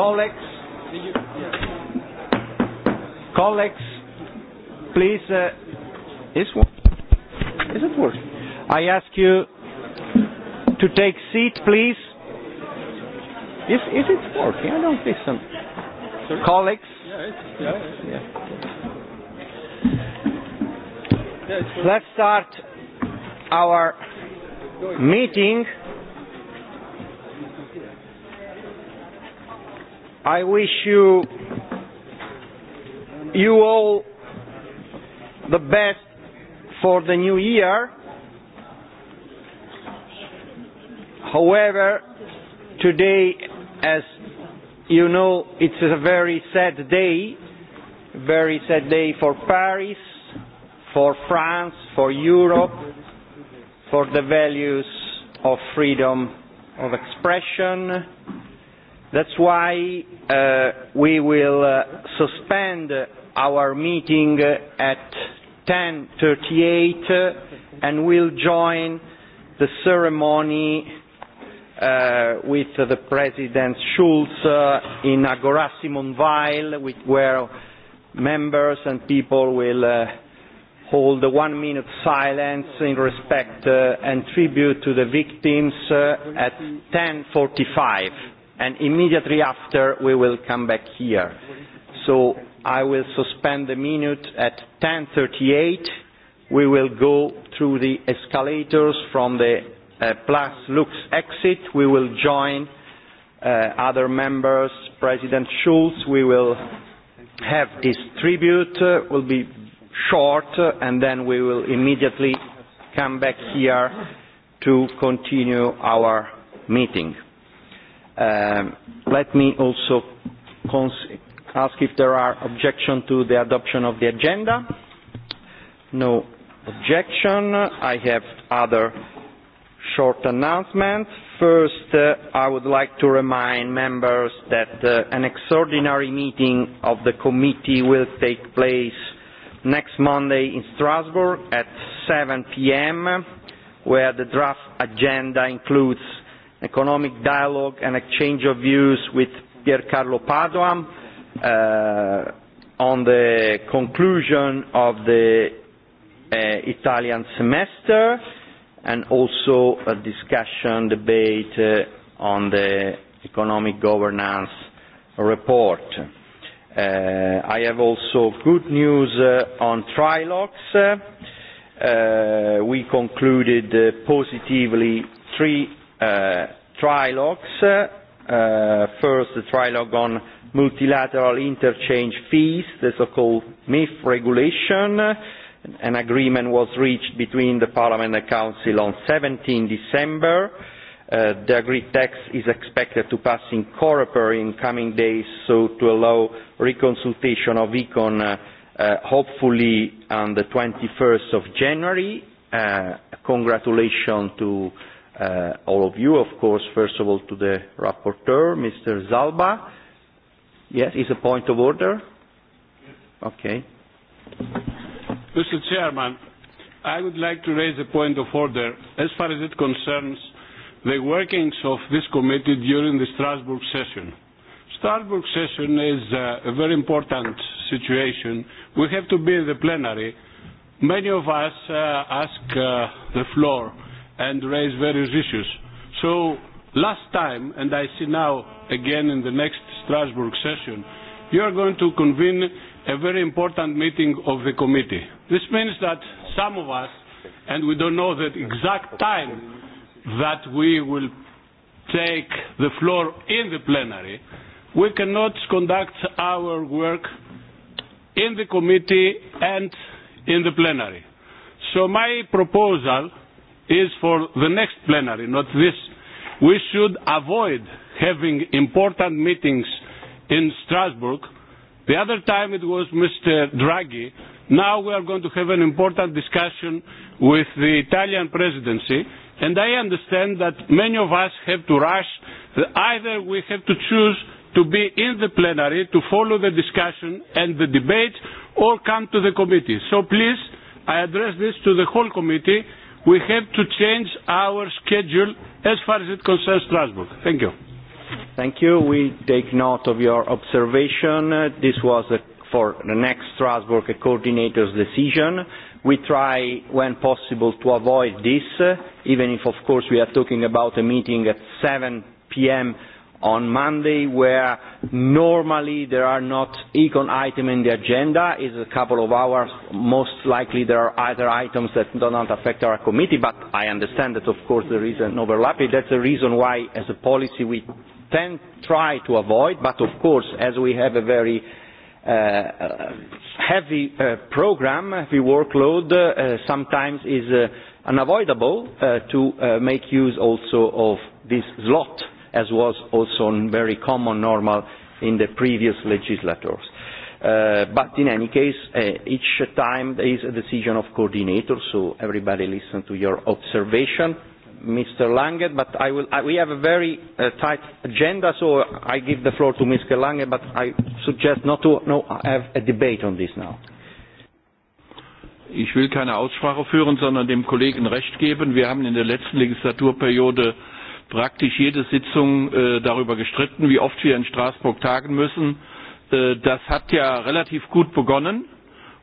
Colleagues, colleagues, please, uh, is, is it working? I ask you to take seat, please. Is, is it working? I don't think so. Colleagues? Let's start our meeting. I wish you, you all the best for the new year. However, today, as you know, it's a very sad day, very sad day for Paris, for France, for Europe, for the values of freedom of expression, That's why uh, we will uh, suspend our meeting at 10.38 uh, and we'll join the ceremony uh, with the President Schulz uh, in Agora Simonweil with, where members and people will uh, hold a one minute silence in respect uh, and tribute to the victims uh, at 10.45 and immediately after we will come back here. So I will suspend the minute at 10.38. We will go through the escalators from the uh, Plus Lux exit. We will join uh, other members, President Schulz. We will have this tribute. Uh, will be short, uh, and then we will immediately come back here to continue our meeting. Um, let me also ask if there are objections to the adoption of the agenda. No objection. I have other short announcements. First, uh, I would like to remind members that uh, an extraordinary meeting of the committee will take place next Monday in Strasbourg at 7 p.m., where the draft agenda includes economic dialogue and exchange of views with Carlo Padoan uh, on the conclusion of the uh, Italian semester and also a discussion, debate uh, on the economic governance report. Uh, I have also good news uh, on trilogues. Uh, we concluded uh, positively three uh, trilogues. Uh, first, the trilogue on multilateral interchange fees, the so-called MIF regulation. An agreement was reached between the Parliament and the Council on 17 December. Uh, the agreed text is expected to pass in Coreper in coming days, so to allow reconsultation of ECON uh, uh, hopefully on the 21st of January. Uh, congratulations to uh, uh, all of you, of course, first of all to the rapporteur, Mr. Zalba. Yes, is a point of order? Okay. Mr. Chairman, I would like to raise a point of order as far as it concerns the workings of this committee during the Strasbourg session. Strasbourg session is uh, a very important situation. We have to be in the plenary. Many of us uh, ask uh, the floor and raise various issues. So last time, and I see now again in the next Strasbourg session, you are going to convene a very important meeting of the committee. This means that some of us, and we don't know the exact time that we will take the floor in the plenary, we cannot conduct our work in the committee and in the plenary. So my proposal is for the next plenary, not this. We should avoid having important meetings in Strasbourg. The other time it was Mr. Draghi. Now we are going to have an important discussion with the Italian presidency. And I understand that many of us have to rush. Either we have to choose to be in the plenary to follow the discussion and the debate or come to the committee. So please, I address this to the whole committee we have to change our schedule as far as it concerns Strasbourg. Thank you. Thank you. We take note of your observation. Uh, this was a, for the next Strasbourg a coordinator's decision. We try, when possible, to avoid this, uh, even if, of course, we are talking about a meeting at 7 p.m on Monday where normally there are not econ item in the agenda. is a couple of hours. Most likely there are other items that do not affect our committee, but I understand that of course there is an overlap. That's the reason why as a policy we tend try to avoid, but of course as we have a very uh, uh heavy uh, program, heavy workload, uh, sometimes is uh, unavoidable uh, to uh, make use also of this slot as was also very common normal in the previous legislators. Uh, but in any case, uh, each time there is a decision of coordinator, so everybody listen to your observation, Mr. Lange, but I will, I, we have a very uh, tight agenda, so I give the floor to Mr. Lange, but I suggest not to no, have a debate on this now. Ich will keine Aussprache führen, sondern dem Kollegen recht geben. Wir haben in der letzten Legislaturperiode praktisch jede Sitzung äh, darüber gestritten, wie oft wir in Straßburg tagen müssen. Äh, das hat ja relativ gut begonnen.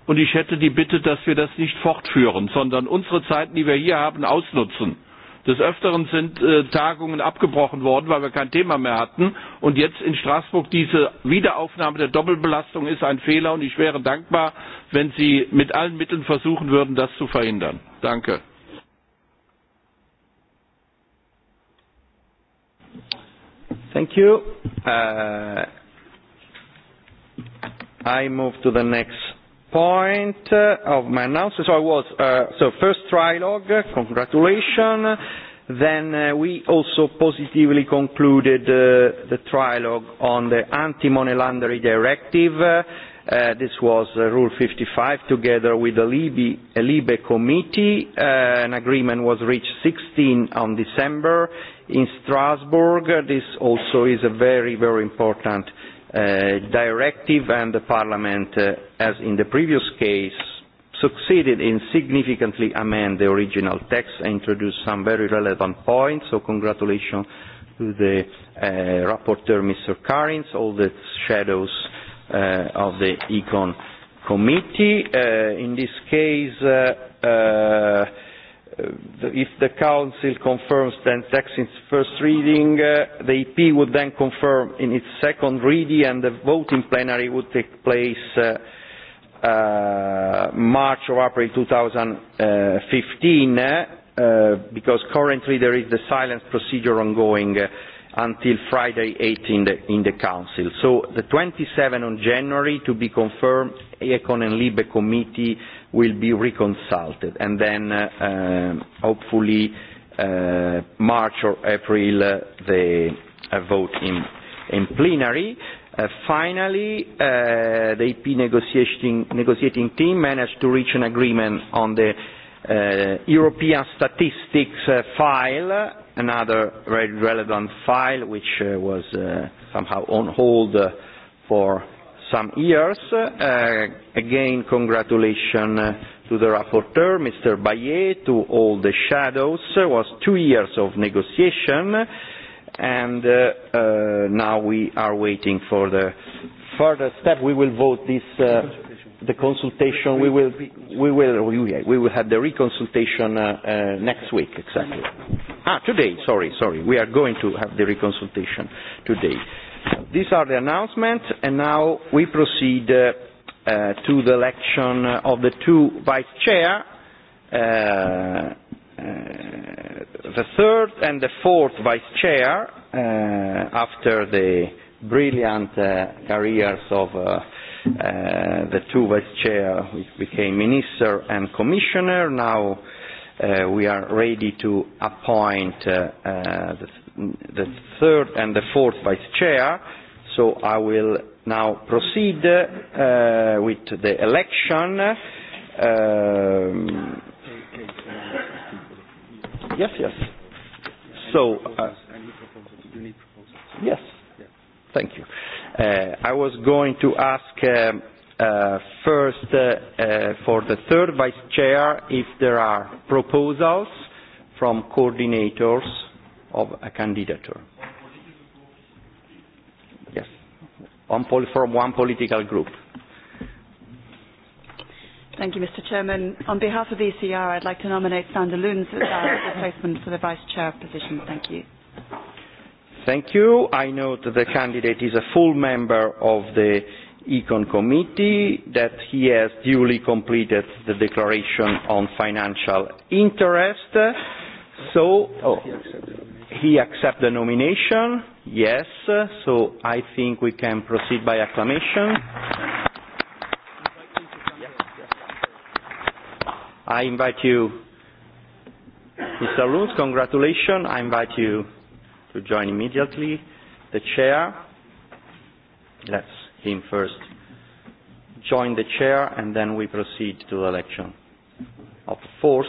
Und ich hätte die Bitte, dass wir das nicht fortführen, sondern unsere Zeiten, die wir hier haben, ausnutzen. Des Öfteren sind äh, Tagungen abgebrochen worden, weil wir kein Thema mehr hatten. Und jetzt in Straßburg diese Wiederaufnahme der Doppelbelastung ist ein Fehler. Und ich wäre dankbar, wenn Sie mit allen Mitteln versuchen würden, das zu verhindern. Danke. Thank you. Uh, I move to the next point uh, of my announcement. So I was, uh, so first trilogue, congratulations. Then uh, we also positively concluded uh, the trilogue on the anti-money laundering directive. Uh, this was uh, Rule 55 together with the Libe, Libe committee. Uh, an agreement was reached 16 on December in Strasbourg. This also is a very, very important uh, directive and the Parliament, uh, as in the previous case, succeeded in significantly amend the original text and introduce some very relevant points, so congratulations to the uh, rapporteur, Mr. Karins, all the shadows uh, of the ECON committee. Uh, in this case, uh, uh, Uh, if the Council confirms then text in its first reading, uh, the EP would then confirm in its second reading and the vote in plenary would take place uh, uh, March or April 2015 uh, uh, because currently there is the silence procedure ongoing uh, until Friday 8 in the, in the Council. So the 27 on January to be confirmed, ECON and LIBE committee will be reconsulted and then uh, uh, hopefully uh, March or April uh, the uh, vote in, in plenary. Uh, finally, uh, the EP negotiating, negotiating team managed to reach an agreement on the uh, European statistics uh, file, another very relevant file which uh, was uh, somehow on hold uh, for some years. Uh, again, congratulations uh, to the rapporteur, Mr. Bayet, to all the shadows. It uh, was two years of negotiation, and uh, uh, now we are waiting for the further step. We will vote this. Uh, the consultation we will we will we will have the reconsultation uh, uh, next week exactly ah today sorry sorry we are going to have the reconsultation today These are the announcements, and now we proceed uh, uh, to the election of the two vice chair. Uh, uh, the third and the fourth vice chair, uh, after the brilliant uh, careers of uh, uh, the two vice chair which became minister and commissioner, now uh, we are ready to appoint uh, uh, the the third and the fourth vice chair, so I will now proceed uh, with the election. Um, yes, yes. So, uh, yes, thank you. Uh, I was going to ask um, uh, first uh, uh, for the third vice chair if there are proposals from coordinators of a candidature. Yes, one pol from one political group. Thank you, Mr. Chairman. On behalf of the ECR, I'd like to nominate Sander Loons as our replacement for the Vice Chair position. Thank you. Thank you. I note that the candidate is a full member of the Econ Committee, that he has duly completed the declaration on financial interest. So, oh, he accept the nomination? Yes, so I think we can proceed by acclamation. I invite you, Mr. Luns, congratulations. I invite you to join immediately the chair. Let's him first join the chair and then we proceed to the election of fourth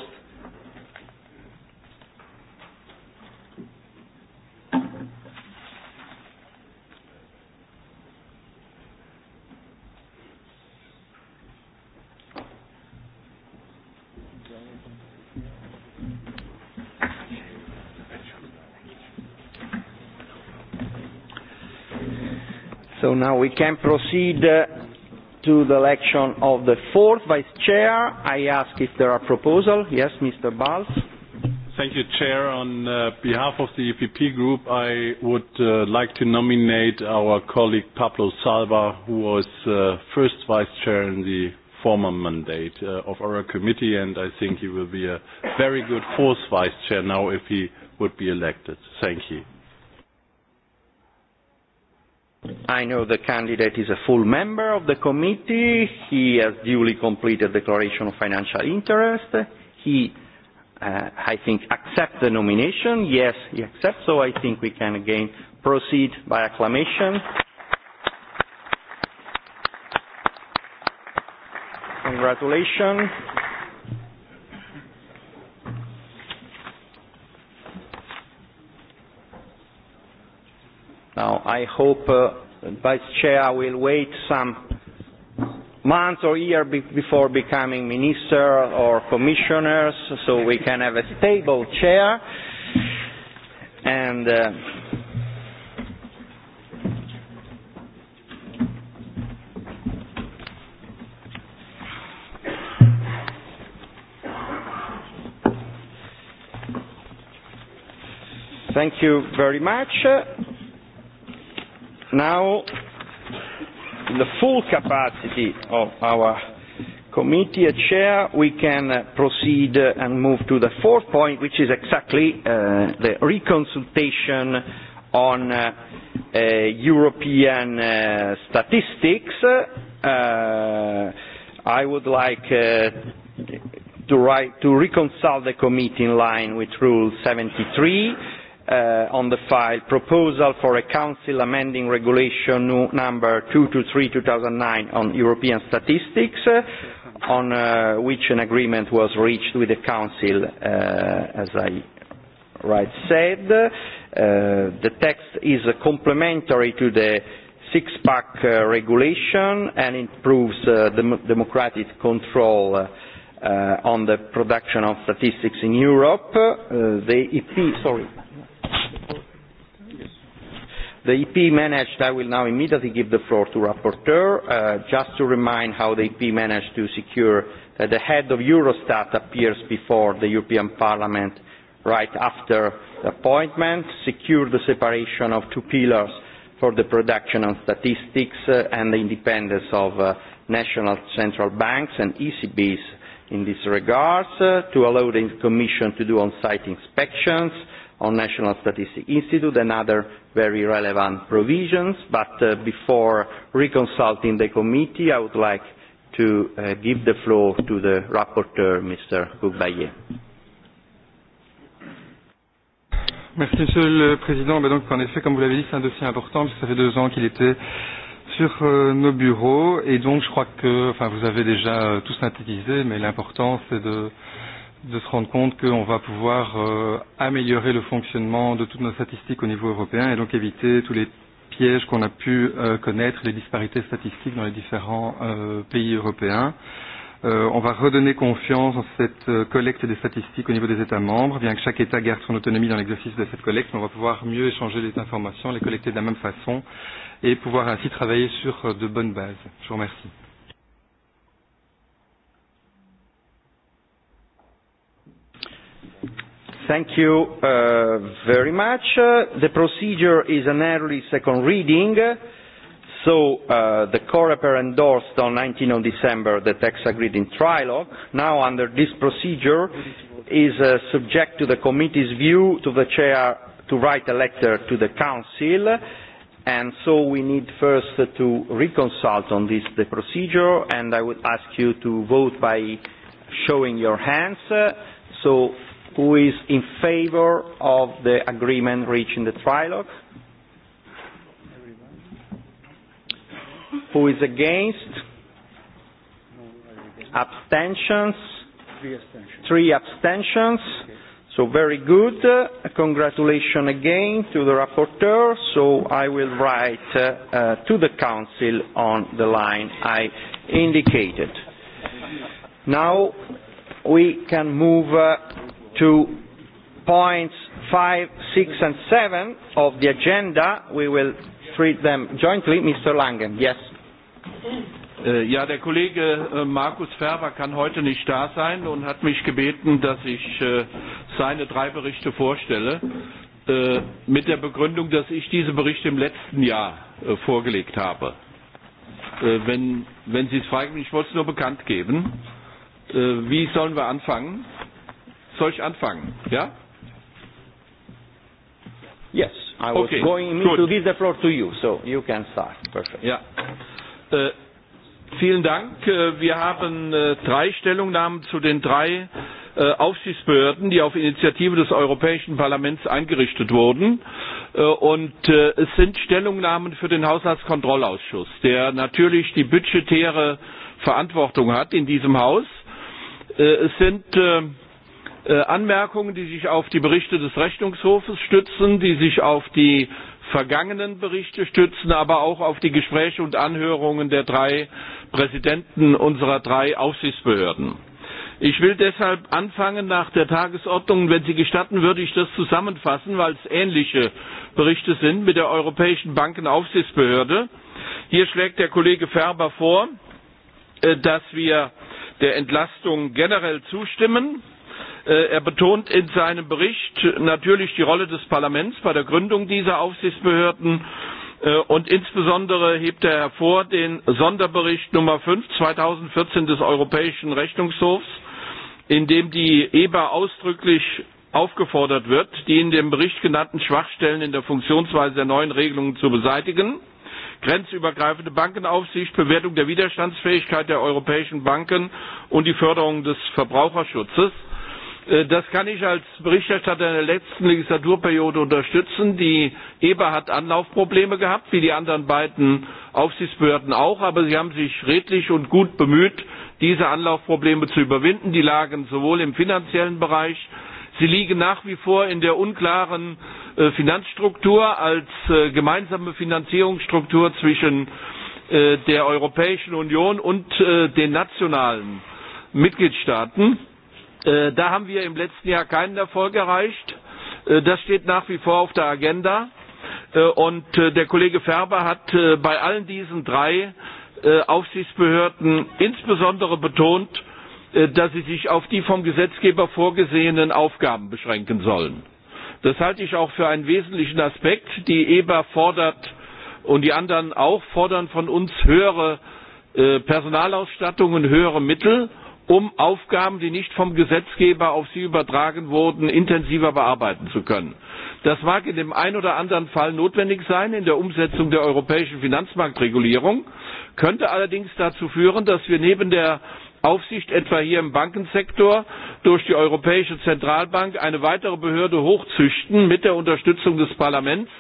So now we can proceed uh, to the election of the fourth vice chair. I ask if there are proposals. Yes, Mr. Balz. Thank you, Chair. On uh, behalf of the EPP Group, I would uh, like to nominate our colleague Pablo Salva, who was uh, first Vice Chair in the former mandate uh, of our committee, and I think he will be a very good fourth Vice Chair now if he would be elected. Thank you. I know the candidate is a full member of the committee. He has duly completed declaration of financial interest. He, uh, I think, accepts the nomination. Yes, he accepts, so I think we can again proceed by acclamation. Congratulations. Now, I hope uh, Vice Chair will wait some months or year be before becoming minister or commissioners, so we can have a stable chair. And uh, thank you very much now the full capacity of our committee a chair, we can uh, proceed uh, and move to the fourth point, which is exactly uh, the reconsultation on uh, uh, European uh, statistics. Uh, I would like uh, to, write, to reconsult the committee in line with Rule 73 uh, on the file proposal for a council amending regulation number 223 2009 on European statistics uh, on uh, which an agreement was reached with the council uh, as I right said uh, the text is uh, complementary to the six-pack uh, regulation and improves uh, the democratic control uh, uh, on the production of statistics in Europe. Uh, the EP, sorry, The EP managed, I will now immediately give the floor to Rapporteur, uh, just to remind how the EP managed to secure that the head of Eurostat appears before the European Parliament right after the appointment, secure the separation of two pillars for the production of statistics uh, and the independence of uh, national central banks and ECBs in this regard, uh, to allow the Commission to do on-site inspections, on National Statistics Institute and other very relevant provisions. But uh, before reconsulting the committee, I would like to uh, give the floor to the rapporteur, Mr. Goubaye. Merci, Monsieur le Président. donc, en effet, comme vous l'avez dit, c'est un dossier important, que ça fait deux ans qu'il était sur euh, nos bureaux. Et donc, je crois que, enfin, vous avez déjà euh, tout synthétisé, mais l'important, c'est de de se rendre compte qu'on va pouvoir euh, améliorer le fonctionnement de toutes nos statistiques au niveau européen et donc éviter tous les pièges qu'on a pu euh, connaître, les disparités statistiques dans les différents euh, pays européens. Euh, on va redonner confiance en cette euh, collecte des statistiques au niveau des États membres, bien que chaque État garde son autonomie dans l'exercice de cette collecte, mais on va pouvoir mieux échanger les informations, les collecter de la même façon et pouvoir ainsi travailler sur euh, de bonnes bases. Je vous remercie. Thank you uh, very much. Uh, the procedure is an early second reading. So uh, the COREPER endorsed on 19 of December the text agreed in trilogue. Now under this procedure is uh, subject to the committee's view to the chair to write a letter to the council and so we need first to reconsult on this the procedure and I would ask you to vote by showing your hands. Uh, so Who is in favor of the agreement reaching the trilogue? Who is against? Abstentions? Three abstentions. So very good. Uh, congratulations again to the rapporteur. So I will write uh, uh, to the Council on the line I indicated. Now we can move uh, to points 5, 6 and 7 of the agenda. We will treat them jointly. Mr. Langen, yes. Äh, ja, der Kollege äh, Markus Ferber kann heute nicht da sein und hat mich gebeten, dass ich äh, seine drei Berichte vorstelle, mit der Begründung, dass ich diese Berichte im letzten Jahr vorgelegt habe. Wenn, wenn Sie es fragen, ich wollte es nur bekannt geben. Wie sollen wir anfangen? Soll ich anfangen? Ja? Yes, I was okay. going me to give the floor to you, so you can start. Perfect. Ja. Äh, vielen Dank. Äh, wir haben äh, drei Stellungnahmen zu den drei äh, Aufsichtsbehörden, die auf Initiative des Europäischen Parlaments eingerichtet wurden. Äh, und äh, es sind Stellungnahmen für den Haushaltskontrollausschuss, der natürlich die budgetäre Verantwortung hat in diesem Haus. Äh, es sind äh, Äh, Anmerkungen, die sich auf die Berichte des Rechnungshofes stützen, die sich auf die vergangenen Berichte stützen, aber auch auf die Gespräche und Anhörungen der drei Präsidenten unserer drei Aufsichtsbehörden. Ich will deshalb anfangen nach der Tagesordnung, wenn Sie gestatten, würde ich das zusammenfassen, weil es ähnliche Berichte sind mit der Europäischen Bankenaufsichtsbehörde. Hier schlägt der Kollege Ferber vor, äh, dass wir der Entlastung generell zustimmen Äh, er betont in seinem Bericht natürlich die Rolle des Parlaments bei der Gründung dieser Aufsichtsbehörden äh, und insbesondere hebt er hervor den Sonderbericht Nummer 5 2014 des Europäischen Rechnungshofs, in dem die EBA ausdrücklich aufgefordert wird, die in dem Bericht genannten Schwachstellen in der Funktionsweise der neuen Regelungen zu beseitigen. Grenzübergreifende Bankenaufsicht, Bewertung der Widerstandsfähigkeit der europäischen Banken und die Förderung des Verbraucherschutzes. Äh, das kann ich als Berichterstatter in der letzten Legislaturperiode unterstützen. Die EBA hat Anlaufprobleme gehabt, wie die anderen beiden Aufsichtsbehörden auch, aber sie haben sich redlich und gut bemüht, diese Anlaufprobleme zu überwinden. Die lagen sowohl im finanziellen Bereich, sie liegen nach wie vor in der unklaren äh, Finanzstruktur als äh, gemeinsame Finanzierungsstruktur zwischen der Europäischen Union und den nationalen Mitgliedstaaten. Äh, da haben wir im letzten Jahr keinen Erfolg erreicht. Äh, das steht nach wie vor auf der Agenda. Äh, und der Kollege Ferber hat bei allen diesen drei Aufsichtsbehörden insbesondere betont, dass sie sich auf die vom Gesetzgeber vorgesehenen Aufgaben beschränken sollen. Das halte ich auch für einen wesentlichen Aspekt. Die EBA fordert und die anderen auch fordern von uns höhere Personalausstattungen, höhere Mittel um Aufgaben, die nicht vom Gesetzgeber auf sie übertragen wurden, intensiver bearbeiten zu können. Das mag in dem einen oder anderen Fall notwendig sein in der Umsetzung der europäischen Finanzmarktregulierung, könnte allerdings dazu führen, dass wir neben der Aufsicht etwa hier im Bankensektor durch die Europäische Zentralbank eine weitere Behörde hochzüchten mit der Unterstützung des Parlaments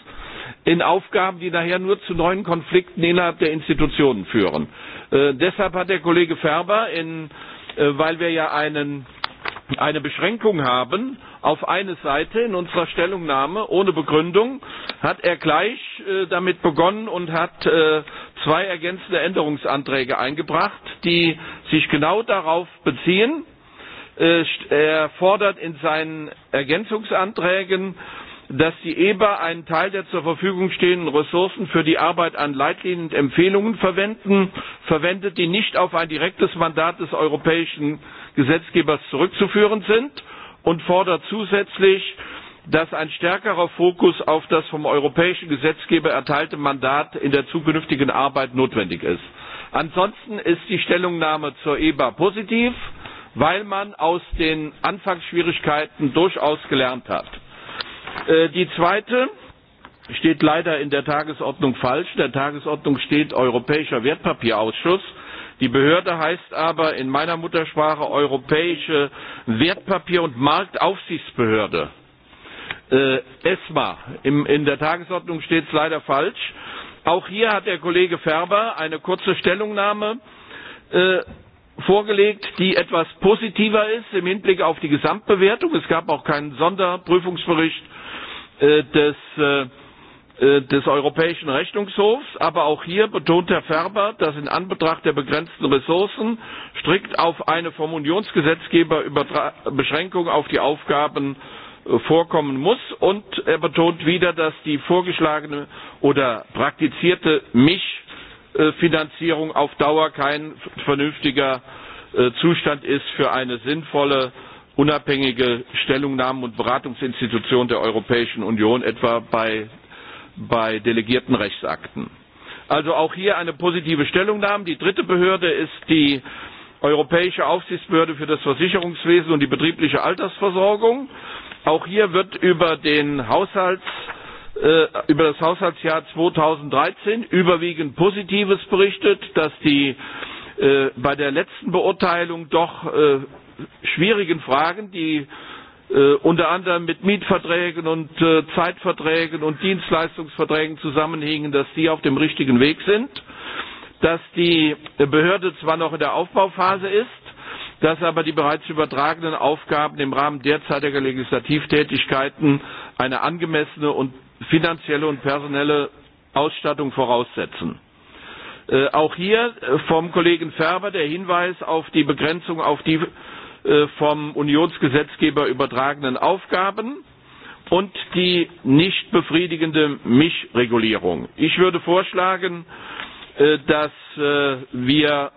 in Aufgaben, die nachher nur zu neuen Konflikten innerhalb der Institutionen führen. Äh, deshalb hat der Kollege Ferber in äh, Äh, weil wir ja einen, eine Beschränkung haben auf eine Seite in unserer Stellungnahme ohne Begründung, hat er gleich äh, damit begonnen und hat äh, zwei ergänzende Änderungsanträge eingebracht, die sich genau darauf beziehen. Äh, er fordert in seinen Ergänzungsanträgen dass die EBA einen Teil der zur Verfügung stehenden Ressourcen für die Arbeit an Leitlinien und Empfehlungen verwenden, verwendet, die nicht auf ein direktes Mandat des europäischen Gesetzgebers zurückzuführen sind und fordert zusätzlich, dass ein stärkerer Fokus auf das vom europäischen Gesetzgeber erteilte Mandat in der zukünftigen Arbeit notwendig ist. Ansonsten ist die Stellungnahme zur EBA positiv, weil man aus den Anfangsschwierigkeiten durchaus gelernt hat. Äh, die zweite steht leider in der Tagesordnung falsch. In der Tagesordnung steht Europäischer Wertpapierausschuss. Die Behörde heißt aber in meiner Muttersprache Europäische Wertpapier- und Marktaufsichtsbehörde. Äh, ESMA. Im, in der Tagesordnung steht es leider falsch. Auch hier hat der Kollege Ferber eine kurze Stellungnahme äh, vorgelegt, die etwas positiver ist im Hinblick auf die Gesamtbewertung. Es gab auch keinen Sonderprüfungsbericht Äh, des, äh, äh, des Europäischen Rechnungshofs. Aber auch hier betont Herr Ferber, dass in Anbetracht der begrenzten Ressourcen strikt auf eine vom Unionsgesetzgeber Beschränkung auf die Aufgaben vorkommen muss und er betont wieder, dass die vorgeschlagene oder praktizierte Mischfinanzierung auf Dauer kein vernünftiger Zustand ist für eine sinnvolle unabhängige Stellungnahmen und Beratungsinstitutionen der Europäischen Union, etwa bei, bei delegierten Rechtsakten. Also auch hier eine positive Stellungnahme. Die dritte Behörde ist die Europäische Aufsichtsbehörde für das Versicherungswesen und die betriebliche Altersversorgung. Auch hier wird über, den Haushalts, äh, über das Haushaltsjahr 2013 überwiegend Positives berichtet, dass die äh, bei der letzten Beurteilung doch äh, schwierigen Fragen, die äh, unter anderem mit Mietverträgen und äh, Zeitverträgen und Dienstleistungsverträgen zusammenhingen, dass die auf dem richtigen Weg sind, dass die Behörde zwar noch in der Aufbauphase ist, dass aber die bereits übertragenen Aufgaben im Rahmen derzeitiger Legislativtätigkeiten eine angemessene und finanzielle und personelle Ausstattung voraussetzen. Äh, auch hier äh, vom Kollegen Ferber der Hinweis auf die Begrenzung auf die Äh, vom Unionsgesetzgeber übertragenen Aufgaben und die nicht befriedigende Mischregulierung. Ich würde vorschlagen, äh, dass äh, wir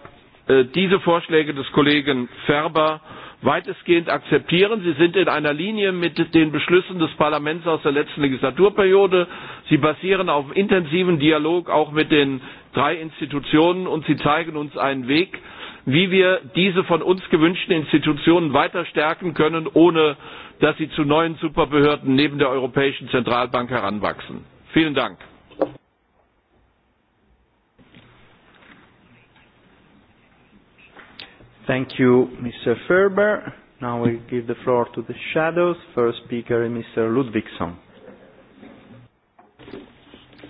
diese Vorschläge des Kollegen Ferber weitestgehend akzeptieren. Sie sind in einer Linie mit den Beschlüssen des Parlaments aus der letzten Legislaturperiode. Sie basieren auf intensiven Dialog auch mit den drei Institutionen und sie zeigen uns einen Weg, wie wir diese von uns gewünschten Institutionen weiter stärken können, ohne dass sie zu neuen Superbehörden neben der Europäischen Zentralbank heranwachsen. Vielen Dank. Thank you, Mr. Ferber. Now we give the floor to the shadows. First speaker is Mr. Ludvigsson.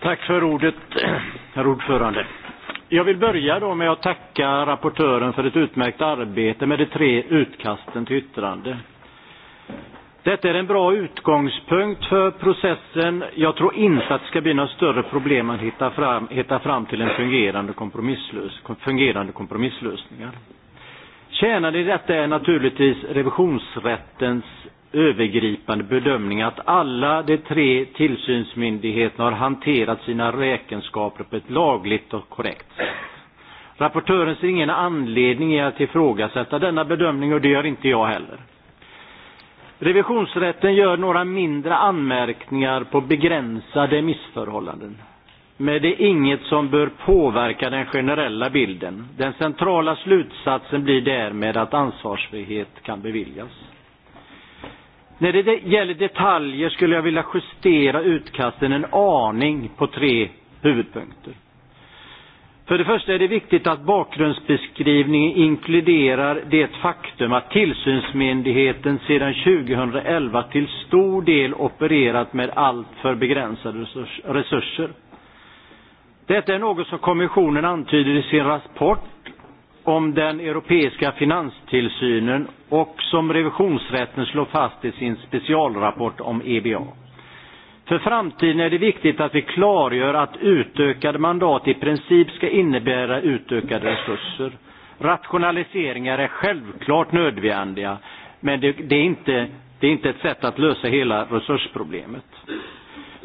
Tack för ordet, herr ordförande. Jag vill börja då med att tacka rapportören för ett utmärkt arbete med de tre utkasten till yttrande. Detta är en bra utgångspunkt för processen. Jag tror inte att det ska bli några större problem att hitta fram, hitta fram till en fungerande, kompromisslös, fungerande kompromisslösningar. Kärnan i detta är naturligtvis revisionsrättens övergripande bedömning att alla de tre tillsynsmyndigheterna har hanterat sina räkenskaper på ett lagligt och korrekt sätt. Rapportören ser ingen anledning i att ifrågasätta denna bedömning och det gör inte jag heller. Revisionsrätten gör några mindre anmärkningar på begränsade missförhållanden. Men det är inget som bör påverka den generella bilden. Den centrala slutsatsen blir därmed att ansvarsfrihet kan beviljas. När det gäller detaljer skulle jag vilja justera utkasten en aning på tre huvudpunkter. För det första är det viktigt att bakgrundsbeskrivningen inkluderar det faktum att tillsynsmyndigheten sedan 2011 till stor del opererat med alltför begränsade resurser. Detta är något som kommissionen antyder i sin rapport om den europeiska finanstillsynen och som revisionsrätten slår fast i sin specialrapport om EBA. För framtiden är det viktigt att vi klargör att utökade mandat i princip ska innebära utökade resurser. Rationaliseringar är självklart nödvändiga, men det, det, är, inte, det är inte ett sätt att lösa hela resursproblemet.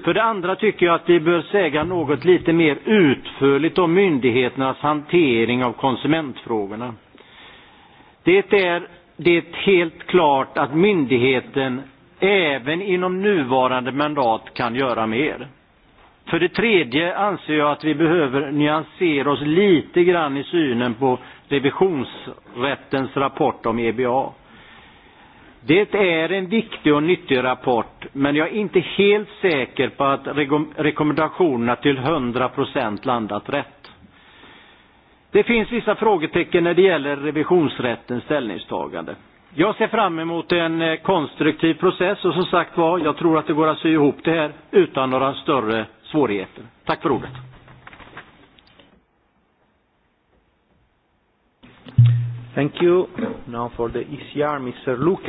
För det andra tycker jag att vi bör säga något lite mer utförligt om myndigheternas hantering av konsumentfrågorna. Det är det helt klart att myndigheten även inom nuvarande mandat kan göra mer. För det tredje anser jag att vi behöver nyansera oss lite grann i synen på revisionsrättens rapport om EBA. Det är en viktig och nyttig rapport, men jag är inte helt säker på att rekommendationerna till 100% landat rätt. Det finns vissa frågetecken när det gäller revisionsrättens ställningstagande. Jag ser fram emot en eh, konstruktiv process och som sagt var, jag tror att det går att sy ihop det här utan några större svårigheter. Tack för ordet. Thank you. Now for the ECR, Mr. Luke.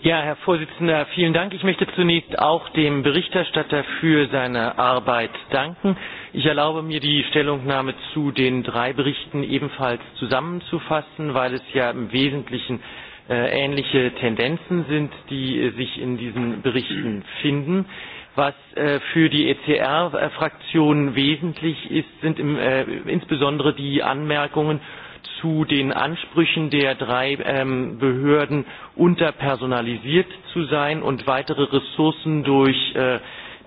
Ja, Herr Vorsitzender, vielen Dank. Ich möchte zunächst auch dem Berichterstatter für seine Arbeit danken. Ich erlaube mir, die Stellungnahme zu den drei Berichten ebenfalls zusammenzufassen, weil es ja im Wesentlichen äh, ähnliche Tendenzen sind, die äh, sich in diesen Berichten finden. Was äh, für die ECR-Fraktion wesentlich ist, sind im, äh, insbesondere die Anmerkungen zu den Ansprüchen der drei ähm, Behörden unterpersonalisiert zu sein und weitere Ressourcen durch äh,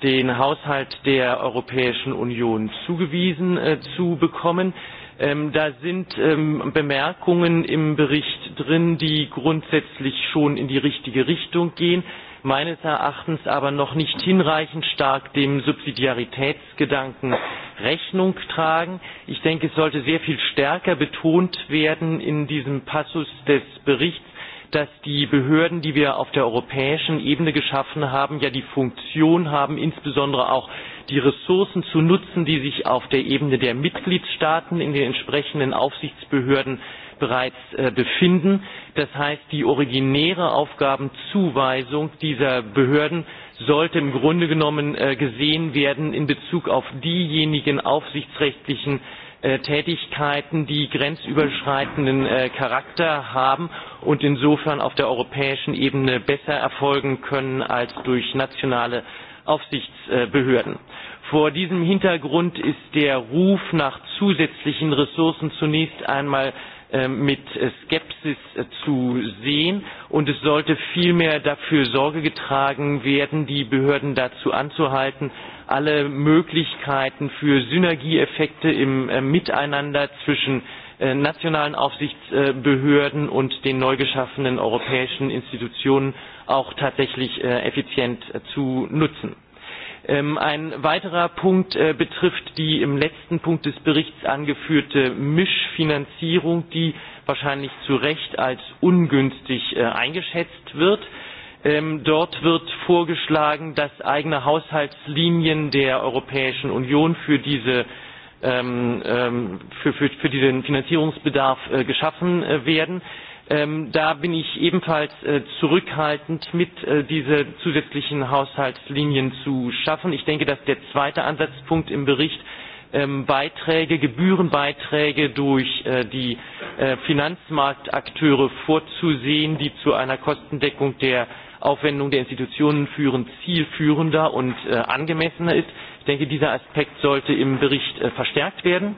den Haushalt der Europäischen Union zugewiesen äh, zu bekommen. Ähm, da sind ähm, Bemerkungen im Bericht drin, die grundsätzlich schon in die richtige Richtung gehen meines Erachtens aber noch nicht hinreichend stark dem Subsidiaritätsgedanken Rechnung tragen. Ich denke, es sollte sehr viel stärker betont werden in diesem Passus des Berichts, dass die Behörden, die wir auf der europäischen Ebene geschaffen haben, ja die Funktion haben, insbesondere auch die Ressourcen zu nutzen, die sich auf der Ebene der Mitgliedstaaten in den entsprechenden Aufsichtsbehörden bereits äh, befinden. Das heißt, die originäre Aufgabenzuweisung dieser Behörden sollte im Grunde genommen äh, gesehen werden in Bezug auf diejenigen aufsichtsrechtlichen äh, Tätigkeiten, die grenzüberschreitenden Charakter haben und insofern auf der europäischen Ebene besser erfolgen können als durch nationale Aufsichtsbehörden. Vor diesem Hintergrund ist der Ruf nach zusätzlichen Ressourcen zunächst einmal ähm, mit äh, Skepsis äh, zu sehen und es sollte vielmehr dafür Sorge getragen werden, die Behörden dazu anzuhalten, alle Möglichkeiten für Synergieeffekte im äh, Miteinander zwischen nationalen Aufsichtsbehörden und den neu geschaffenen europäischen Institutionen auch tatsächlich effizient zu nutzen. Ähm, ein weiterer Punkt äh, betrifft die im letzten Punkt des Berichts angeführte Mischfinanzierung, die wahrscheinlich zu Recht als ungünstig äh, eingeschätzt wird. Ähm, dort wird vorgeschlagen, dass eigene Haushaltslinien der Europäischen Union für diese ähm, für, für, für diesen Finanzierungsbedarf äh, geschaffen werden. Ähm, da bin ich ebenfalls äh, zurückhaltend mit, äh, diese zusätzlichen Haushaltslinien zu schaffen. Ich denke, dass der zweite Ansatzpunkt im Bericht ähm, Beiträge, Gebührenbeiträge durch äh, die äh, Finanzmarktakteure vorzusehen, die zu einer Kostendeckung der Aufwendung der Institutionen führen, zielführender und äh, angemessener ist. Ich denke, dieser Aspekt sollte im Bericht äh, verstärkt werden.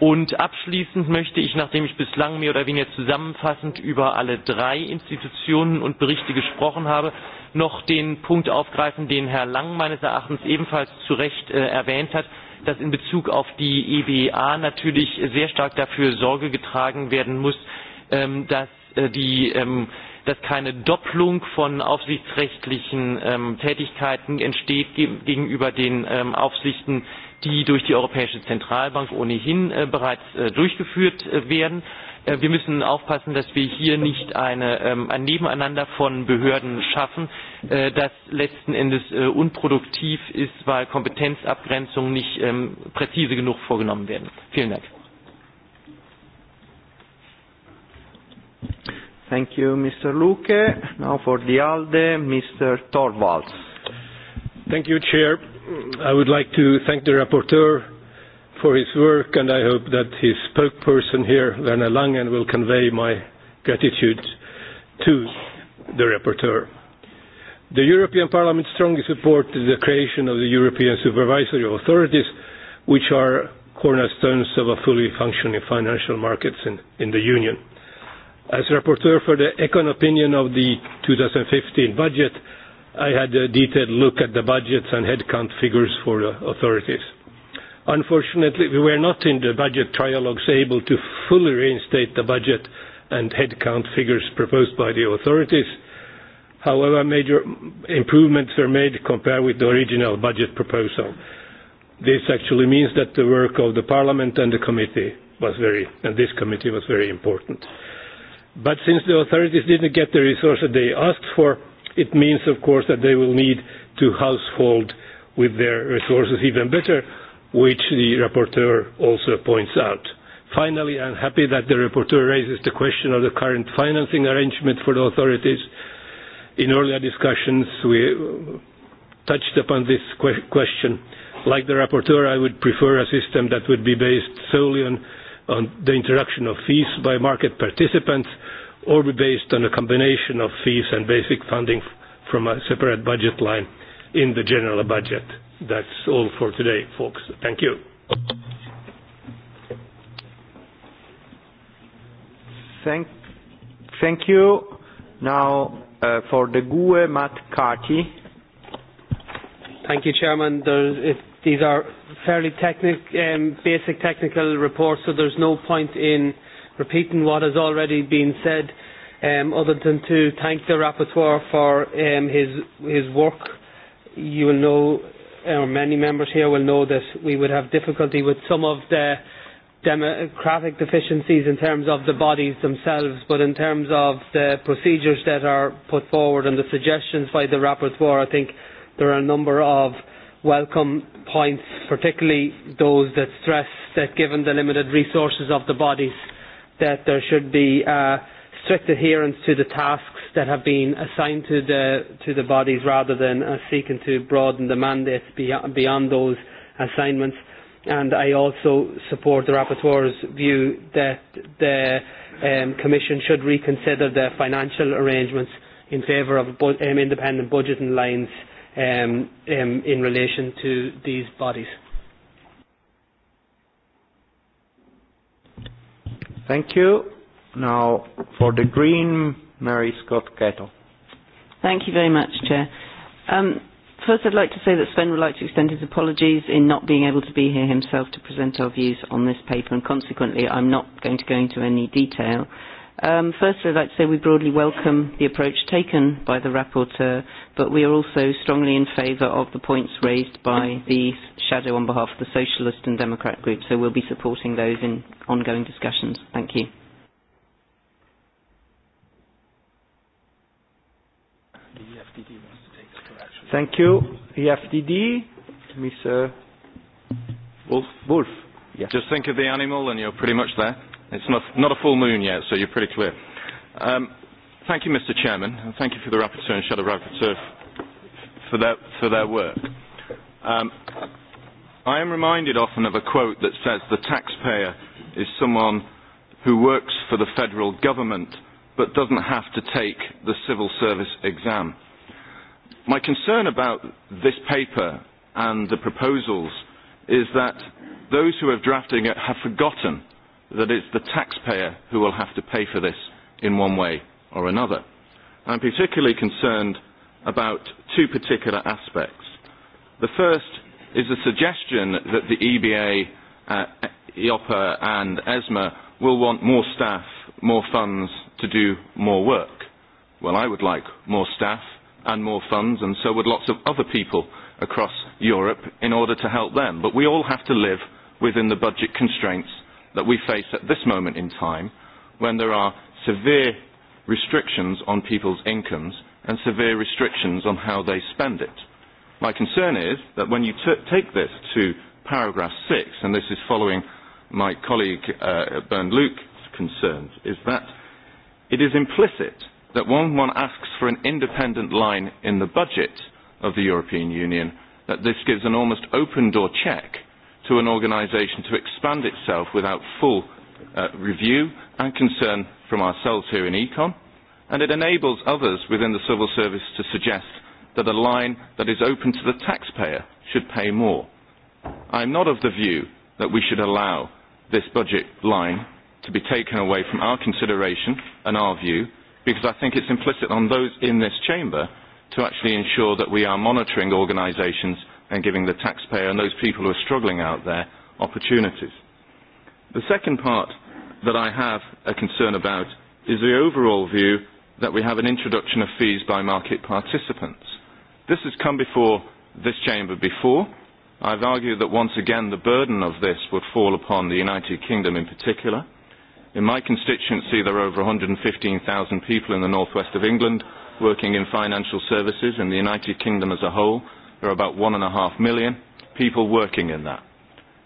Und abschließend möchte ich, nachdem ich bislang mehr oder weniger zusammenfassend über alle drei Institutionen und Berichte gesprochen habe, noch den Punkt aufgreifen, den Herr Lang meines Erachtens ebenfalls zu Recht äh, erwähnt hat, dass in Bezug auf die EBA natürlich sehr stark dafür Sorge getragen werden muss, ähm, dass, äh, die, ähm, dass keine Doppelung von aufsichtsrechtlichen ähm, Tätigkeiten entsteht ge gegenüber den ähm, Aufsichten, die durch die Europäische Zentralbank ohnehin äh, bereits äh, durchgeführt äh, werden. Äh, wir müssen aufpassen, dass wir hier nicht eine, ähm, ein Nebeneinander von Behörden schaffen, äh, das letzten Endes äh, unproduktiv ist, weil Kompetenzabgrenzungen nicht ähm, präzise genug vorgenommen werden. Vielen Dank. Thank you, Mr. Luke. Now for the ALDE, Mr. Torvalds. Thank you, Chair. I would like to thank the rapporteur for his work, and I hope that his spokesperson here, Werner Langen, will convey my gratitude to the rapporteur. The European Parliament strongly supports the creation of the European supervisory authorities, which are cornerstones of a fully functioning financial markets in, in the Union. As rapporteur for the Econ opinion of the 2015 budget, I had a detailed look at the budgets and headcount figures for the uh, authorities. Unfortunately, we were not in the budget trialogues able to fully reinstate the budget and headcount figures proposed by the authorities. However, major improvements were made compared with the original budget proposal. This actually means that the work of the Parliament and the committee was very, and this committee was very important. But since the authorities didn't get the resources they asked for, it means, of course, that they will need to household with their resources even better, which the rapporteur also points out. Finally, I'm happy that the rapporteur raises the question of the current financing arrangement for the authorities. In earlier discussions, we uh, touched upon this que question. Like the rapporteur, I would prefer a system that would be based solely on, on the introduction of fees by market participants or be based on a combination of fees and basic funding from a separate budget line in the general budget. That's all for today, folks. Thank you. Thank, thank you. Now, uh, for the GUE, Matt Carty. Thank you, Chairman. There, it, these are fairly technic, um, basic technical reports, so there's no point in repeating what has already been said, um, other than to thank the rapporteur for um, his, his work. You will know, or many members here will know, that we would have difficulty with some of the democratic deficiencies in terms of the bodies themselves, but in terms of the procedures that are put forward and the suggestions by the rapporteur, I think there are a number of welcome points, particularly those that stress that given the limited resources of the bodies, that there should be uh, strict adherence to the tasks that have been assigned to the, to the bodies rather than uh, seeking to broaden the mandates beyond, beyond those assignments. And I also support the rapporteur's view that the um, Commission should reconsider the financial arrangements in favour of bu um, independent budgeting lines um, um, in relation to these bodies. Thank you. Now, for the Green, Mary Scott Kettle. Thank you very much, Chair. Um, first, I'd like to say that Sven would like to extend his apologies in not being able to be here himself to present our views on this paper, and consequently, I'm not going to go into any detail. Um, firstly, I'd like to say we broadly welcome the approach taken by the rapporteur, but we are also strongly in favour of the points raised by the shadow on behalf of the Socialist and Democrat group, so we'll be supporting those in ongoing discussions. Thank you. E Thank you. EFDD, Mr. Wolf. Wolf. Yes. Just think of the animal and you're pretty much there. It's not, not a full moon yet, so you're pretty clear. Um, thank you, Mr. Chairman, and thank you for the Rapporteur and Shadow Rapporteur for their, for their work. Um, I am reminded often of a quote that says the taxpayer is someone who works for the federal government but doesn't have to take the civil service exam. My concern about this paper and the proposals is that those who have drafted it have forgotten that it's the taxpayer who will have to pay for this in one way or another. I'm particularly concerned about two particular aspects. The first is the suggestion that the EBA, uh, EOPA and ESMA will want more staff, more funds to do more work. Well, I would like more staff and more funds, and so would lots of other people across Europe in order to help them. But we all have to live within the budget constraints that we face at this moment in time when there are severe restrictions on people's incomes and severe restrictions on how they spend it. My concern is that when you take this to paragraph 6, and this is following my colleague uh, Bernd Luke's concerns, is that it is implicit that when one asks for an independent line in the budget of the European Union, that this gives an almost open door check to an organisation to expand itself without full uh, review and concern from ourselves here in Econ, and it enables others within the civil service to suggest that a line that is open to the taxpayer should pay more. I am not of the view that we should allow this budget line to be taken away from our consideration and our view, because I think it's implicit on those in this chamber to actually ensure that we are monitoring organisations and giving the taxpayer and those people who are struggling out there opportunities. The second part that I have a concern about is the overall view that we have an introduction of fees by market participants. This has come before this chamber before. I've argued that once again the burden of this would fall upon the United Kingdom in particular. In my constituency there are over 115,000 people in the northwest of England working in financial services in the United Kingdom as a whole There are about one and a half million people working in that.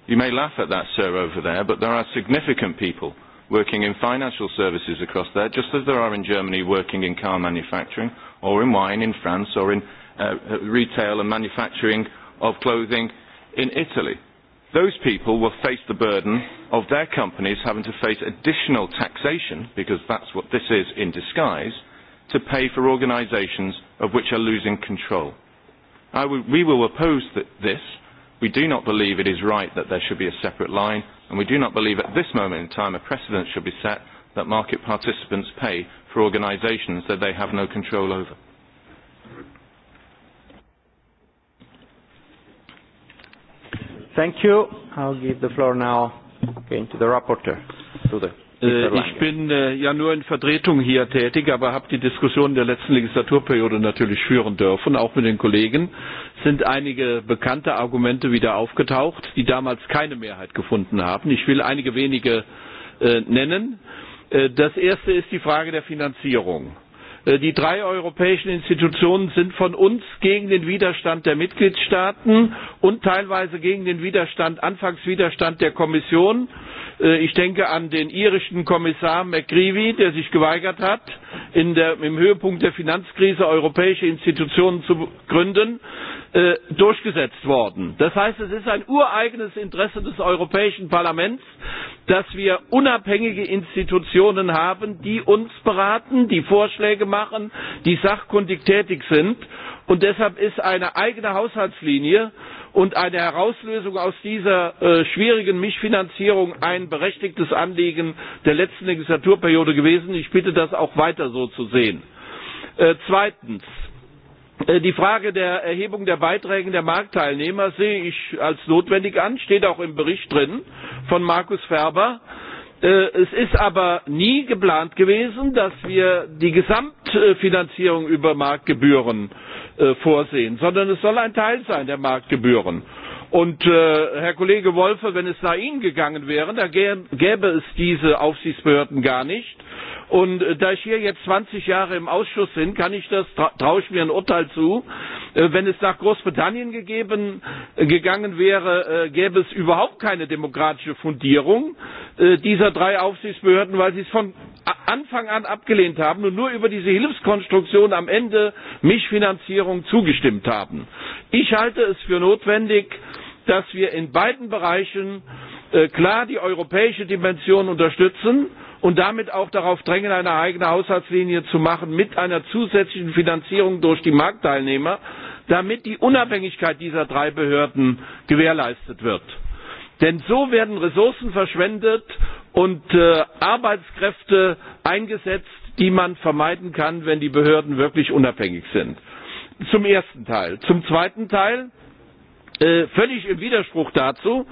You may laugh at that, sir, over there, but there are significant people working in financial services across there, just as there are in Germany working in car manufacturing, or in wine in France, or in uh, uh retail and manufacturing of clothing in Italy. Those people will face the burden of their companies having to face additional taxation, because that's what this is in disguise, to pay for organisations of which are losing control. I w we will oppose th this. We do not believe it is right that there should be a separate line, and we do not believe at this moment in time a precedent should be set that market participants pay for organisations that they have no control over. Thank you. I'll give the floor now again to the rapporteur. To the Äh, ich bin äh, ja nur in Vertretung hier tätig, aber habe die Diskussion der letzten Legislaturperiode natürlich führen dürfen, auch mit den Kollegen. Sind einige bekannte Argumente wieder aufgetaucht, die damals keine Mehrheit gefunden haben. Ich will einige wenige äh, nennen. Äh, das erste ist die Frage der Finanzierung. Äh, die drei europäischen Institutionen sind von uns gegen den Widerstand der Mitgliedstaaten und teilweise gegen den Widerstand, Anfangswiderstand der Kommission. Äh, ich denke an den irischen Kommissar McGreevy, der sich geweigert hat, in der, im Höhepunkt der Finanzkrise europäische Institutionen zu gründen. Äh, durchgesetzt worden. Das heißt, es ist ein ureigenes Interesse des Europäischen Parlaments, dass wir unabhängige Institutionen haben, die uns beraten, die Vorschläge machen, die sachkundig tätig sind. Und deshalb ist eine eigene Haushaltslinie und eine Herauslösung aus dieser äh, schwierigen Mischfinanzierung ein berechtigtes Anliegen der letzten Legislaturperiode gewesen. Ich bitte das auch weiter so zu sehen. Äh, zweitens Äh, die Frage der Erhebung der Beiträge der Marktteilnehmer sehe ich als notwendig an, steht auch im Bericht drin von Markus Ferber. Äh, es ist aber nie geplant gewesen, dass wir die Gesamtfinanzierung über Marktgebühren äh, vorsehen, sondern es soll ein Teil sein der Marktgebühren. Und äh, Herr Kollege Wolfe, wenn es nach Ihnen gegangen wäre, dann gäbe es diese Aufsichtsbehörden gar nicht Und äh, da ich hier jetzt 20 Jahre im Ausschuss bin, kann ich das, traue ich mir ein Urteil zu. Äh, wenn es nach Großbritannien gegeben, äh, gegangen wäre, gäbe es überhaupt keine demokratische Fundierung dieser drei Aufsichtsbehörden, weil sie es von Anfang an abgelehnt haben und nur über diese Hilfskonstruktion am Ende Mischfinanzierung zugestimmt haben. Ich halte es für notwendig, dass wir in beiden Bereichen klar die europäische Dimension unterstützen und damit auch darauf drängen, eine eigene Haushaltslinie zu machen mit einer zusätzlichen Finanzierung durch die Marktteilnehmer, damit die Unabhängigkeit dieser drei Behörden gewährleistet wird. Denn so werden Ressourcen verschwendet und äh, Arbeitskräfte eingesetzt, die man vermeiden kann, wenn die Behörden wirklich unabhängig sind. Zum ersten Teil. Zum zweiten Teil, äh, völlig im Widerspruch dazu,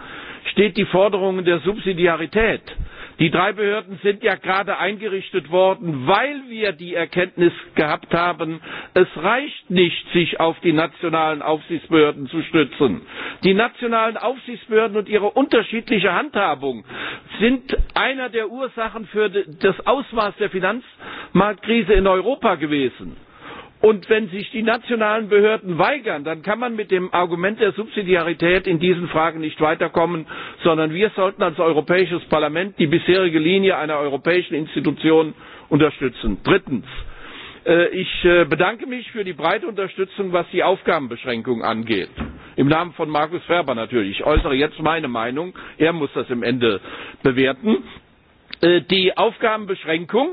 steht die Forderung der Subsidiarität. Äh, Die drei Behörden sind ja gerade eingerichtet worden, weil wir die Erkenntnis gehabt haben, es reicht nicht, sich auf die nationalen Aufsichtsbehörden zu stützen. Die nationalen Aufsichtsbehörden und ihre unterschiedliche Handhabung sind einer der Ursachen für das Ausmaß der Finanzmarktkrise in Europa gewesen. Und wenn sich die nationalen Behörden weigern, dann kann man mit dem Argument der Subsidiarität in diesen Fragen nicht weiterkommen, sondern wir sollten als Europäisches Parlament die bisherige Linie einer europäischen Institution unterstützen. Drittens. Äh, ich äh, bedanke mich für die breite Unterstützung, was die Aufgabenbeschränkung angeht. Im Namen von Markus Ferber natürlich. Ich äußere jetzt meine Meinung. Er muss das im Ende bewerten. Äh, die Aufgabenbeschränkung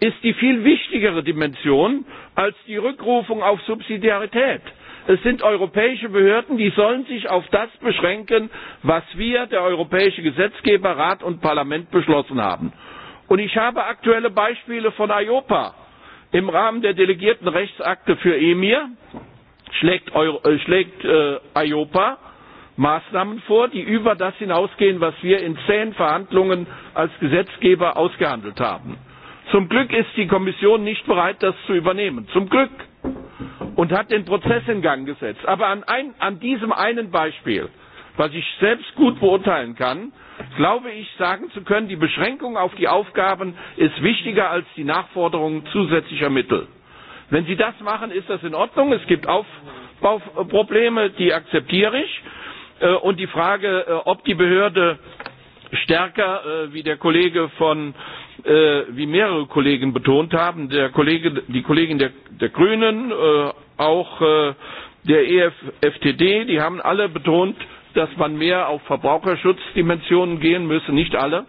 ist die viel wichtigere Dimension als die Rückrufung auf Subsidiarität. Es sind europäische Behörden, die sollen sich auf das beschränken, was wir, der europäische Gesetzgeber, Rat und Parlament beschlossen haben. Und ich habe aktuelle Beispiele von IOPA. Im Rahmen der delegierten Rechtsakte für EMIR schlägt, Euro, äh, schlägt äh, IOPA Maßnahmen vor, die über das hinausgehen, was wir in zehn Verhandlungen als Gesetzgeber ausgehandelt haben. Zum Glück ist die Kommission nicht bereit, das zu übernehmen. Zum Glück. Und hat den Prozess in Gang gesetzt. Aber an, ein, an diesem einen Beispiel, was ich selbst gut beurteilen kann, glaube ich, sagen zu können, die Beschränkung auf die Aufgaben ist wichtiger als die Nachforderung zusätzlicher Mittel. Wenn Sie das machen, ist das in Ordnung. Es gibt Aufbauprobleme, die akzeptiere ich. Äh, und die Frage, äh, ob die Behörde stärker, äh, wie der Kollege von äh, wie mehrere Kollegen betont haben, der Kollege, die Kollegin der, der Grünen, äh, auch äh, der EFTD, die haben alle betont, dass man mehr auf Verbraucherschutzdimensionen gehen müsse, nicht alle.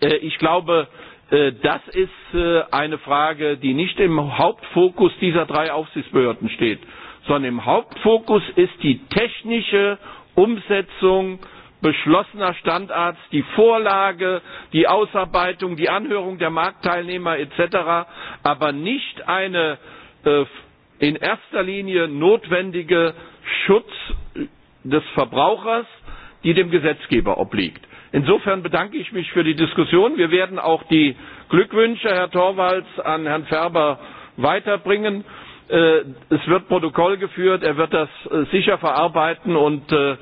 Äh, ich glaube, äh, das ist äh, eine Frage, die nicht im Hauptfokus dieser drei Aufsichtsbehörden steht, sondern im Hauptfokus ist die technische Umsetzung beschlossener Standards, die Vorlage, die Ausarbeitung, die Anhörung der Marktteilnehmer etc., aber nicht eine äh, in erster Linie notwendige Schutz des Verbrauchers, die dem Gesetzgeber obliegt. Insofern bedanke ich mich für die Diskussion. Wir werden auch die Glückwünsche, Herr Torvalds, an Herrn Ferber weiterbringen. Äh, es wird Protokoll geführt, er wird das äh, sicher verarbeiten und äh,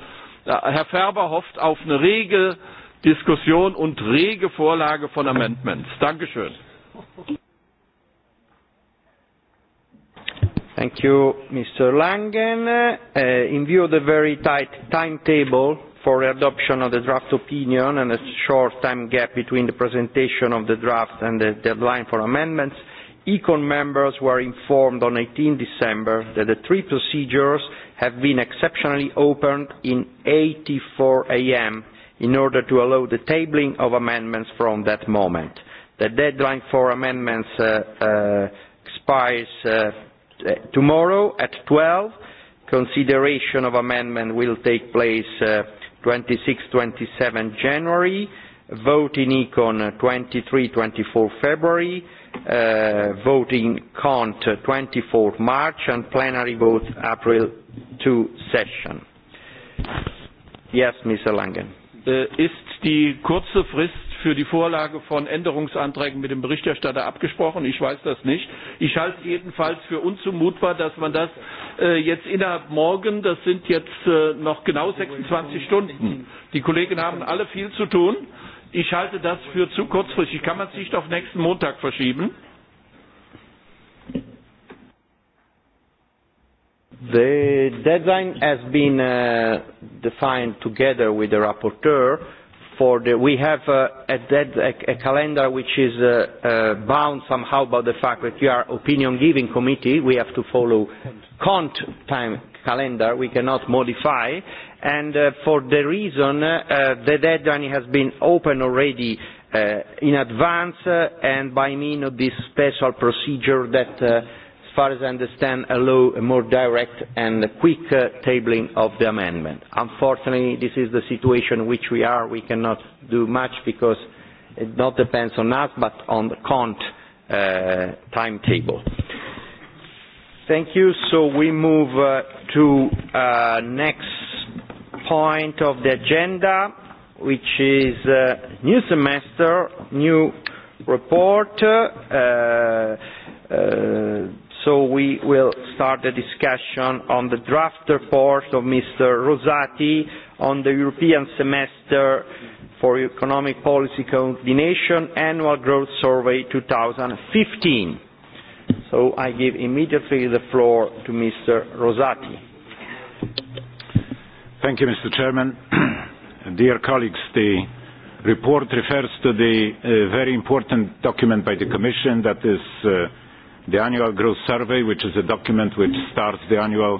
Herr Ferber hofft auf eine rege Diskussion und rege Vorlage von Amendments. Dankeschön. Thank you, Mr. Langen. Uh, in view of the very tight timetable for the adoption of the draft opinion and a short time gap between the presentation of the draft and the deadline for amendments, ECON members were informed on 18 December that the three procedures have been exceptionally opened in 84 a.m. in order to allow the tabling of amendments from that moment. The deadline for amendments uh, uh, expires uh, tomorrow at 12. Consideration of amendment will take place uh, 26-27 January, vote in Econ 23-24 uh, February, uh, vote in Cont 24 uh, March, and plenary vote April to session. Yes, Mr. Langen. Äh, ist die kurze Frist für die Vorlage von Änderungsanträgen mit dem Berichterstatter abgesprochen? Ich weiß das nicht. Ich halte es jedenfalls für unzumutbar, dass man das äh, jetzt innerhalb morgen, das sind jetzt äh, noch genau 26 Stunden. Die Kollegen haben alle viel zu tun. Ich halte das für zu kurzfristig. Kann man es nicht auf nächsten Montag verschieben? The deadline has been uh, defined together with the rapporteur. For the, we have uh, a, dead, a, a calendar which is uh, uh, bound somehow by the fact that we are opinion-giving committee. We have to follow Kant time calendar. We cannot modify. And uh, for the reason, uh, the deadline has been open already uh, in advance uh, and by means of this special procedure that uh, far as I understand, allow a more direct and quick uh, tabling of the amendment. Unfortunately, this is the situation in which we are. We cannot do much because it not depends on us, but on the CONT uh, timetable. Thank you. So we move uh, to uh, next point of the agenda, which is uh, new semester, new report. Uh, uh, So we will start the discussion on the draft report of Mr. Rosati on the European semester for economic policy coordination annual growth survey 2015. So I give immediately the floor to Mr. Rosati. Thank you, Mr. Chairman. Dear colleagues, the report refers to the uh, very important document by the Commission that is uh, the annual growth survey, which is a document which starts the annual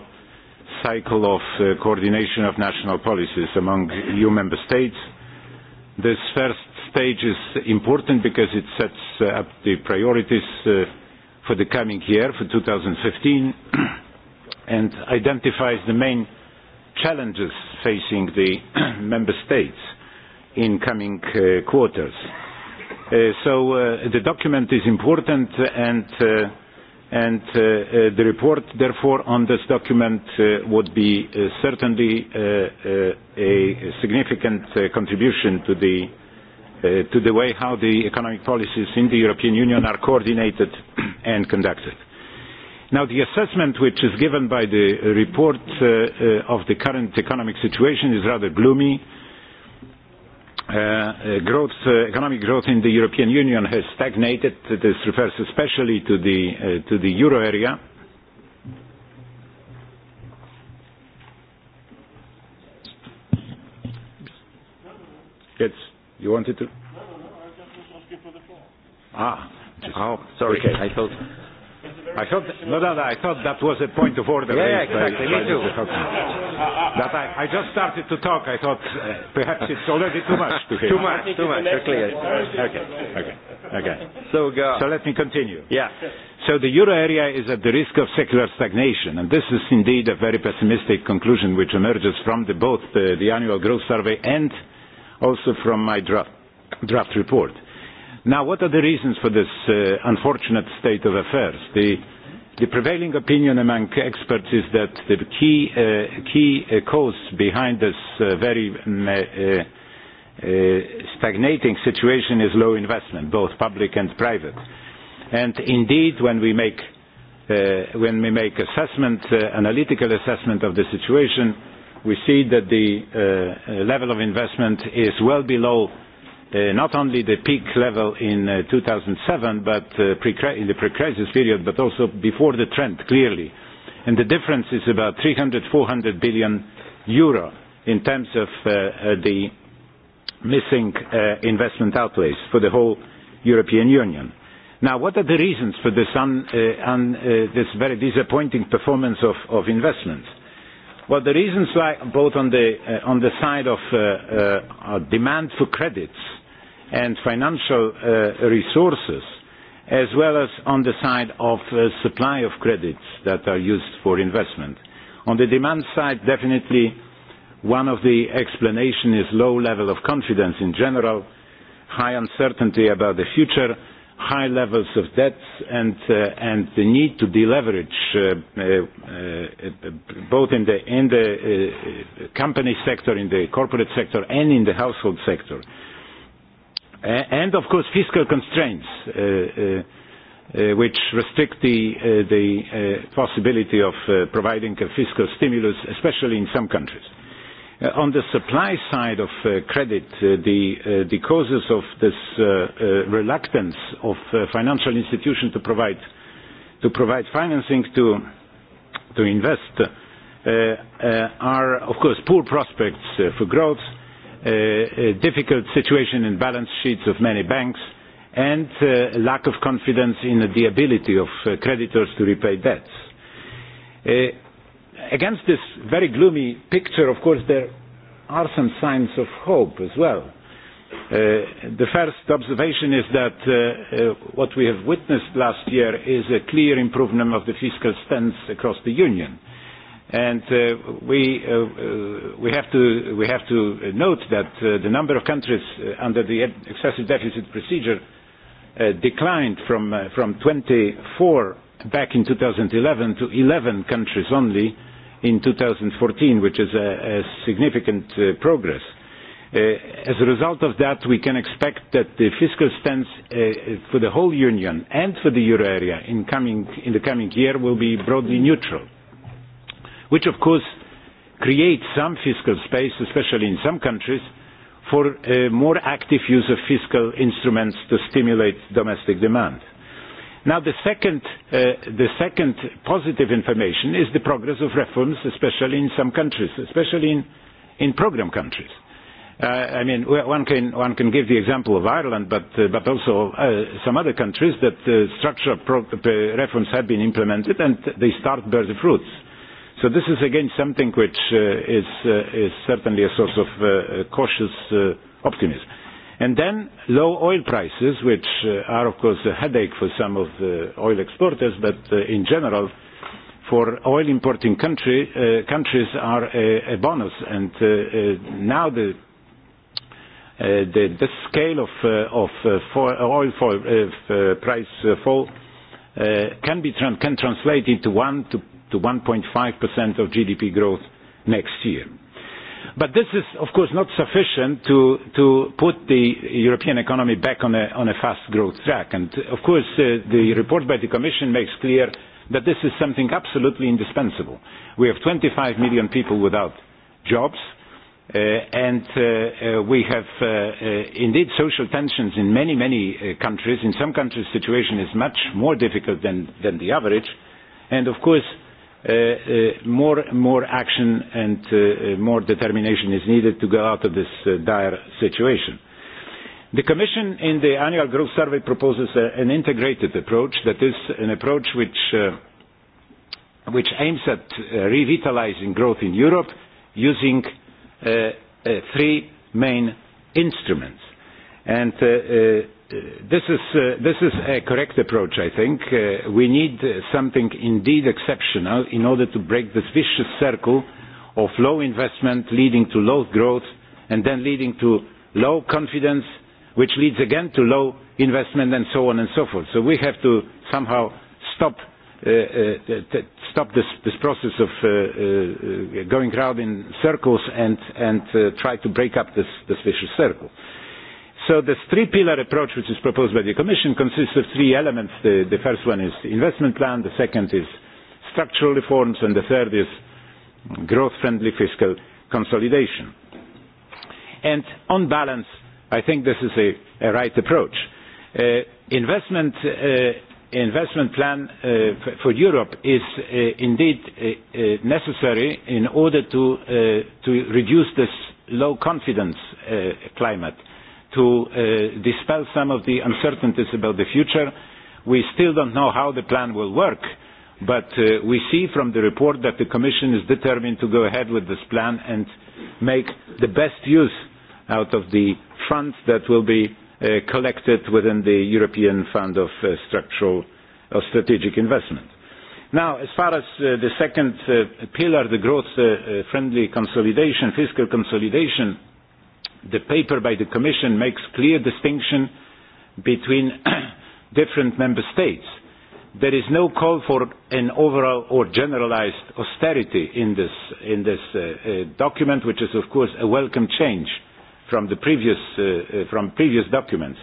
cycle of uh, coordination of national policies among EU member states. This first stage is important because it sets uh, up the priorities uh, for the coming year, for 2015, and identifies the main challenges facing the member states in coming uh, quarters. Uh, so uh, the document is important and, uh, and uh, uh, the report therefore on this document uh, would be uh, certainly uh, uh, a significant uh, contribution to the, uh, to the way how the economic policies in the European Union are coordinated and conducted. Now the assessment which is given by the report uh, uh, of the current economic situation is rather gloomy. Uh, Uh, uh, growth, uh, economic growth in the European Union has stagnated. This refers especially to the, uh, to the euro area. Yes, you wanted to? No, no, no, I just was asking for the floor. Ah, just, oh, sorry, okay. I thought. I thought, no, no, no, I thought that was a point of order. Yeah, exactly, by, me by too. That I, I just started to talk, I thought uh, perhaps it's already too much to hear. too much, too much, you're clear. Okay, okay, okay. So, go. Uh, so let me continue. Yeah. So the euro area is at the risk of secular stagnation, and this is indeed a very pessimistic conclusion which emerges from the, both the, the annual growth survey and also from my draft, draft report. Now, what are the reasons for this uh, unfortunate state of affairs? The, the prevailing opinion among experts is that the key, uh, key uh, cause behind this uh, very um, uh, uh, stagnating situation is low investment, both public and private. And indeed, when we make, uh, when we make assessment, uh, analytical assessment of the situation, we see that the uh, uh level of investment is well below uh, not only the peak level in uh, 2007 but uh, pre in the pre-crisis period but also before the trend clearly and the difference is about 300 400 billion euro in terms of uh, uh, the missing uh, investment outlays for the whole European Union now what are the reasons for this un, uh, un, uh, this very disappointing performance of of investments Well, the reasons lie both on the, uh, on the side of uh, uh, demand for credits and financial uh, resources, as well as on the side of uh, supply of credits that are used for investment. On the demand side, definitely one of the explanations is low level of confidence in general, high uncertainty about the future, high levels of debts and, uh, and the need to deleverage uh, uh, both in the, in the uh, company sector, in the corporate sector and in the household sector. Uh, and of course fiscal constraints uh, uh, uh, which restrict the, uh, the uh, possibility of uh, providing a fiscal stimulus, especially in some countries. Uh, on the supply side of uh, credit, uh, the, uh, the causes of this uh, uh, reluctance of uh, financial institutions to provide, to provide financing to, to invest uh, uh, are, of course, poor prospects uh, for growth, a difficult situation in balance sheets of many banks and uh, lack of confidence in the ability of uh, creditors to repay debts. Uh, against this very gloomy picture, of course, there are some signs of hope as well. Uh, the first observation is that uh, uh, what we have witnessed last year is a clear improvement of the fiscal stance across the Union. Uh, And uh, we, uh, uh, we, have to, we have to note that uh, the number of countries uh, under the excessive deficit procedure uh, declined from, uh, from 24 back in 2011 to 11 countries only in 2014, which is a, a significant uh, progress. Uh, as a result of that, we can expect that the fiscal stance uh, uh for the whole Union and for the euro area in, coming, in the coming year will be broadly neutral which of course creates some fiscal space, especially in some countries, for a uh, more active use of fiscal instruments to stimulate domestic demand. Now, the second, uh, the second positive information is the progress of reforms, especially in some countries, especially in, in program countries. Uh, I mean, one can, one can give the example of Ireland, but, uh, but also uh, some other countries that uh, structural pro- uh, reforms have been implemented and they start bear the fruits. Uh, So this is again something which uh, is, uh, is certainly a source of uh, cautious uh, optimism. And then low oil prices, which uh, are of course a headache for some of the oil exporters, but uh, in general for oil importing country, uh, countries are a, a bonus. And uh, uh, now the, uh, the, the scale of, uh, of uh, for oil for, uh, uh price uh, fall uh, can, be tran can translate into one to to 1.5% of GDP growth next year. But this is, of course, not sufficient to, to put the European economy back on a, on a fast growth track. And, of course, uh, the report by the Commission makes clear that this is something absolutely indispensable. We have 25 million people without jobs, uh, and uh, uh, we have uh, uh, indeed social tensions in many, many uh, countries. In some countries, the situation is much more difficult than, than the average. And, of course, uh, Uh, uh, more, more action and uh, uh, more determination is needed to go out of this uh, dire situation. The Commission in the annual growth survey proposes a, uh, an integrated approach that is an approach which, uh, which aims at uh, revitalizing growth in Europe using uh, uh, three main instruments. And uh, uh, this is uh, this is a correct approach i think uh, we need uh, something indeed exceptional in order to break this vicious circle of low investment leading to low growth and then leading to low confidence which leads again to low investment and so on and so forth so we have to somehow stop uh, uh, stop this this process of uh, uh, going around in circles and and uh, try to break up this this vicious circle uh, So this three-pillar approach which is proposed by the Commission consists of three elements. The, the first one is the investment plan, the second is structural reforms, and the third is growth-friendly fiscal consolidation. And on balance, I think this is a, a right approach. Uh, investment, uh, investment plan uh, for Europe is uh, indeed uh, uh, necessary in order to, uh, to reduce this low confidence uh, climate to uh, dispel some of the uncertainties about the future. We still don't know how the plan will work, but uh, we see from the report that the Commission is determined to go ahead with this plan and make the best use out of the funds that will be uh, collected within the European Fund of uh, Structural or Strategic Investment. Now, as far as uh, the second uh, pillar, the growth-friendly uh, uh, consolidation, fiscal consolidation, the paper by the Commission makes clear distinction between different member states. There is no call for an overall or generalized austerity in this, in this uh, uh, document, which is of course a welcome change from the previous, uh, uh, from previous documents.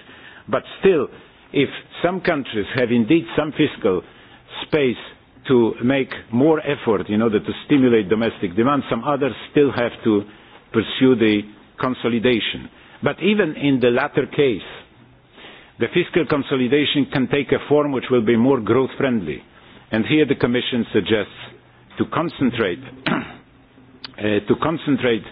But still, if some countries have indeed some fiscal space to make more effort in order to stimulate domestic demand, some others still have to pursue the consolidation. But even in the latter case, the fiscal consolidation can take a form which will be more growth friendly. And here the Commission suggests to concentrate, uh, to concentrate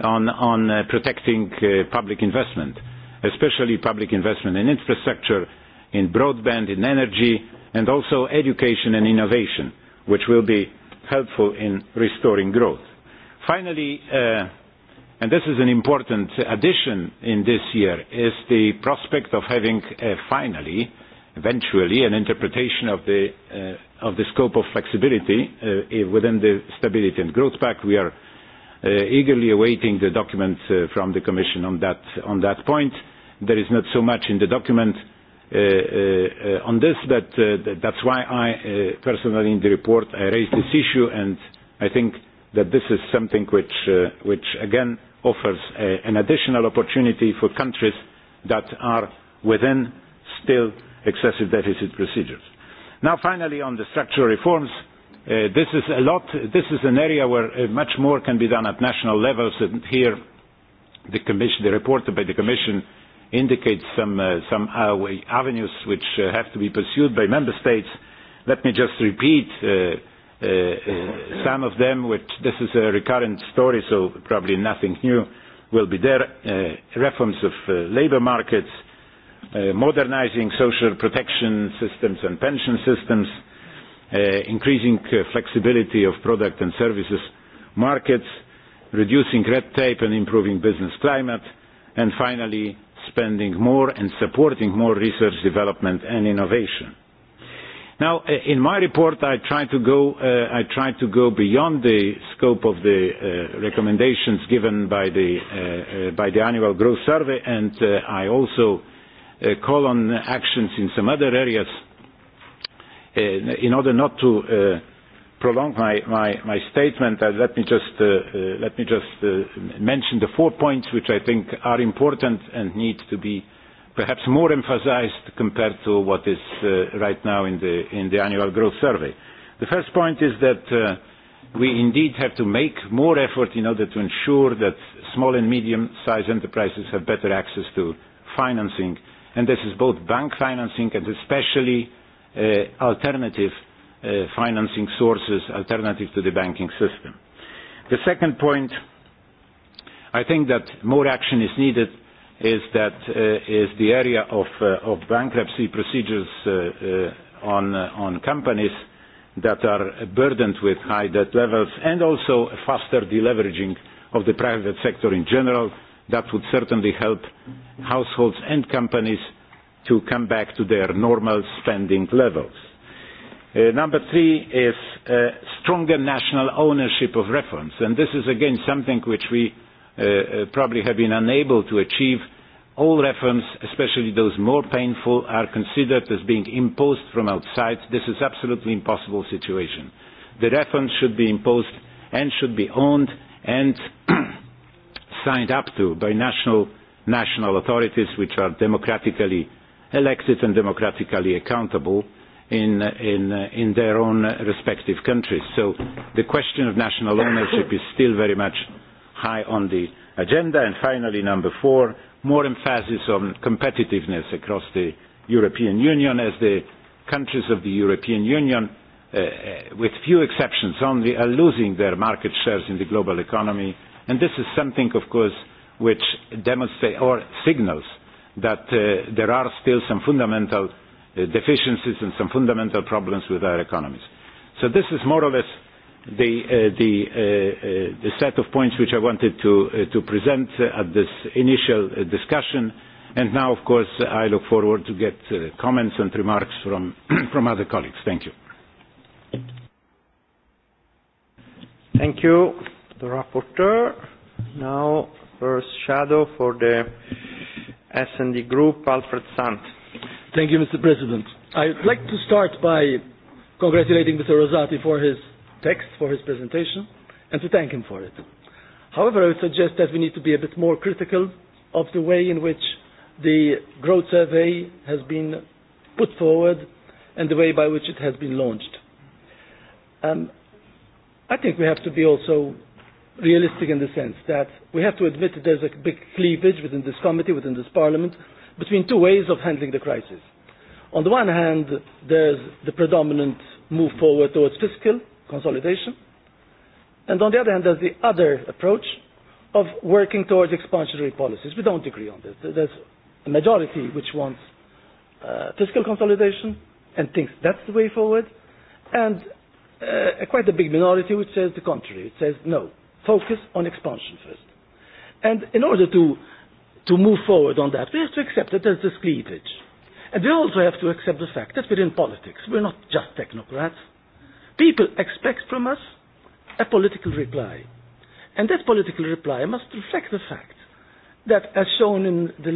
on, on uh, protecting uh, public investment, especially public investment in infrastructure, in broadband, in energy, and also education and innovation, which will be helpful in restoring growth. Finally, uh, And this is an important addition in this year, is the prospect of having uh, finally, eventually, an interpretation of the, uh, of the scope of flexibility uh, within the Stability and Growth Pact. We are uh, eagerly awaiting the document uh, from the Commission on that, on that point. There is not so much in the document uh, uh, on this, but uh, that's why I uh, personally in the report I raised this issue, and I think that this is something which, uh, which again, offers a, an additional opportunity for countries that are within still excessive deficit procedures. Now finally on the structural reforms, uh, this is a lot, this is an area where uh, much more can be done at national levels and here the, commission, the report by the Commission indicates some, uh, some uh, avenues which uh, have to be pursued by member states. Let me just repeat uh, Uh, uh, some of them, which this is a recurrent story, so probably nothing new will be there, uh, reforms of uh, labor markets, uh, modernizing social protection systems and pension systems, uh, increasing uh, flexibility of product and services markets, reducing red tape and improving business climate, and finally, spending more and supporting more research, development, and innovation. Now, uh, in my report, I try to go, uh, I try to go beyond the scope of the uh, recommendations given by the, uh, uh, by the annual growth survey, and uh, I also uh, call on actions in some other areas uh, in order not to uh, prolong my, my, my statement, uh, let me just, uh, uh, let me just uh, mention the four points which I think are important and need to be uh, perhaps more emphasized compared to what is uh, right now in the, in the annual growth survey. The first point is that uh, we indeed have to make more effort in order to ensure that small and medium-sized enterprises have better access to financing, and this is both bank financing and especially uh, alternative uh, financing sources, alternative to the banking system. The second point, I think that more action is needed is that uh, is the area of, uh, of bankruptcy procedures uh, uh, on, uh, on companies that are burdened with high debt levels and also faster deleveraging of the private sector in general that would certainly help households and companies to come back to their normal spending levels. Uh, number three is uh, stronger national ownership of reforms, and this is again something which we Uh, uh, probably have been unable to achieve, all reforms, especially those more painful, are considered as being imposed from outside. This is absolutely impossible situation. The reforms should be imposed and should be owned and signed up to by national, national authorities which are democratically elected and democratically accountable in, in, in their own respective countries. So the question of national ownership is still very much high on the agenda. And finally, number four, more emphasis on competitiveness across the European Union as the countries of the European Union, uh, uh with few exceptions only, are losing their market shares in the global economy. And this is something, of course, which demonstrates or signals that uh, there are still some fundamental uh, deficiencies and some fundamental problems with our economies. So this is more or less the, uh, the, uh, uh, the set of points which I wanted to, uh, to present uh, at this initial uh, discussion. And now, of course, I look forward to get uh, comments and remarks from, from other colleagues. Thank you. Thank you, the rapporteur. Now, first shadow for the S&D group, Alfred Sant. Thank you, Mr. President. I'd like to start by congratulating Mr. Rosati for his text for his presentation and to thank him for it. However, I would suggest that we need to be a bit more critical of the way in which the growth survey has been put forward and the way by which it has been launched. Um, I think we have to be also realistic in the sense that we have to admit that there's a big cleavage within this committee, within this parliament, between two ways of handling the crisis. On the one hand, there's the predominant move forward towards fiscal, consolidation. And on the other hand, there's the other approach of working towards expansionary policies. We don't agree on this. There's a majority which wants uh, fiscal consolidation and thinks that's the way forward, and uh, quite a big minority which says the contrary. It says, no, focus on expansion first. And in order to, to move forward on that, we have to accept that there's this cleavage. And we also have to accept the fact that we're in politics. We're not just technocrats people expect from us a political reply. And that political reply must reflect the fact that, as shown in the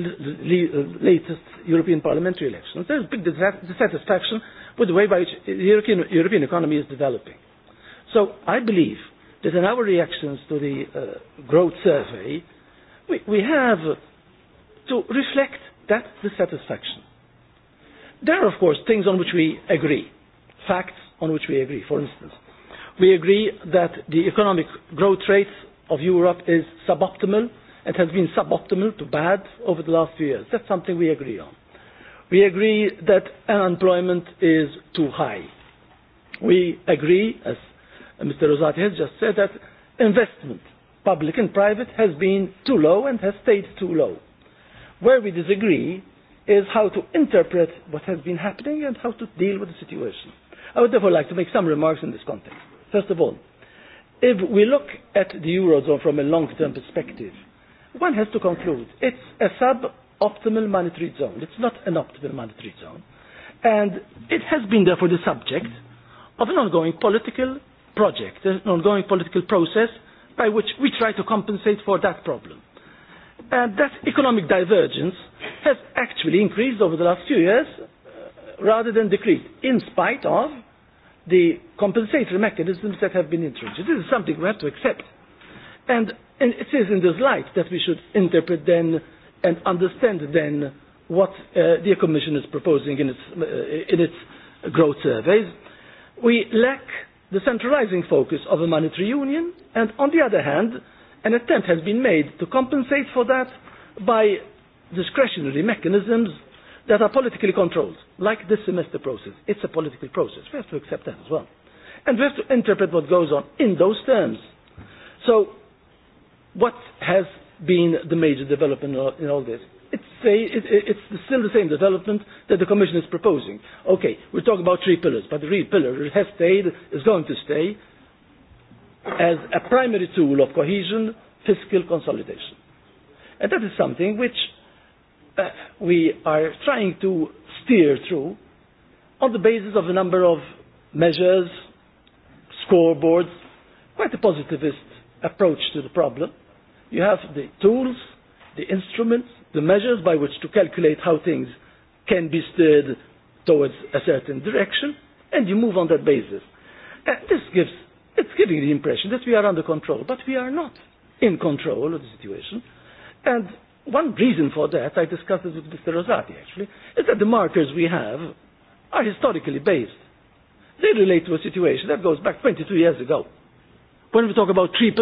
latest European parliamentary elections, there is big dissatisfaction with the way by which the European, European economy is developing. So I believe that in our reactions to the uh, growth survey, we, we have to reflect that dissatisfaction. There are, of course, things on which we agree. Facts, on which we agree. For instance, we agree that the economic growth rate of Europe is suboptimal. and has been suboptimal to bad over the last few years. That's something we agree on. We agree that unemployment is too high. We agree, as Mr. Rosati has just said, that investment, public and private, has been too low and has stayed too low. Where we disagree is how to interpret what has been happening and how to deal with the situation. I would therefore like to make some remarks in this context. First of all, if we look at the Eurozone from a long-term perspective, one has to conclude it's a sub-optimal monetary zone. It's not an optimal monetary zone. And it has been therefore the subject of an ongoing political project, an ongoing political process by which we try to compensate for that problem. And that economic divergence has actually increased over the last few years uh, rather than decreased, in spite of the compensatory mechanisms that have been introduced. This is something we have to accept. And, and it is in this light that we should interpret then and understand then what uh, the Commission is proposing in its, uh, in its growth surveys. We lack the centralizing focus of a monetary union, and on the other hand, an attempt has been made to compensate for that by discretionary mechanisms that are politically controlled like this semester process, it's a political process. We have to accept that as well. And we have to interpret what goes on in those terms. So, what has been the major development in all this? It's, a, it, it's still the same development that the Commission is proposing. Okay, we're talking about three pillars, but the real pillar has stayed, is going to stay, as a primary tool of cohesion, fiscal consolidation. And that is something which uh, we are trying to steer through on the basis of a number of measures, scoreboards, quite a positivist approach to the problem. You have the tools, the instruments, the measures by which to calculate how things can be steered towards a certain direction, and you move on that basis. And this gives, it's giving the impression that we are under control, but we are not in control of the situation. And One reason for that, I discussed it with Mr. Rosati actually, is that the markers we have are historically based. They relate to a situation that goes back 22 years ago. When we talk about 3%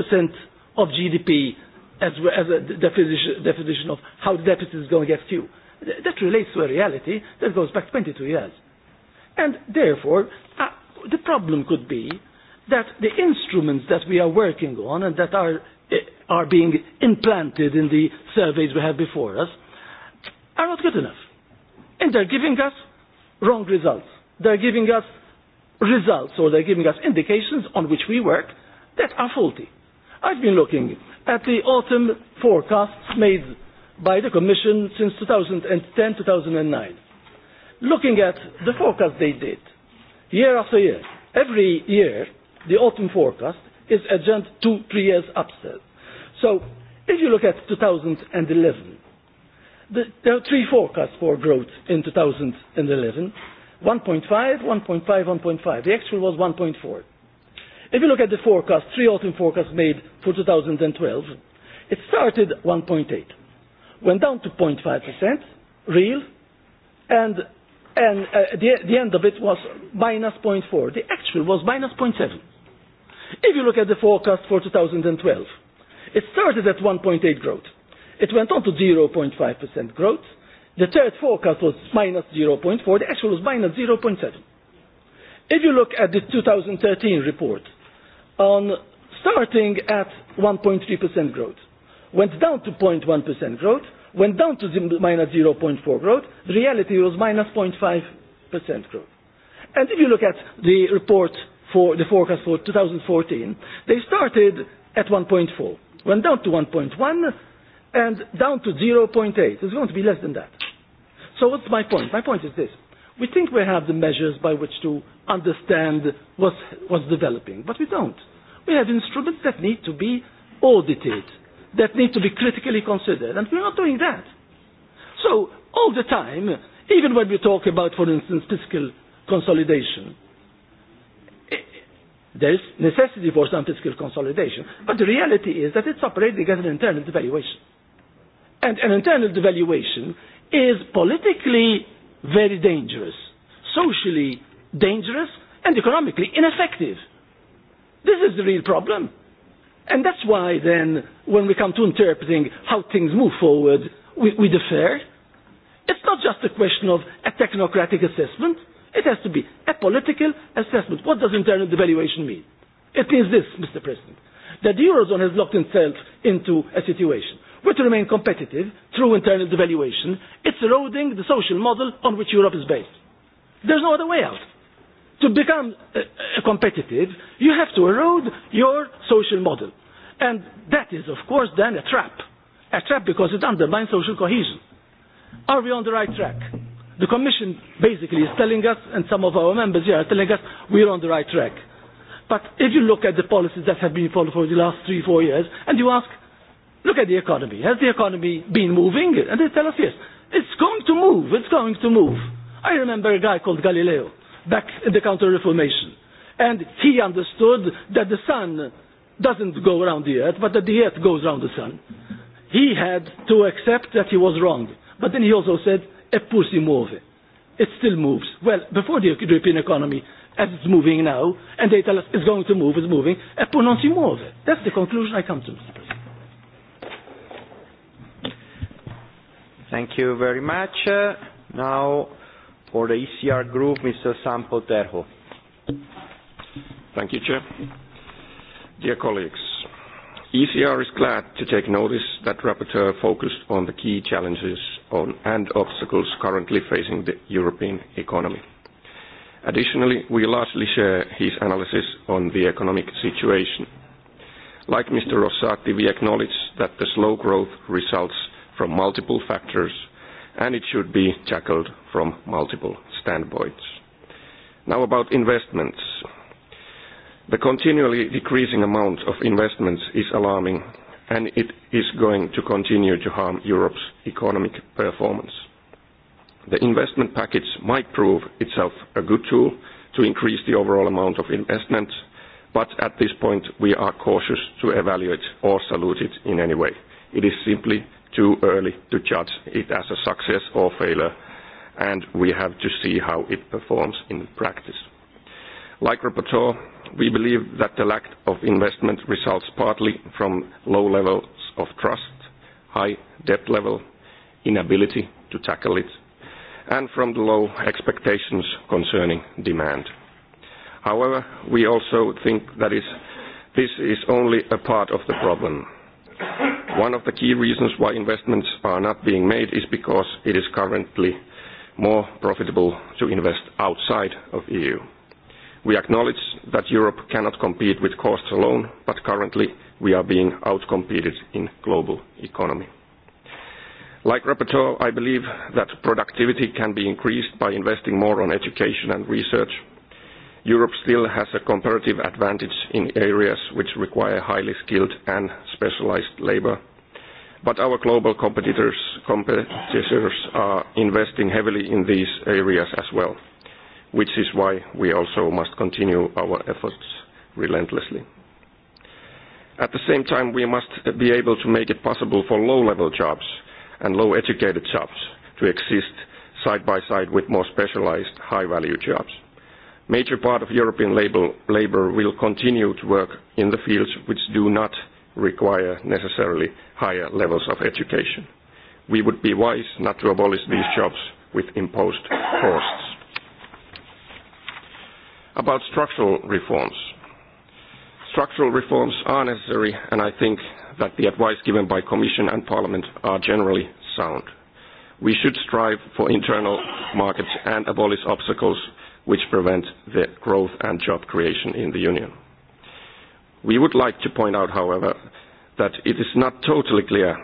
of GDP as, as a definition, definition of how the deficit is going to get few, that relates to a reality that goes back 22 years. And therefore, uh, the problem could be that the instruments that we are working on and that are are being implanted in the surveys we have before us are not good enough. And they're giving us wrong results. They're giving us results or they're giving us indications on which we work that are faulty. I've been looking at the autumn forecasts made by the Commission since 2010-2009. Looking at the forecast they did, year after year, every year, the autumn forecast is adjourned two, three years upstairs, So if you look at 2011, the, there are three forecasts for growth in 2011. 1.5, 1.5, 1.5. The actual was 1.4. If you look at the forecast, three autumn forecasts made for 2012, it started 1.8, went down to 0.5% real, and, and uh, the, the end of it was minus 0.4. The actual was minus 0.7. If you look at the forecast for 2012, It started at 1.8 growth. It went on to 0.5% growth. The third forecast was minus 0.4. The actual was minus 0.7. If you look at the 2013 report, on starting at 1.3% growth, went down to 0.1% growth, went down to minus 0.4 growth. The reality was minus 0.5% growth. And if you look at the report for the forecast for 2014, they started at 1.4 went down to 1.1 and down to 0.8. It's going to be less than that. So what's my point? My point is this. We think we have the measures by which to understand what's, what's developing, but we don't. We have instruments that need to be audited, that need to be critically considered, and we're not doing that. So all the time, even when we talk about, for instance, fiscal consolidation, There is necessity for some fiscal consolidation, but the reality is that it's operating as an internal devaluation. And an internal devaluation is politically very dangerous, socially dangerous, and economically ineffective. This is the real problem. And that's why then, when we come to interpreting how things move forward, we, we defer. It's not just a question of a technocratic assessment. It has to be a political assessment. What does internal devaluation mean? It means this, Mr. President, that the Eurozone has locked itself into a situation where to remain competitive through internal devaluation, it's eroding the social model on which Europe is based. There's no other way out. To become uh, uh competitive, you have to erode your social model. And that is, of course, then a trap. A trap because it undermines social cohesion. Are we on the right track? The Commission basically is telling us, and some of our members here are telling us, we're on the right track. But if you look at the policies that have been followed for the last three, four years, and you ask, look at the economy. Has the economy been moving? And they tell us, yes, it's going to move, it's going to move. I remember a guy called Galileo back in the Counter-Reformation. And he understood that the sun doesn't go around the earth, but that the earth goes around the sun. He had to accept that he was wrong. But then he also said, eppur si move. It still moves. Well, before the European economy, as it's moving now, and they tell us it's going to move, it's moving, eppur non si muove. That's the conclusion I come to, Mr. President. Thank you very much. Uh, now, for the ECR group, Mr. Sampo Terho. Thank you, Chair. Dear colleagues, ECR is glad to take notice that Rapporteur focused on the key challenges on and obstacles currently facing the European economy. Additionally, we largely share his analysis on the economic situation. Like Mr. Rossati, we acknowledge that the slow growth results from multiple factors and it should be tackled from multiple standpoints. Now about investments. The continually decreasing amount of investments is alarming and it is going to continue to harm Europe's economic performance. The investment package might prove itself a good tool to increase the overall amount of investment, but at this point we are cautious to evaluate or salute it in any way. It is simply too early to judge it as a success or failure, and we have to see how it performs in practice. Like rapporteur, we believe that the lack of investment results partly from low levels of trust, high debt level, inability to tackle it, and from the low expectations concerning demand. However, we also think that is, this is only a part of the problem. One of the key reasons why investments are not being made is because it is currently more profitable to invest outside of EU. We acknowledge that Europe cannot compete with costs alone, but currently we are being outcompeted in global economy. Like Rapporteur, I believe that productivity can be increased by investing more on education and research. Europe still has a comparative advantage in areas which require highly skilled and specialized labor. But our global competitors, competitors are investing heavily in these areas as well which is why we also must continue our efforts relentlessly. At the same time, we must be able to make it possible for low-level jobs and low-educated jobs to exist side by side with more specialized, high-value jobs. Major part of European labor, labor will continue to work in the fields which do not require necessarily higher levels of education. We would be wise not to abolish these jobs with imposed costs about structural reforms. Structural reforms are necessary, and I think that the advice given by Commission and Parliament are generally sound. We should strive for internal markets and abolish obstacles which prevent the growth and job creation in the Union. We would like to point out, however, that it is not totally clear,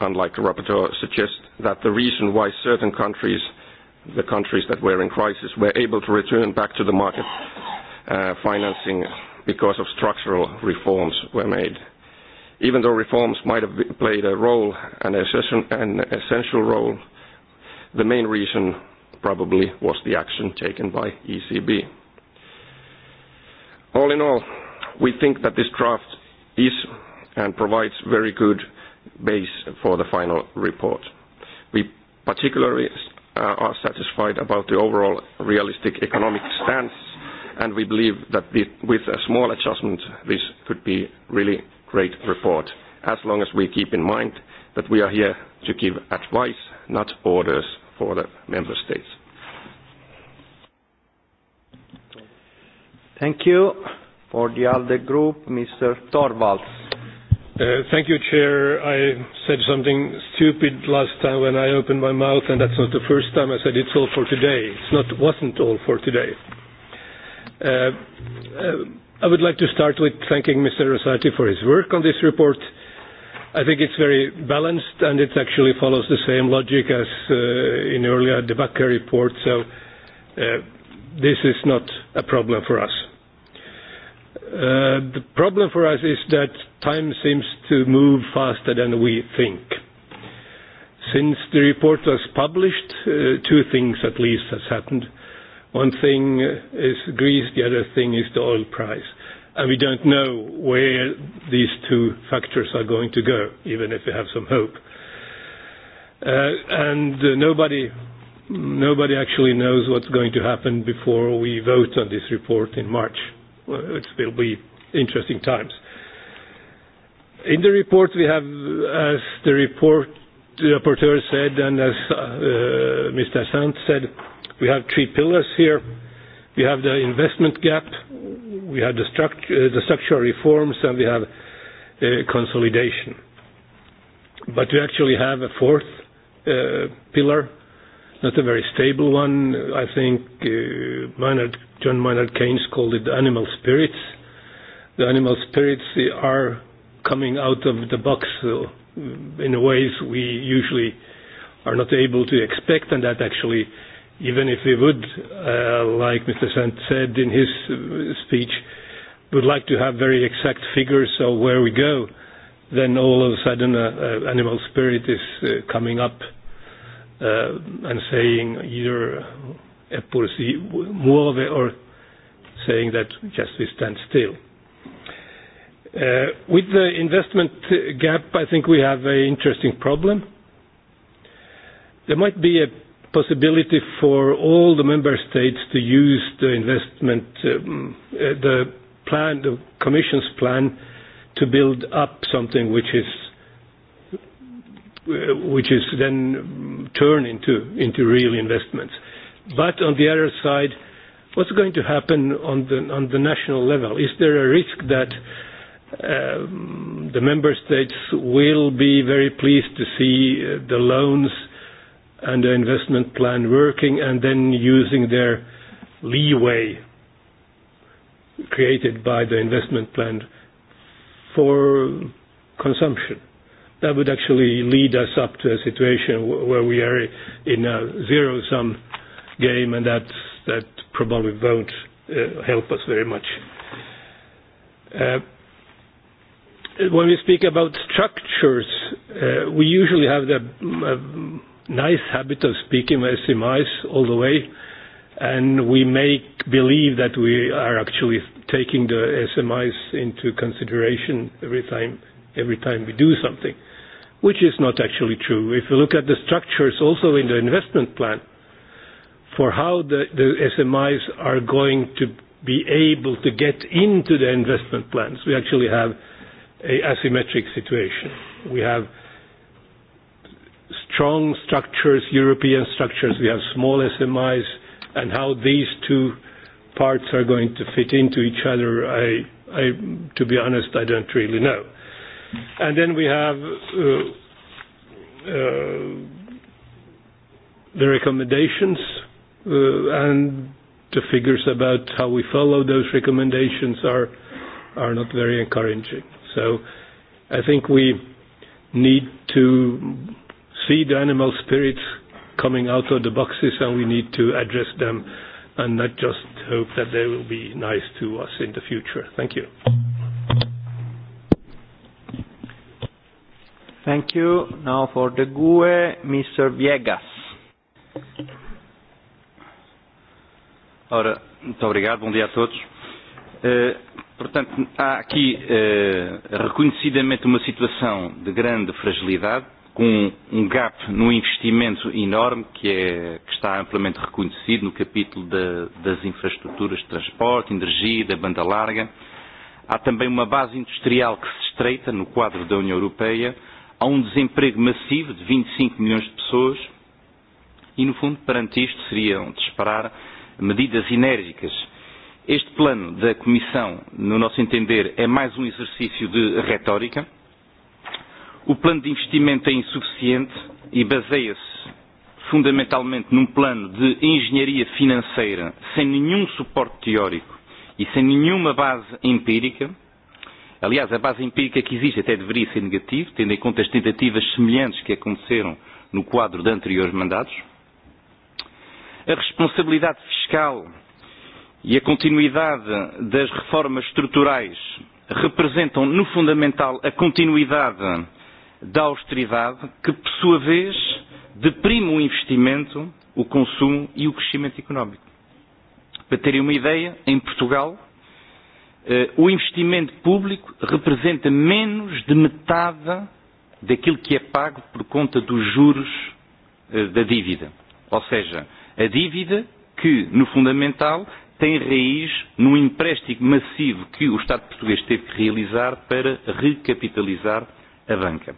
unlike the rapporteur suggests, that the reason why certain countries the countries that were in crisis were able to return back to the market uh, financing because of structural reforms were made. Even though reforms might have played a role, an, accession, an essential role, the main reason probably was the action taken by ECB. All in all, we think that this draft is and provides very good base for the final report. We particularly uh, are satisfied about the overall realistic economic stance, and we believe that the, with a small adjustment, this could be really great report, as long as we keep in mind that we are here to give advice, not orders for the member states. Thank you. For the ALDE group, Mr. Torvalds. Uh, thank you, Chair. I said something stupid last time when I opened my mouth, and that's not the first time I said it's all for today. It's not wasn't all for today. Uh, uh, I would like to start with thanking Mr. Rosati for his work on this report. I think it's very balanced, and it actually follows the same logic as uh, in earlier Debacker report. So uh, this is not a problem for us. Uh, the problem for us is that time seems to move faster than we think. Since the report was published, uh, two things at least has happened. One thing is Greece, the other thing is the oil price. And we don't know where these two factors are going to go, even if we have some hope. Uh, and uh, nobody, nobody actually knows what's going to happen before we vote on this report in March. Well it will be interesting times. In the report we have, as the report the rapporteur said and as uh, Mr. Sant said, we have three pillars here. We have the investment gap, we have the, struct uh, the structural reforms, and we have uh, consolidation. But we actually have a fourth uh, pillar, not a very stable one. I think uh, Maynard, John Maynard Keynes called it the animal spirits. The animal spirits are coming out of the box uh, in ways we usually are not able to expect, and that actually, even if we would, uh, like Mr. Sant said in his uh, speech, would like to have very exact figures of where we go, then all of a sudden uh, uh, animal spirit is uh, coming up uh, and saying either a policy move or saying that just we stand still. Uh, with the investment gap, I think we have an interesting problem. There might be a possibility for all the member states to use the investment, um, uh, the plan, the Commission's plan to build up something which is Uh, which is then turned into, into real investments. But on the other side, what's going to happen on the, on the national level? Is there a risk that um, the member states will be very pleased to see uh, the loans and the investment plan working and then using their leeway created by the investment plan for consumption? that would actually lead us up to a situation where we are in a zero-sum game, and that's, that probably won't uh, help us very much. Uh, when we speak about structures, uh, we usually have the uh, nice habit of speaking with SMIs all the way, and we make believe that we are actually taking the SMIs into consideration every time every time we do something which is not actually true. If you look at the structures also in the investment plan for how the, the SMIs are going to be able to get into the investment plans, we actually have a asymmetric situation. We have strong structures, European structures, we have small SMIs, and how these two parts are going to fit into each other, I, I, to be honest, I don't really know. And then we have uh, uh, the recommendations uh, and the figures about how we follow those recommendations are are not very encouraging. So I think we need to see the animal spirits coming out of the boxes and we need to address them and not just hope that they will be nice to us in the future. Thank you. Thank you. Now for the GUE, Mr. Viegas. Ora, muito obrigado, bom dia a todos. Uh, portanto, há aqui uh, reconhecidamente uma situação de grande fragilidade, com um gap no investimento enorme que, é, que está amplamente reconhecido no capítulo de, das infraestruturas de transporte, energia, da banda larga. Há também uma base industrial que se estreita no quadro da União Europeia Há um desemprego massivo de 25 e milhões de pessoas e, no fundo, perante isto, seriam de esperar medidas enérgicas. Este plano da Comissão, no nosso entender, é mais um exercício de retórica. O plano de investimento é insuficiente e baseia-se fundamentalmente num plano de engenharia financeira sem nenhum suporte teórico e sem nenhuma base empírica Aliás, a base empírica que existe até deveria ser negativa, tendo em conta as tentativas semelhantes que aconteceram no quadro de anteriores mandatos. A responsabilidade fiscal e a continuidade das reformas estruturais representam, no fundamental, a continuidade da austeridade, que, por sua vez, deprime o investimento, o consumo e o crescimento económico. Para terem uma ideia, em Portugal, Eh, o investimento público representa menos de metade daquilo que é pago por conta dos juros eh, da dívida. Ou seja, a dívida que, no fundamental, tem raiz no empréstimo massivo que o Estado português teve que realizar para recapitalizar a banca.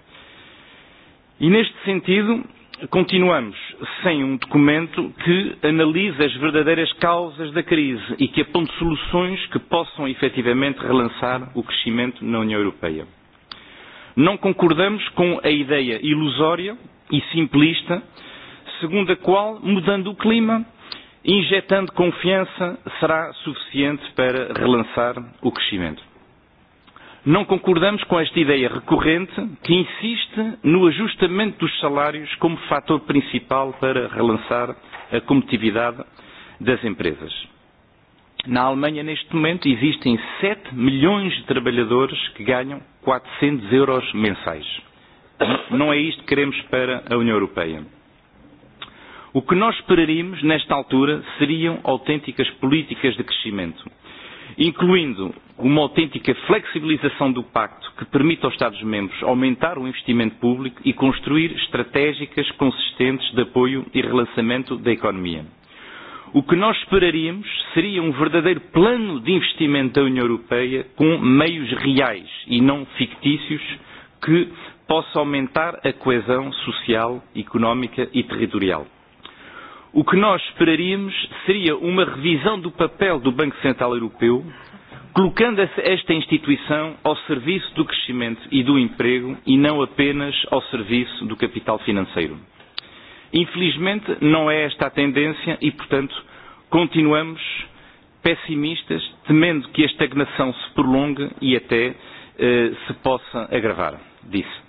E neste sentido, continuamos sem um documento que analise as verdadeiras causas da crise e que aponte soluções que possam efetivamente relançar o crescimento na União Europeia. Não concordamos com a ideia ilusória e simplista segundo a qual, mudando o clima, injetando confiança, será suficiente para relançar o crescimento. Não concordamos com esta ideia recorrente que insiste no ajustamento dos salários como fator principal para relançar a competitividade das empresas. Na Alemanha, neste momento, existem 7 milhões de trabalhadores que ganham 400 euros mensais. Não é isto que queremos para a União Europeia. O que nós esperaríamos, nesta altura, seriam autênticas políticas de crescimento incluindo uma autêntica flexibilização do pacto que permita aos Estados-membros aumentar o investimento público e construir estratégicas consistentes de apoio e relançamento da economia. O que nós esperaríamos seria um verdadeiro plano de investimento da União Europeia com meios reais e não fictícios que possa aumentar a coesão social, económica e territorial. O que nós esperaríamos seria uma revisão do papel do Banco Central Europeu, colocando esta instituição ao serviço do crescimento e do emprego e não apenas ao serviço do capital financeiro. Infelizmente, não é esta a tendência e, portanto, continuamos pessimistas, temendo que a estagnação se prolongue e até eh, se possa agravar. Disse.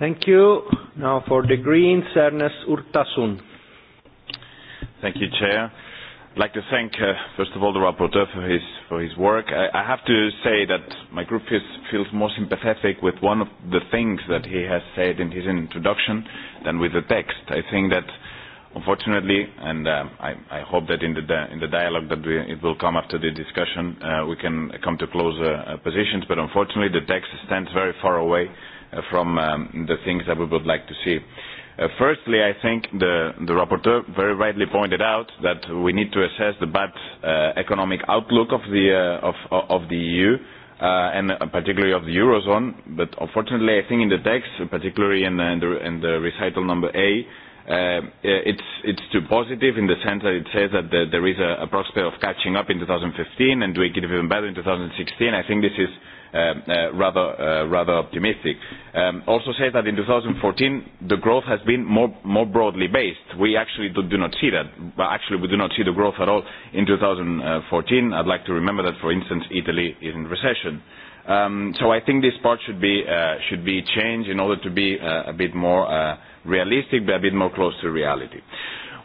Thank you. Now for the Greens, Ernest Urtasun. Thank you, Chair. I'd like to thank, uh, first of all, the rapporteur for his, for his work. I, I have to say that my group feels, feels more sympathetic with one of the things that he has said in his introduction than with the text. I think that, unfortunately, and uh, I, I hope that in the, di in the dialogue that we, it will come after the discussion, uh, we can come to closer uh, positions, but unfortunately the text stands very far away Uh, from um, the things that we would like to see. Uh, firstly, I think the, the rapporteur very rightly pointed out that we need to assess the bad uh, economic outlook of the, uh, of, of the EU uh, and uh, particularly of the eurozone. But unfortunately, I think in the text, particularly in, in, the, in the recital number A, uh, it's, it's too positive in the sense that it says that the, there is a, a prospect of catching up in 2015 and doing it even better in 2016. I think this is um, uh, rather, uh, rather optimistic. Um, also says that in 2014 the growth has been more, more broadly based. We actually do, do not see that. actually, we do not see the growth at all in 2014. I'd like to remember that, for instance, Italy is in recession. Um, so I think this part should be, uh, should be changed in order to be uh, a bit more uh, realistic, but a bit more close to reality.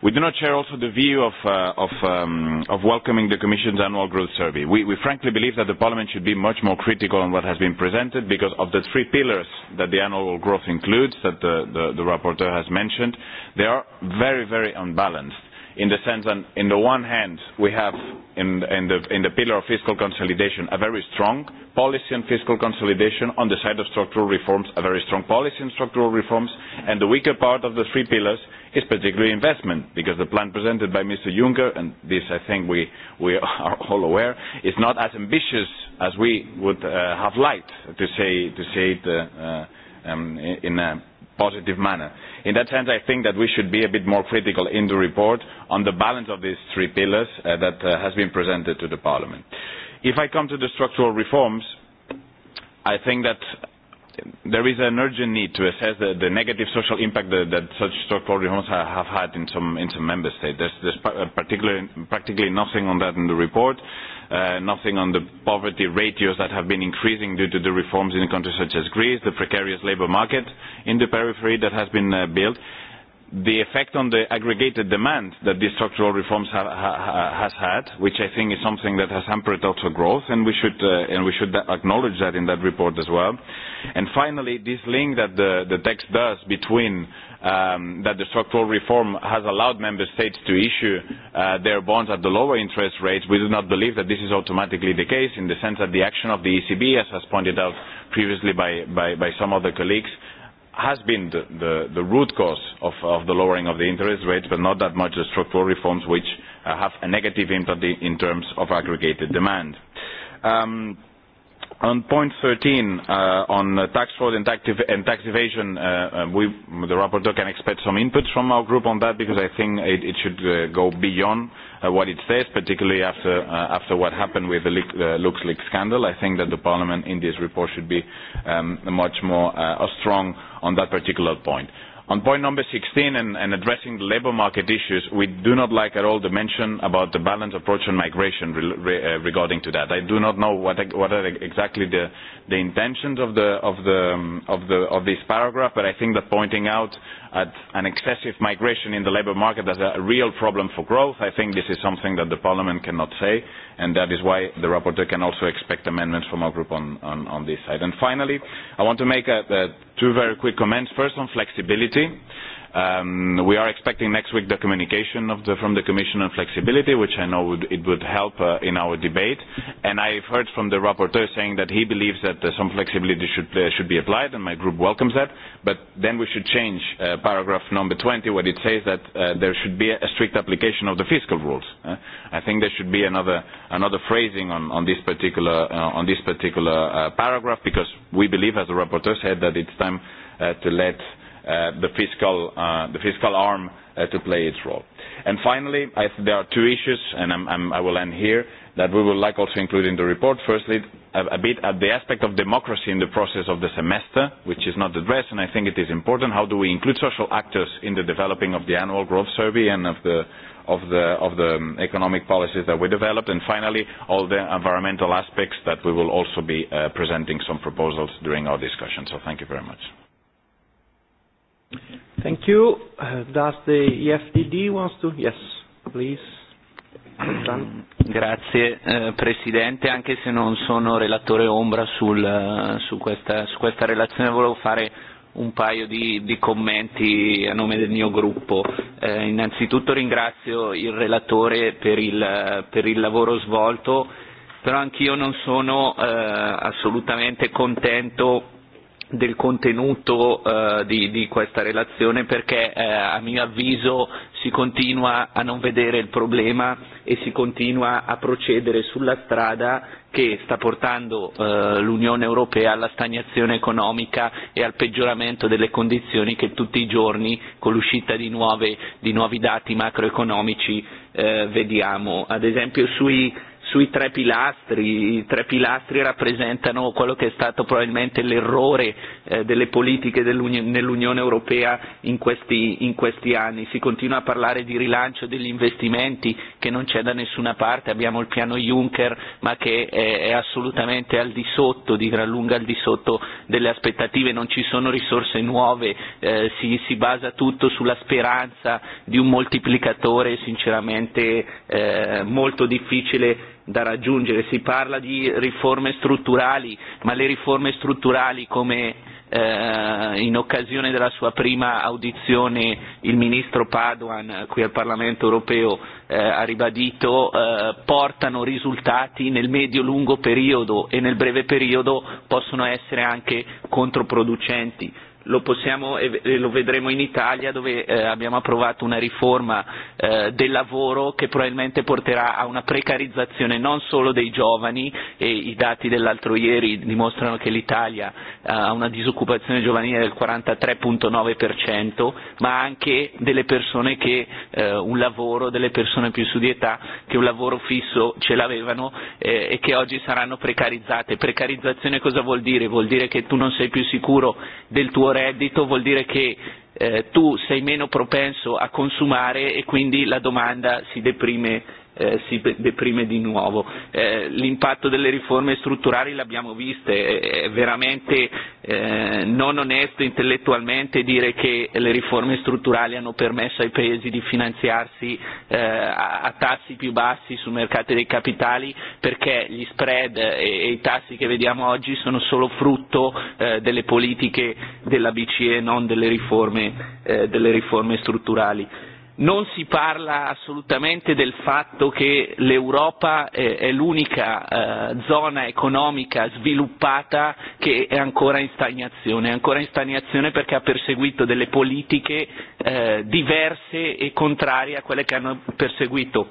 We do not share also the view of, uh, of, um, of welcoming the Commission's annual growth survey. We, we frankly believe that the Parliament should be much more critical on what has been presented because of the three pillars that the annual growth includes, that the, the, the rapporteur has mentioned, they are very, very unbalanced in the sense that in the one hand we have in, in, the, in the pillar of fiscal consolidation a very strong policy on fiscal consolidation, on the side of structural reforms a very strong policy on structural reforms, and the weaker part of the three pillars is particularly investment, because the plan presented by Mr. Juncker, and this I think we, we are all aware, is not as ambitious as we would uh, have liked, to say, to say it uh, uh, um, in a positive manner. In that sense, I think that we should be a bit more critical in the report on the balance of these three pillars uh, that uh, has been presented to the Parliament. If I come to the structural reforms, I think that there is an urgent need to assess the, the negative social impact that, that such structural reforms have, have had in some, in some member states. There's, there's uh, particularly, practically nothing on that in the report, uh, nothing on the poverty ratios that have been increasing due to the reforms in countries such as Greece, the precarious labor market in the periphery that has been uh, built the effect on the aggregated demand that these structural reforms ha ha has had, which I think is something that has hampered also growth, and we should, uh, and we should acknowledge that in that report as well. And finally, this link that the, the text does between um, that the structural reform has allowed member states to issue uh, their bonds at the lower interest rates, we do not believe that this is automatically the case in the sense that the action of the ECB, as has pointed out previously by, by, by some other colleagues, has been the, the, the root cause of, of the lowering of the interest rates, but not that much the structural reforms which uh, have a negative impact in terms of aggregated demand. Um, on point 13, uh, on uh, tax fraud and tax, and tax evasion, uh, uh, we, the rapporteur can expect some input from our group on that because I think it, it should uh, go beyond uh, what it says, particularly after, uh, after what happened with the uh, LuxLeaks scandal. I think that the Parliament in this report should be um, much more uh, strong on that particular point. On point number 16 and, and addressing the labor market issues, we do not like at all the mention about the balanced approach on migration re, re, uh, regarding to that. I do not know what, what are exactly the, the intentions of, the, of, the, um, of, the, of this paragraph, but I think that pointing out at an excessive migration in the labour market as a real problem for growth, I think this is something that the Parliament cannot say, and that is why the rapporteur can also expect amendments from our group on, on, on this side. And finally, I want to make a, a, two very quick comments. First, on flexibility. Um, we are expecting next week the communication of the, from the Commission on flexibility, which I know would, it would help uh, in our debate. And I've heard from the rapporteur saying that he believes that uh, some flexibility should, uh, should be applied, and my group welcomes that. But then we should change uh, paragraph number 20, where it says that uh, there should be a strict application of the fiscal rules. Uh, I think there should be another, another phrasing on, on this particular, uh, on this particular uh, paragraph, because we believe, as the rapporteur said, that it's time uh, to let uh, the, fiscal, uh, the fiscal arm uh, to play its role. And finally, I th there are two issues, and I'm, I'm, I will end here, that we would like also include in the report. Firstly, a, a bit at the aspect of democracy in the process of the semester, which is not addressed, and I think it is important. How do we include social actors in the developing of the annual growth survey and of the of the of the um, economic policies that we developed and finally all the environmental aspects that we will also be uh, presenting some proposals during our discussion so thank you very much Thank you. Uh, does the EFDD wants to? Yes, please. Grazie eh, Presidente, anche se non sono relatore ombra sul, eh, su, questa, su questa relazione volevo fare un paio di, di commenti a nome del mio gruppo. Eh, innanzitutto ringrazio il relatore per il, per il lavoro svolto, però anch'io non sono eh, assolutamente contento del contenuto uh, di, di questa relazione perché uh, a mio avviso si continua a non vedere il problema e si continua a procedere sulla strada che sta portando uh, l'Unione Europea alla stagnazione economica e al peggioramento delle condizioni che tutti i giorni con l'uscita di, nuove, di nuovi dati macroeconomici uh, vediamo. Ad esempio sui sui tre pilastri, i tre pilastri rappresentano quello che è stato probabilmente l'errore eh, delle politiche nell'Unione Europea in questi, in questi anni. Si continua a parlare di rilancio degli investimenti che non c'è da nessuna parte, abbiamo il piano Juncker ma che è, è assolutamente al di sotto, di gran lunga al di sotto delle aspettative, non ci sono risorse nuove, eh, si, si basa tutto sulla speranza di un moltiplicatore sinceramente eh, molto difficile da raggiungere, si parla di riforme strutturali, ma le riforme strutturali come eh, in occasione della sua prima audizione il ministro Paduan qui al Parlamento europeo eh, ha ribadito eh, portano risultati nel medio-lungo periodo e nel breve periodo possono essere anche controproducenti lo, possiamo, e e lo vedremo in Italia dove eh, abbiamo approvato una riforma eh, del lavoro che probabilmente porterà a una precarizzazione non solo dei giovani e i dati dell'altro ieri dimostrano che l'Italia eh, ha una disoccupazione giovanile del 43.9% ma anche delle persone che eh, un lavoro, delle persone più su di età che un lavoro fisso ce l'avevano eh, e che oggi saranno precarizzate. Precarizzazione cosa vuol dire? Vuol dire che tu non sei più sicuro del tuo reddito vuol dire che eh, tu sei meno propenso a consumare e quindi la domanda si deprime eh, si deprime di nuovo. Eh, l'impatto delle riforme strutturali l'abbiamo visto, eh, è veramente eh, non onesto intellettualmente dire che le riforme strutturali hanno permesso ai paesi di finanziarsi eh, a, a tassi più bassi sul mercato dei capitali perché gli spread e, e i tassi che vediamo oggi sono solo frutto eh, delle politiche della BCE non delle riforme, eh, delle riforme strutturali. Non si parla assolutamente del fatto che l'Europa eh, è l'unica eh, zona economica sviluppata che è ancora in stagnazione, è ancora in stagnazione perché ha perseguito delle politiche eh, diverse e contrarie a quelle che hanno perseguito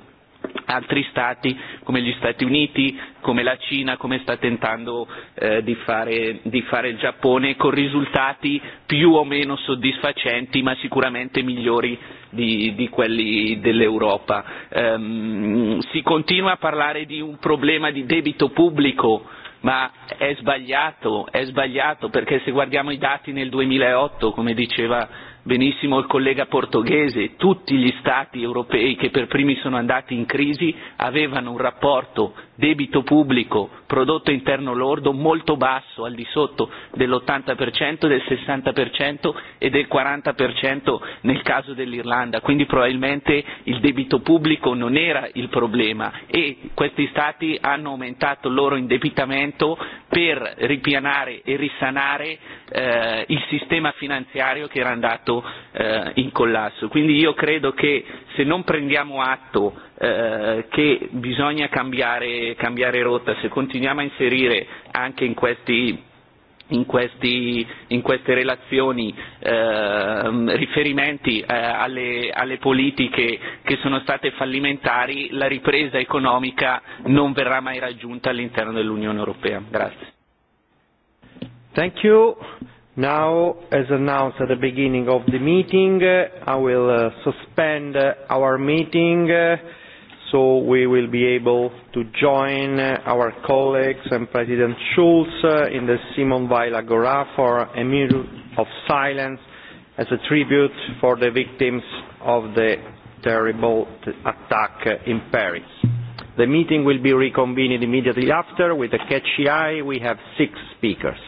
altri stati come gli Stati Uniti, come la Cina, come sta tentando eh, di, fare, di fare il Giappone, con risultati più o meno soddisfacenti ma sicuramente migliori di, di quelli dell'Europa. Um, si continua a parlare di un problema di debito pubblico ma è sbagliato, è sbagliato perché se guardiamo i dati nel 2008, come diceva benissimo il collega portoghese, tutti gli Stati europei che per primi sono andati in crisi avevano un rapporto debito pubblico prodotto interno lordo molto basso, al di sotto dell'80%, del 60% e del 40% nel caso dell'Irlanda, quindi probabilmente il debito pubblico non era il problema e questi Stati hanno aumentato il loro indebitamento per ripianare e risanare eh, il sistema finanziario che era andato eh, in collasso. Quindi io credo che se non prendiamo atto Eh, che bisogna cambiare, cambiare rotta, se continuiamo a inserire anche in questi in, questi, in queste relazioni eh, riferimenti eh, alle, alle politiche che sono state fallimentari, la ripresa economica non verrà mai raggiunta all'interno dell'Unione Europea. Grazie. Thank you. Now, as announced at the beginning of the meeting, uh, I will uh, suspend uh, our meeting. Uh, so we will be able to join uh, our colleagues and President Schulz uh, in the Simon Weil Agora for a minute of silence as a tribute for the victims of the terrible attack uh, in Paris. The meeting will be reconvened immediately after with a catchy eye. We have six speakers.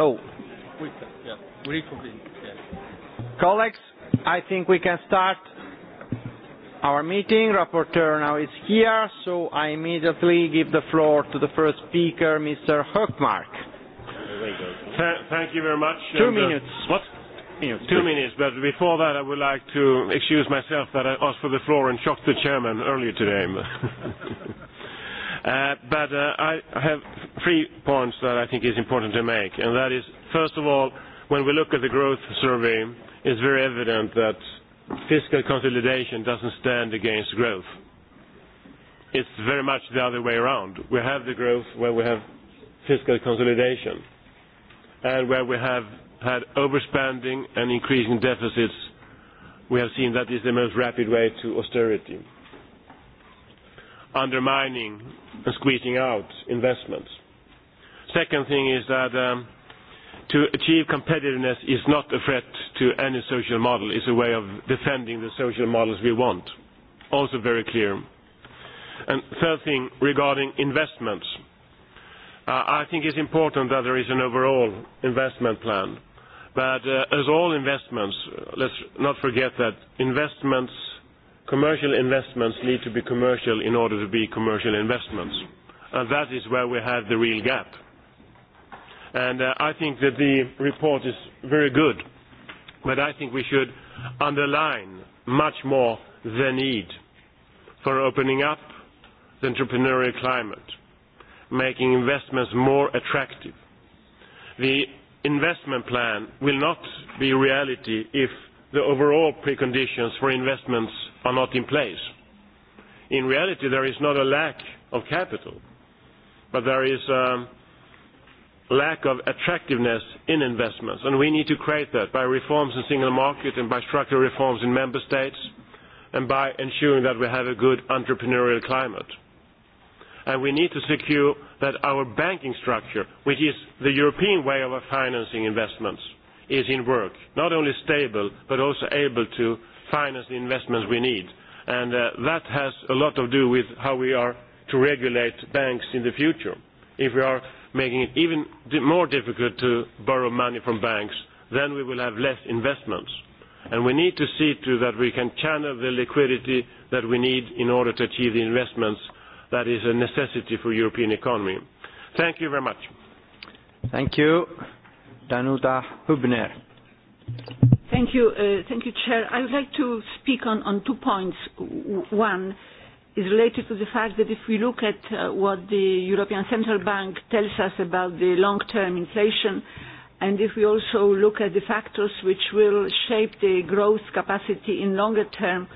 So, Colleagues, I think we can start our meeting. Rapporteur now is here, so I immediately give the floor to the first speaker, Mr. Hochmark. Th thank you very much. Two and, uh, minutes. Uh, what? Minutes, Two please. minutes, but before that I would like to excuse myself that I asked for the floor and shocked the chairman earlier today. uh, but uh, I have three points that I think is important to make, and that is, first of all, when we look at the growth survey, it's very evident that fiscal consolidation doesn't stand against growth. It's very much the other way around. We have the growth where we have fiscal consolidation, and where we have had overspending and increasing deficits, we have seen that is the most rapid way to austerity, undermining and squeezing out investments. Second thing is that um, to achieve competitiveness is not a threat to any social model. It's a way of defending the social models we want. Also very clear. And third thing, regarding investments. Uh, I think it's important that there is an overall investment plan. But uh, as all investments, uh, let's not forget that investments, commercial investments need to be commercial in order to be commercial investments. And that is where we have the real gap and uh, I think that the report is very good, but I think we should underline much more the need for opening up the entrepreneurial climate, making investments more attractive. The investment plan will not be reality if the overall preconditions for investments are not in place. In reality, there is not a lack of capital, but there is uh, lack of attractiveness in investments. And we need to create that by reforms in single market and by structural reforms in member states and by ensuring that we have a good entrepreneurial climate. And we need to secure that our banking structure, which is the European way of financing investments, is in work, not only stable but also able to finance the investments we need. And uh, that has a lot to do with how we are to regulate banks in the future if we are making it even more difficult to borrow money from banks, then we will have less investments. And we need to see to that we can channel the liquidity that we need in order to achieve the investments that is a necessity for European economy. Thank you very much. Thank you. Danuta Hubner. Thank you, uh, thank you, Chair. I would like to speak on, on two points. One, is related to the fact that if we look at uh, what the European Central Bank tells us about the long-term inflation, and if we also look at the factors which will shape the growth capacity in longer term,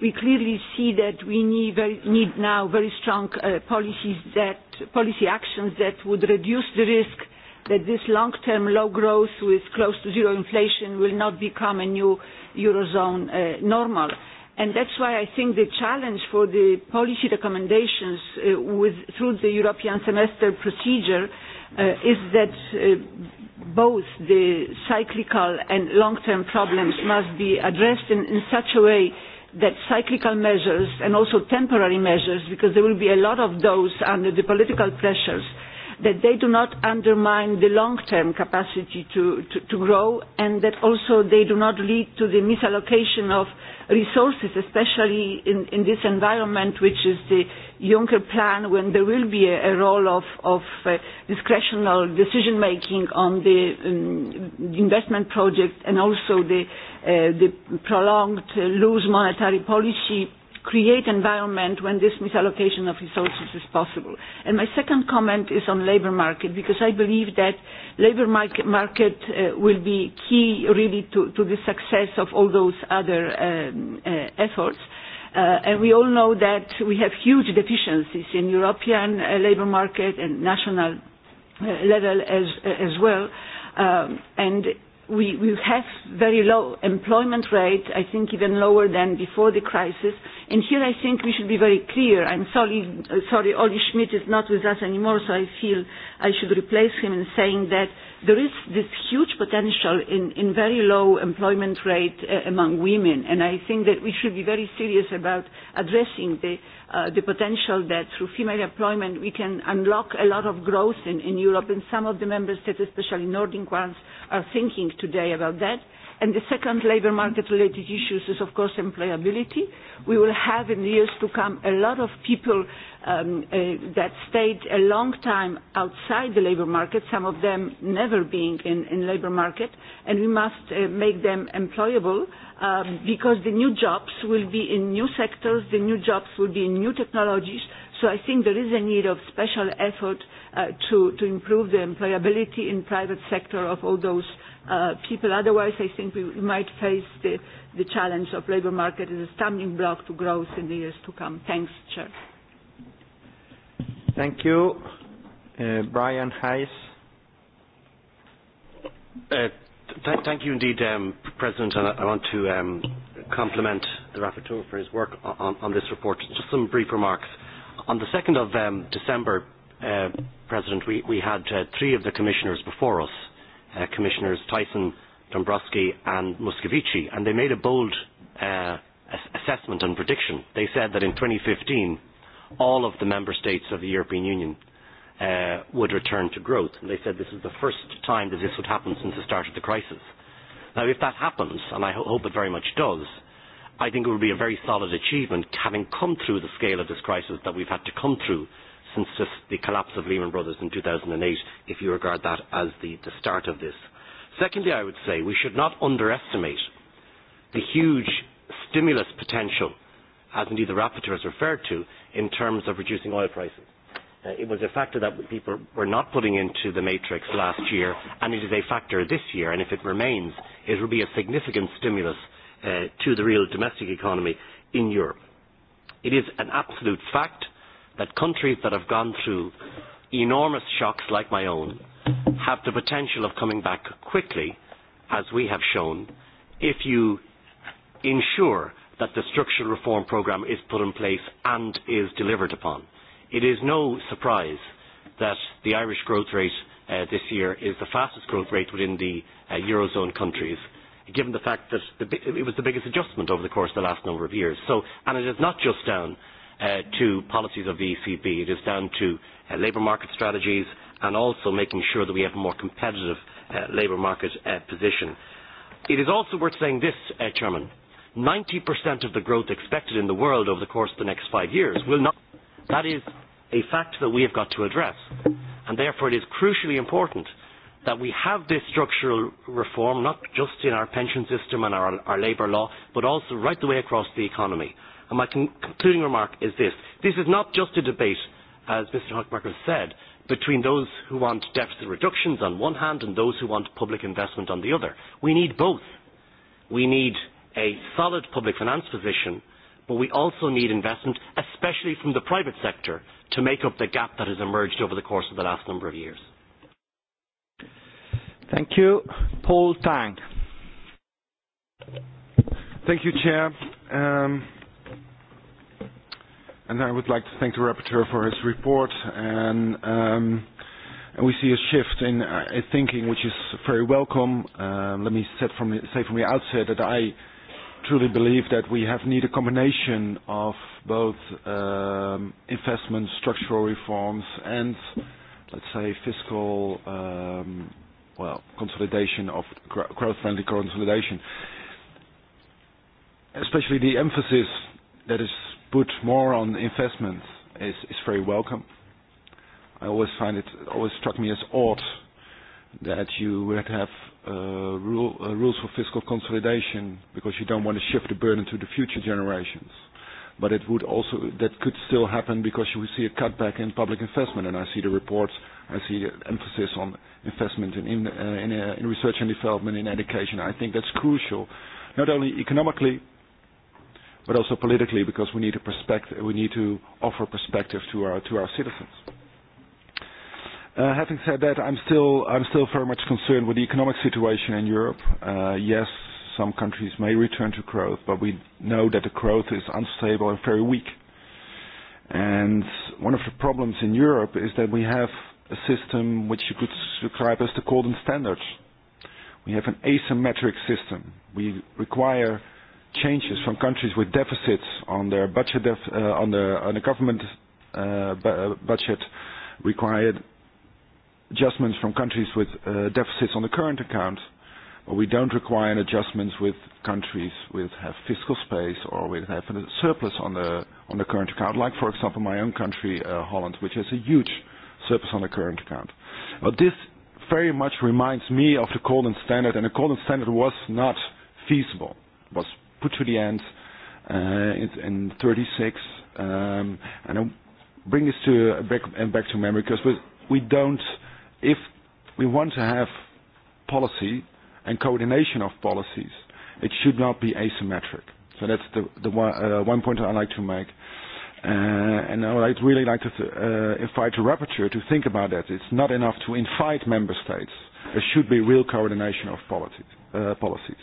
we clearly see that we need, very, need now very strong uh, policies that, policy actions that would reduce the risk that this long-term low growth with close to zero inflation will not become a new Eurozone uh, normal. And that's why I think the challenge for the policy recommendations uh, with, through the European semester procedure uh, is that uh, both the cyclical and long-term problems must be addressed in, in such a way that cyclical measures and also temporary measures, because there will be a lot of those under the political pressures, that they do not undermine the long-term capacity to, to, to grow and that also they do not lead to the misallocation of resources, especially in, in this environment, which is the Juncker plan, when there will be a, a role of, of uh, discretional decision making on the um, investment project and also the, uh, the prolonged uh, loose monetary policy create environment when this misallocation of resources is possible. And my second comment is on labor market, because I believe that labor market, market uh, will be key really to, to the success of all those other um, uh, efforts. Uh, and we all know that we have huge deficiencies in European uh, labor market and national uh, level as, uh, as well. Um, and we, we have very low employment rate, I think even lower than before the crisis. And here I think we should be very clear. I'm sorry, uh, sorry Oli Schmidt is not with us anymore, so I feel I should replace him in saying that there is this huge potential in, in very low employment rate uh, among women. And I think that we should be very serious about addressing the, uh, the potential that through female employment we can unlock a lot of growth in, in Europe and some of the member states, especially Nordic ones, are thinking today about that. And the second labor market related issues is of course employability. We will have in the years to come a lot of people um, uh, that stayed a long time outside the labor market, some of them never being in, in labor market, and we must uh, make them employable um, because the new jobs will be in new sectors, the new jobs will be in new technologies, so I think there is a need of special effort Uh, to, to improve the employability in private sector of all those uh, people. Otherwise, I think we, we might face the, the challenge of labor market as a stumbling block to growth in the years to come. Thanks, Chair. Thank you. Uh, Brian Hayes. Uh, th thank you indeed, um, President, and I, I want to um, compliment the rapporteur for his work on, on this report. Just some brief remarks. On the 2nd of um, December, Uh, President, we, we had uh, three of the commissioners before us, uh, Commissioners Tyson, Dombrowski and Muscovici, and they made a bold uh, assessment and prediction. They said that in 2015, all of the member states of the European Union uh, would return to growth. And they said this is the first time that this would happen since the start of the crisis. Now, if that happens, and I ho hope it very much does, I think it would be a very solid achievement, having come through the scale of this crisis that we've had to come through since just the collapse of Lehman Brothers in 2008, if you regard that as the, the start of this. Secondly, I would say we should not underestimate the huge stimulus potential, as indeed the rapporteur has referred to, in terms of reducing oil prices. Uh, it was a factor that people were not putting into the matrix last year, and it is a factor this year, and if it remains, it will be a significant stimulus uh, to the real domestic economy in Europe. It is an absolute fact that countries that have gone through enormous shocks like my own have the potential of coming back quickly, as we have shown, if you ensure that the structural reform programme is put in place and is delivered upon. It is no surprise that the Irish growth rate uh, this year is the fastest growth rate within the uh, Eurozone countries, given the fact that the, it was the biggest adjustment over the course of the last number of years. So, and it is not just down uh, to policies of the ECB. It is down to uh, labour market strategies and also making sure that we have a more competitive uh, labour market uh, position. It is also worth saying this, uh, Chairman. 90% of the growth expected in the world over the course of the next five years will not. That is a fact that we have got to address. And therefore, it is crucially important that we have this structural reform, not just in our pension system and our, our labour law, but also right the way across the economy. And my concluding remark is this. This is not just a debate, as Mr. has said, between those who want deficit reductions on one hand and those who want public investment on the other. We need both. We need a solid public finance position, but we also need investment, especially from the private sector, to make up the gap that has emerged over the course of the last number of years. Thank you. Paul Tang. Thank you, Chair. Um, And I would like to thank the rapporteur for his report. And, um, and we see a shift in uh, thinking, which is very welcome. Uh, let me set from, say from the outset that I truly believe that we have need a combination of both um, investment, structural reforms, and let's say fiscal um, well consolidation of growth-friendly consolidation. Especially the emphasis that is put more on investments is, is very welcome. I always find it always struck me as odd that you would have uh, rule, uh, rules for fiscal consolidation because you don't want to shift the burden to the future generations. But it would also that could still happen because you would see a cutback in public investment, and I see the reports. I see the emphasis on investment in in, uh, in, uh, in research and development in education. I think that's crucial, not only economically but also politically because we need, a perspective, we need to offer perspective to our, to our citizens. Uh, having said that, I'm still, I'm still very much concerned with the economic situation in Europe. Uh, yes, some countries may return to growth, but we know that the growth is unstable and very weak. And one of the problems in Europe is that we have a system which you could describe as the golden standards. We have an asymmetric system. We require changes from countries with deficits on their budget def uh, on the on the government uh, bu uh, budget required adjustments from countries with uh, deficits on the current account but we don't require an adjustments with countries with have fiscal space or with have a surplus on the on the current account like for example my own country uh, Holland which has a huge surplus on the current account But this very much reminds me of the golden standard and the golden standard was not feasible was put to the end uh, in, in 36. Um, and I'll bring this to, uh, back, and back to memory because we don't, if we want to have policy and coordination of policies, it should not be asymmetric. So that's the, the one, uh, one point I'd like to make. Uh, and I would really like to th uh, invite the rapporteur to think about that. It's not enough to invite member states. There should be real coordination of politi uh, policies.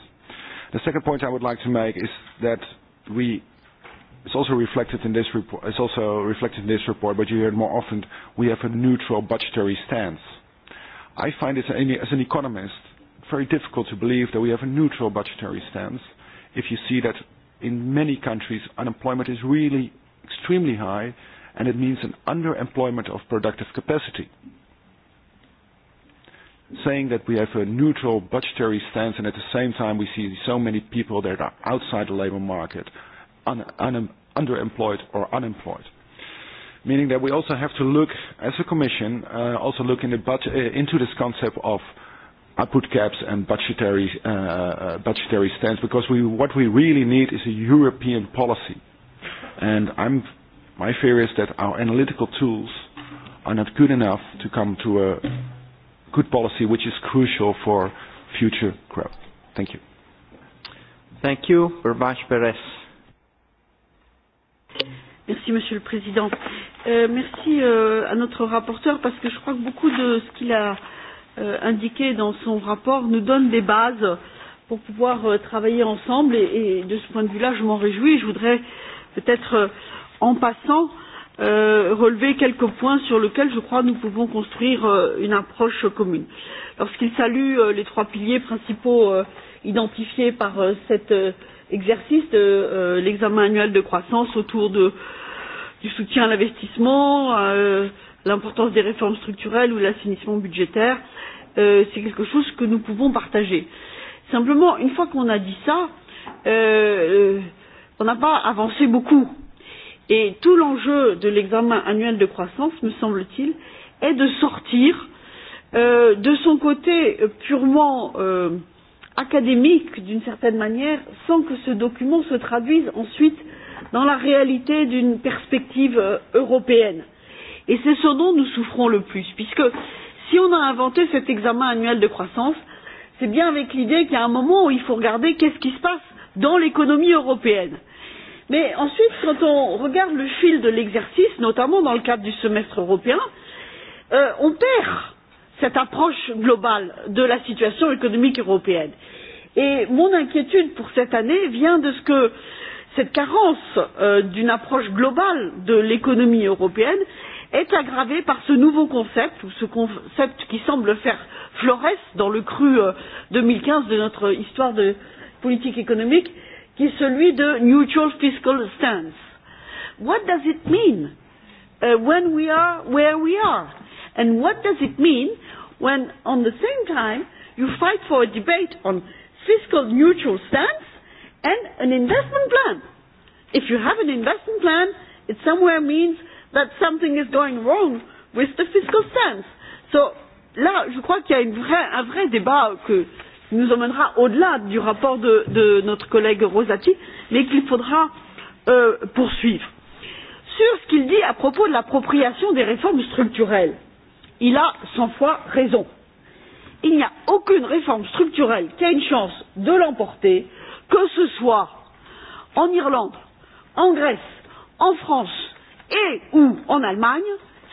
The second point I would like to make is that we it's also reflected in this report. It's also reflected in this report, but you hear it more often. We have a neutral budgetary stance. I find it, as an economist, very difficult to believe that we have a neutral budgetary stance. If you see that in many countries unemployment is really extremely high, and it means an underemployment of productive capacity saying that we have a neutral budgetary stance and at the same time we see so many people that are outside the labor market, un un underemployed or unemployed. Meaning that we also have to look, as a commission, uh, also look in the budget, uh, into this concept of output caps and budgetary, uh uh, budgetary stance because we, what we really need is a European policy. And I'm, my fear is that our analytical tools are not good enough to come to a good policy which is crucial for future growth. Thank you. Thank you, Berbash Perez. Merci Monsieur le Président. Euh, merci euh, à notre rapporteur parce que je crois que beaucoup de ce qu'il a euh, indiqué dans son rapport nous donne des bases pour pouvoir euh, travailler ensemble et, et de ce point de vue-là, je m'en réjouis. Je voudrais peut-être euh, en passant euh, euh, relever quelques points sur lesquels, je crois, nous pouvons construire euh, une approche commune. Lorsqu'il salue euh, les trois piliers principaux euh, identifiés par euh, cet euh, exercice de euh, l'examen annuel de croissance autour de, du soutien à l'investissement, euh, l'importance des réformes structurelles ou l'assainissement budgétaire, euh, c'est quelque chose que nous pouvons partager. Simplement, une fois qu'on a dit ça, euh, euh on n'a pas avancé beaucoup Et tout l'enjeu de l'examen annuel de croissance, me semble-t-il, est de sortir euh, de son côté purement euh, académique, d'une certaine manière, sans que ce document se traduise ensuite dans la réalité d'une perspective euh, européenne. Et c'est ce dont nous souffrons le plus, puisque si on a inventé cet examen annuel de croissance, c'est bien avec l'idée qu'il y a un moment où il faut regarder qu'est-ce qui se passe dans l'économie européenne. Mais ensuite, quand on regarde le fil de l'exercice, notamment dans le cadre du semestre européen, euh, on perd cette approche globale de la situation économique européenne. Et mon inquiétude pour cette année vient de ce que cette carence euh, d'une approche globale de l'économie européenne est aggravée par ce nouveau concept, ou ce concept qui semble faire floresse dans le cru euh, 2015 de notre histoire de politique économique, qui est celui de neutral fiscal stance. What does it mean uh, when we are where we are? And what does it mean when, on the same time, you fight for a debate on fiscal neutral stance and an investment plan? If you have an investment plan, it somewhere means that something is going wrong with the fiscal stance. So là, je crois qu'il y a une vraie, un vrai débat que nous emmènera au-delà du rapport de, de notre collègue Rosati, mais qu'il faudra euh, poursuivre. Sur ce qu'il dit à propos de l'appropriation des réformes structurelles, il a cent fois raison. Il n'y a aucune réforme structurelle qui a une chance de l'emporter, que ce soit en Irlande, en Grèce, en France et ou en Allemagne,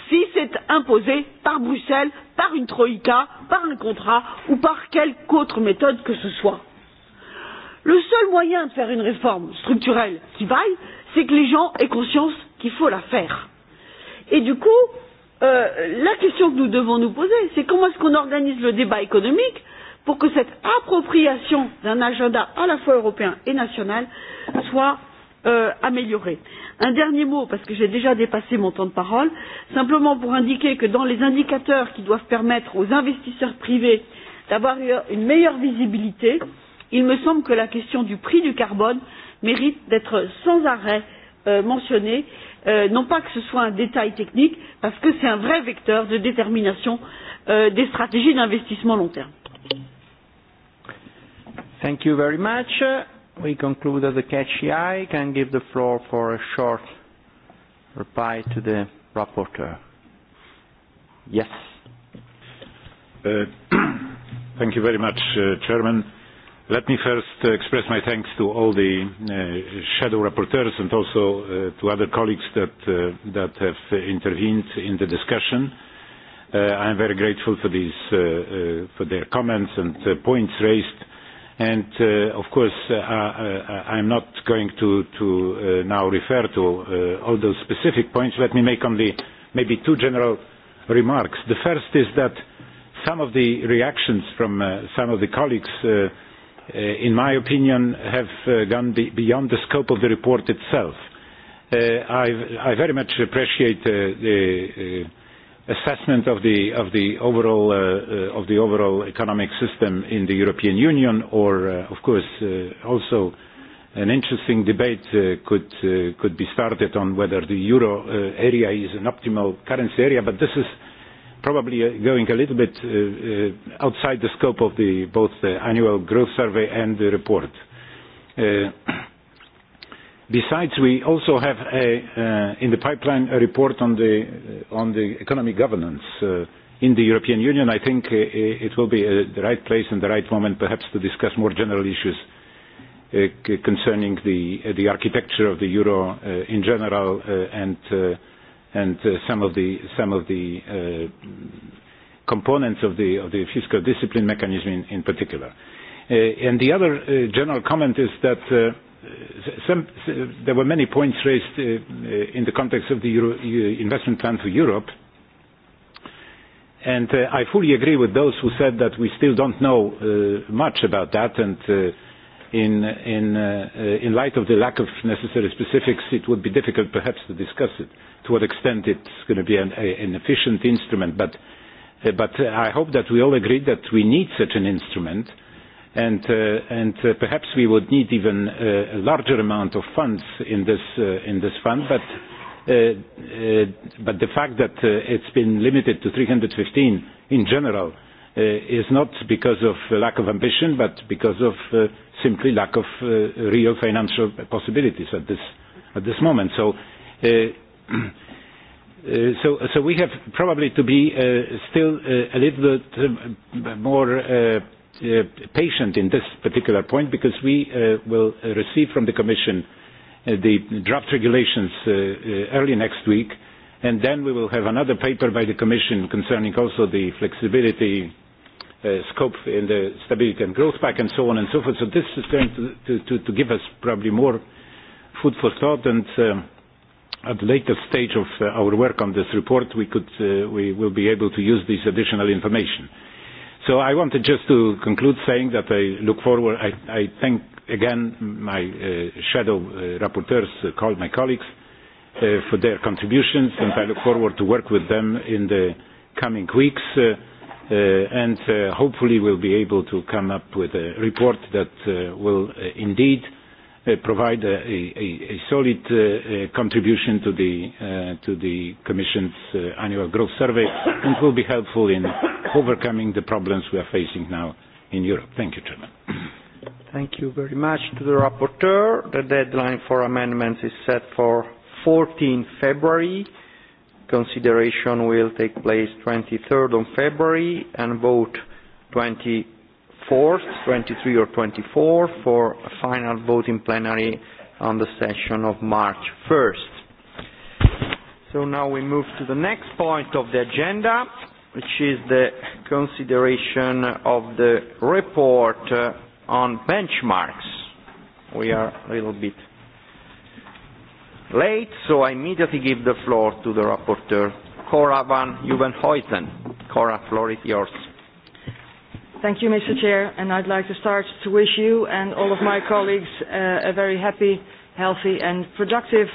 si c'est imposé par Bruxelles, par une troïka, par un contrat ou par quelque autre méthode que ce soit. Le seul moyen de faire une réforme structurelle qui vaille, c'est que les gens aient conscience qu'il faut la faire. Et du coup, euh, la question que nous devons nous poser, c'est comment est-ce qu'on organise le débat économique pour que cette appropriation d'un agenda à la fois européen et national soit euh, améliorée. Un dernier mot, parce que j'ai déjà dépassé mon temps de parole, simplement pour indiquer que dans les indicateurs qui doivent permettre aux investisseurs privés d'avoir une meilleure visibilité, il me semble que la question du prix du carbone mérite d'être sans arrêt euh, mentionnée, euh, non pas que ce soit un détail technique, parce que c'est un vrai vecteur de détermination euh, des stratégies d'investissement long terme. Thank you very much we conclude that the catchy eye. Can give the floor for a short reply to the rapporteur. Yes. Uh, thank you very much, uh, Chairman. Let me first uh, express my thanks to all the uh, shadow rapporteurs and also uh, to other colleagues that, uh, that have intervened in the discussion. Uh, I am very grateful for, these, uh, uh, for their comments and uh, points raised. And uh, of course, uh, uh, uh, I'm not going to, to uh, now refer to uh, all those specific points. Let me make only maybe two general remarks. The first is that some of the reactions from uh, some of the colleagues, uh, uh, in my opinion, have uh, gone be beyond the scope of the report itself. Uh, I very much appreciate uh, the. Uh, assessment of the of the overall uh, uh, of the overall economic system in the European Union or uh, of course uh, also an interesting debate uh, could uh, could be started on whether the euro uh, area is an optimal currency area but this is probably uh, going a little bit uh, uh, outside the scope of the both the annual growth survey and the report uh, Besides, we also have a, uh, in the pipeline a report on the, uh, on the economic governance uh, in the European Union. I think uh, uh it will be uh, the right place and the right moment perhaps to discuss more general issues uh, concerning the, uh, the architecture of the euro uh, in general uh, and, uh, and uh, some of the, some of the uh, components of the, of the fiscal discipline mechanism in, in particular. Uh, and the other uh, general comment is that uh, some, there were many points raised uh, uh, in the context of the Euro, uh, investment plan for Europe. And uh, I fully agree with those who said that we still don't know uh, much about that. And uh, in, in, uh, uh in light of the lack of necessary specifics, it would be difficult perhaps to discuss it, to what extent it's going to be an, a, an efficient instrument. But, uh, but uh, I hope that we all agree that we need such an instrument uh, and, uh, and uh, perhaps we would need even uh, a larger amount of funds in this, uh, in this fund, but, uh, uh, but the fact that uh, it's been limited to 315 in general uh, is not because of lack of ambition, but because of uh, simply lack of uh, real financial possibilities at this, at this moment. So, uh, Uh, so, so we have probably to be uh, still uh, a little bit uh, more uh, uh, patient in this particular point because we uh, will receive from the Commission uh, the draft regulations uh, uh, early next week and then we will have another paper by the Commission concerning also the flexibility uh, scope in the Stability and Growth Pact and so on and so forth. So this is going to, to, to, to give us probably more food for thought and um, at the later stage of uh, our work on this report we, could, uh, we will be able to use this additional information. So I wanted just to conclude saying that I look forward, I, I thank again my uh, shadow uh, rapporteurs, uh, my colleagues, uh, for their contributions and I look forward to work with them in the coming weeks uh, uh, and uh, hopefully we'll be able to come up with a report that uh, will uh, indeed uh, uh, provide a, a, a solid uh, uh, contribution to the, uh, to the Commission's uh, annual growth survey and will be helpful in overcoming the problems we are facing now in Europe. Thank you, Chairman. Thank you very much to the rapporteur. The deadline for amendments is set for 14 February. Consideration will take place 23rd on February and vote 20 24th, 23 or 24, for a final vote in plenary on the session of March 1st. So now we move to the next point of the agenda, which is the consideration of the report uh, on benchmarks. We are a little bit late, so I immediately give the floor to the rapporteur, Cora van Juvenhuizen. Cora, floor is yours. Thank you, Mr. Chair, and I'd like to start to wish you and all of my colleagues uh, a very happy, healthy, and productive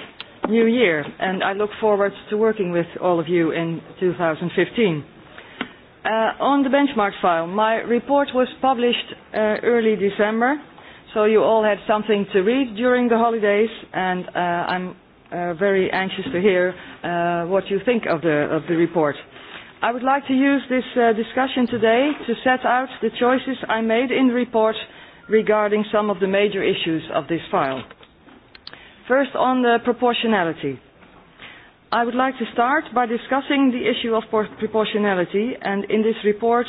new year, and I look forward to working with all of you in 2015. Uh, on the benchmark file, my report was published uh, early December, so you all had something to read during the holidays, and uh, I'm uh, very anxious to hear uh, what you think of the, of the report. I would like to use this uh, discussion today to set out the choices I made in the report regarding some of the major issues of this file. First, on the proportionality. I would like to start by discussing the issue of proportionality, and in this report,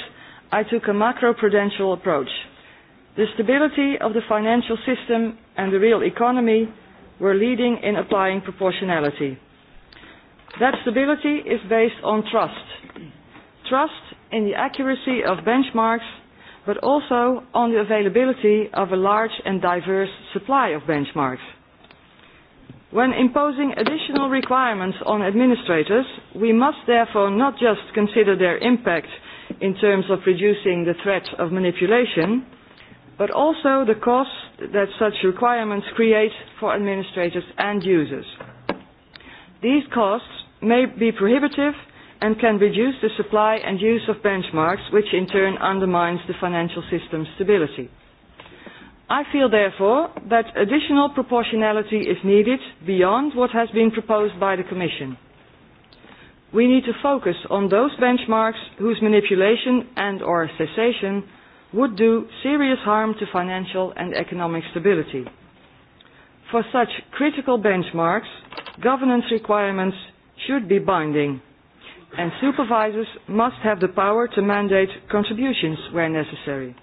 I took a macroprudential approach. The stability of the financial system and the real economy were leading in applying proportionality. That stability is based on trust, trust in the accuracy of benchmarks, but also on the availability of a large and diverse supply of benchmarks. When imposing additional requirements on administrators, we must therefore not just consider their impact in terms of reducing the threat of manipulation, but also the costs that such requirements create for administrators and users. These costs may be prohibitive and can reduce the supply and use of benchmarks, which in turn undermines the financial system's stability. I feel therefore that additional proportionality is needed beyond what has been proposed by the Commission. We need to focus on those benchmarks whose manipulation and or cessation would do serious harm to financial and economic stability. For such critical benchmarks, governance requirements should be binding and supervisors must have the power to mandate contributions where necessary.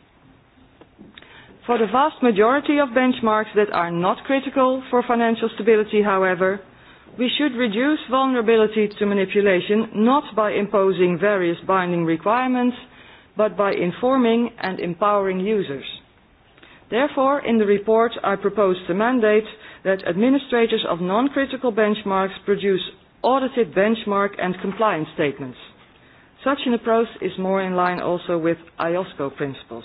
For the vast majority of benchmarks that are not critical for financial stability, however, we should reduce vulnerability to manipulation not by imposing various binding requirements, but by informing and empowering users. Therefore, in the report, I propose to mandate that administrators of non-critical benchmarks produce audited benchmark and compliance statements. Such an approach is more in line also with IOSCO principles.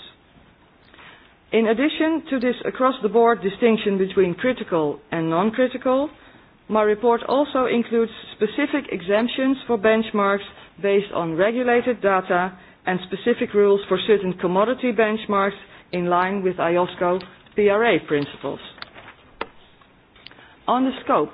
In addition to this across-the-board distinction between critical and non-critical, my report also includes specific exemptions for benchmarks based on regulated data and specific rules for certain commodity benchmarks in line with IOSCO PRA principles. On the scope,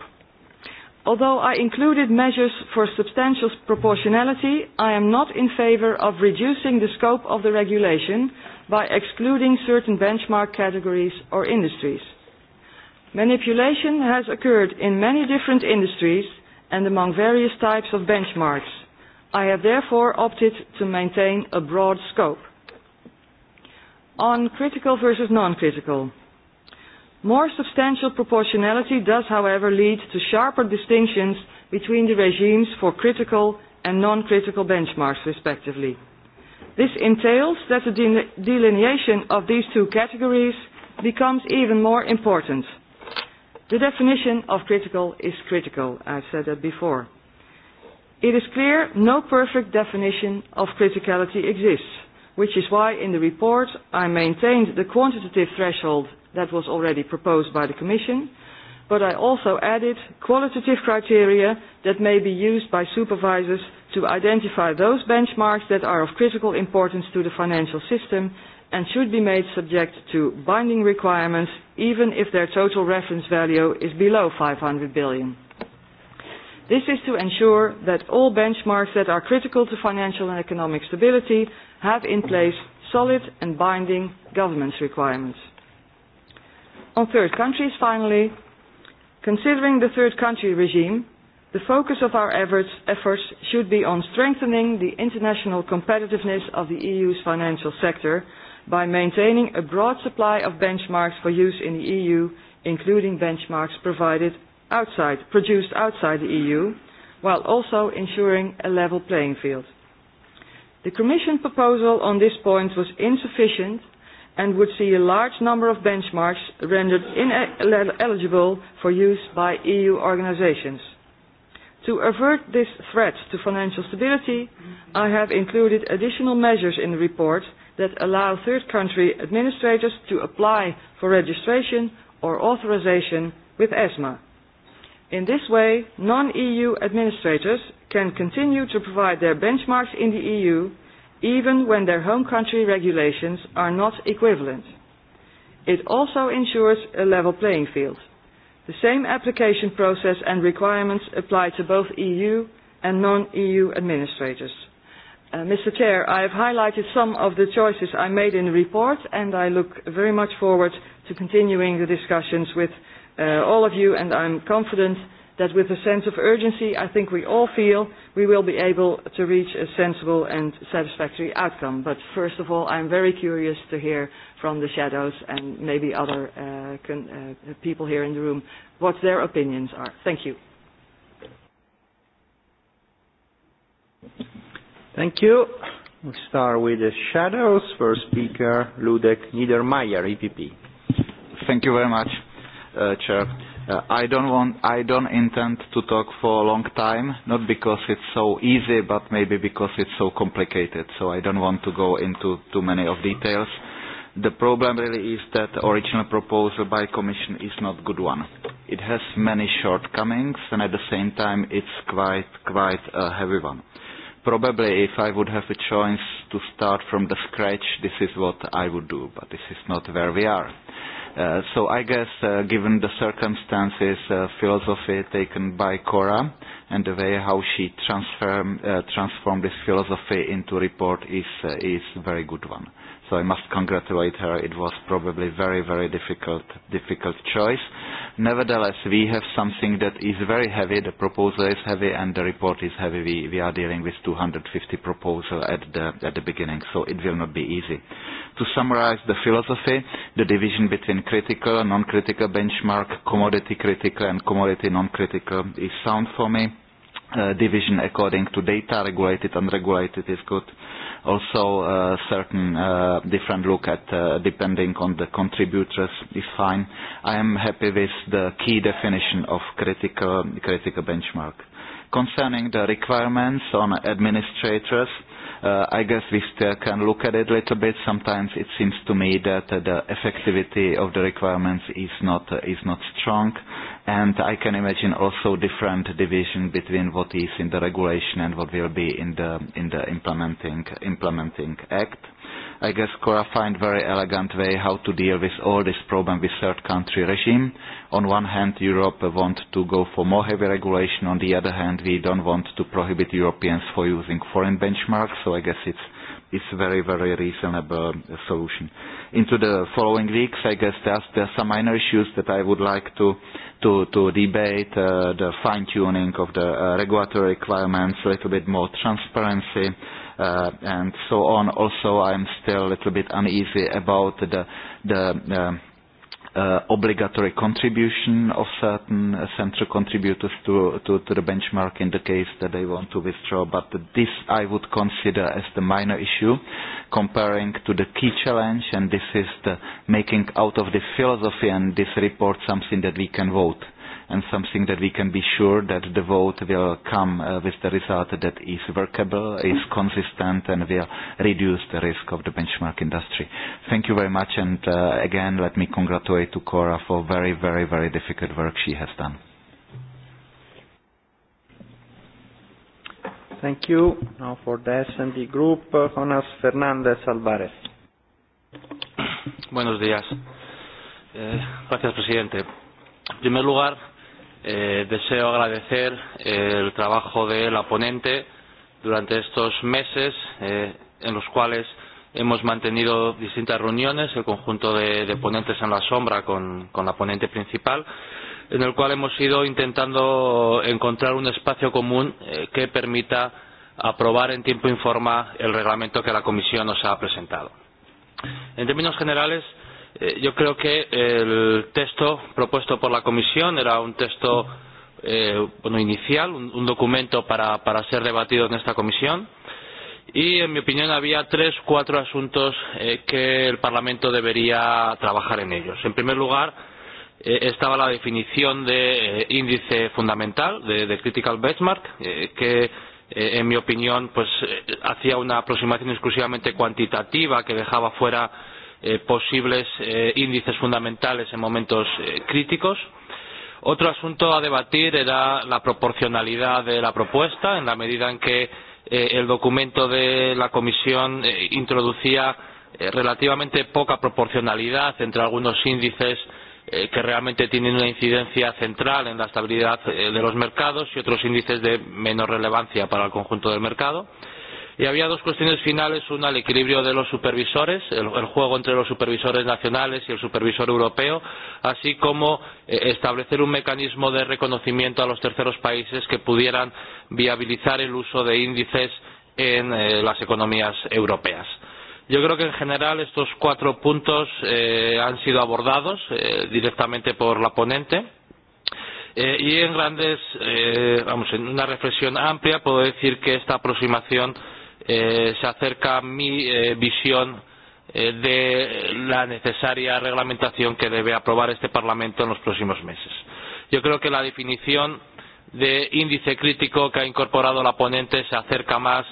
Although I included measures for substantial proportionality, I am not in favour of reducing the scope of the regulation by excluding certain benchmark categories or industries. Manipulation has occurred in many different industries and among various types of benchmarks. I have therefore opted to maintain a broad scope. On critical versus non-critical. More substantial proportionality does, however, lead to sharper distinctions between the regimes for critical and non-critical benchmarks, respectively. This entails that the delineation of these two categories becomes even more important. The definition of critical is critical. I've said that before. It is clear no perfect definition of criticality exists, which is why in the report I maintained the quantitative threshold That was already proposed by the Commission. But I also added qualitative criteria that may be used by supervisors to identify those benchmarks that are of critical importance to the financial system and should be made subject to binding requirements even if their total reference value is below 500 billion. This is to ensure that all benchmarks that are critical to financial and economic stability have in place solid and binding governance requirements. On third countries, finally, considering the third country regime, the focus of our efforts, efforts should be on strengthening the international competitiveness of the EU's financial sector by maintaining a broad supply of benchmarks for use in the EU, including benchmarks provided outside, produced outside the EU, while also ensuring a level playing field. The Commission proposal on this point was insufficient and would see a large number of benchmarks rendered ineligible for use by EU organizations. To avert this threat to financial stability, I have included additional measures in the report that allow third country administrators to apply for registration or authorization with ESMA. In this way, non-EU administrators can continue to provide their benchmarks in the EU even when their home country regulations are not equivalent. It also ensures a level playing field. The same application process and requirements apply to both EU and non-EU administrators. Uh, Mr. Chair, I have highlighted some of the choices I made in the report and I look very much forward to continuing the discussions with uh, all of you and I'm confident that with a sense of urgency I think we all feel we will be able to reach a sensible and satisfactory outcome. But first of all, I'm very curious to hear from the shadows and maybe other uh, con uh, people here in the room what their opinions are. Thank you. Thank you. We'll start with the shadows. First speaker, Ludek Niedermayer, EPP. Thank you very much, uh, Chair. Uh, I don't want, I don't intend to talk for a long time, not because it's so easy, but maybe because it's so complicated. So I don't want to go into too many of details. The problem really is that the original proposal by Commission is not good one. It has many shortcomings, and at the same time, it's quite quite a heavy one. Probably, if I would have a choice to start from the scratch, this is what I would do. But this is not where we are. Uh, so I guess, uh, given the circumstances, uh, philosophy taken by Cora and the way how she transform, uh, transformed this philosophy into report is, uh, is a very good one so I must congratulate her. It was probably very, very difficult, difficult choice. Nevertheless, we have something that is very heavy. The proposal is heavy and the report is heavy. We, we are dealing with 250 proposal at the, at the beginning, so it will not be easy. To summarize the philosophy, the division between critical and non-critical benchmark, commodity critical and commodity non-critical is sound for me. Uh, division according to data, regulated, unregulated is good also uh, certain uh, different look at uh, depending on the contributors is fine. I am happy with the key definition of critical, critical benchmark. Concerning the requirements on administrators, uh, I guess we still can look at it a little bit. Sometimes it seems to me that uh, the effectivity of the requirements is not, uh, is not strong. And I can imagine also different division between what is in the regulation and what will be in the, in the implementing, implementing act. I guess Cora find very elegant way how to deal with all this problem with third country regime. On one hand, Europe want to go for more heavy regulation. On the other hand, we don't want to prohibit Europeans for using foreign benchmarks. So I guess it's it's very, very reasonable uh, solution. Into the following weeks, I guess there's, there's some minor issues that I would like to, to, to debate, uh, the fine-tuning of the uh, regulatory requirements, a little bit more transparency, uh, and so on. Also, I'm still a little bit uneasy about the, the uh, uh, obligatory contribution of certain uh, central contributors to, to, to the benchmark in the case that they want to withdraw. But this I would consider as the minor issue comparing to the key challenge, and this is the making out of this philosophy and this report something that we can vote and something that we can be sure that the vote will come uh, with the result that is workable, is consistent, and will reduce the risk of the benchmark industry. Thank you very much, and uh, again, let me congratulate to Cora for very, very, very difficult work she has done. Thank you. Now for the S&D Group, uh, Jonas Fernandez Alvarez. Buenos días. Eh, gracias, presidente. En primer lugar, Eh, deseo agradecer eh, el trabajo de la ponente durante estos meses eh, en los cuales hemos mantenido distintas reuniones, el conjunto de, de ponentes en la sombra con, con la ponente principal, en el cual hemos ido intentando encontrar un espacio común eh, que permita aprobar en tiempo y forma el reglamento que la Comisión nos ha presentado. En términos generales, Eh, yo creo que el texto propuesto por la Comisión era un texto eh, bueno, inicial, un, un documento para, para ser debatido en esta Comisión. Y, en mi opinión, había tres, cuatro asuntos eh, que el Parlamento debería trabajar en ellos. En primer lugar, eh, estaba la definición de eh, índice fundamental, de, de critical benchmark, eh, que, eh, en mi opinión, pues, eh, hacía una aproximación exclusivamente cuantitativa que dejaba fuera eh, posibles eh, índices fundamentales en momentos eh, críticos. Otro asunto a debatir era la proporcionalidad de la propuesta, en la medida en que eh, el documento de la Comisión eh, introducía eh, relativamente poca proporcionalidad entre algunos índices eh, que realmente tienen una incidencia central en la estabilidad eh, de los mercados y otros índices de menor relevancia para el conjunto del mercado. Eh, Y había dos cuestiones finales, una el equilibrio de los supervisores, el, el juego entre los supervisores nacionales y el supervisor europeo, así como eh, establecer un mecanismo de reconocimiento a los terceros países que pudieran viabilizar el uso de índices en eh, las economías europeas. Yo creo que en general estos cuatro puntos eh, han sido abordados eh, directamente por la ponente. Eh, y en grandes, eh, vamos, en una reflexión amplia puedo decir que esta aproximación Eh, se acerca mi eh, visión eh, de la necesaria reglamentación que debe aprobar este Parlamento en los próximos meses. Yo creo que la definición de índice crítico que ha incorporado la ponente se acerca más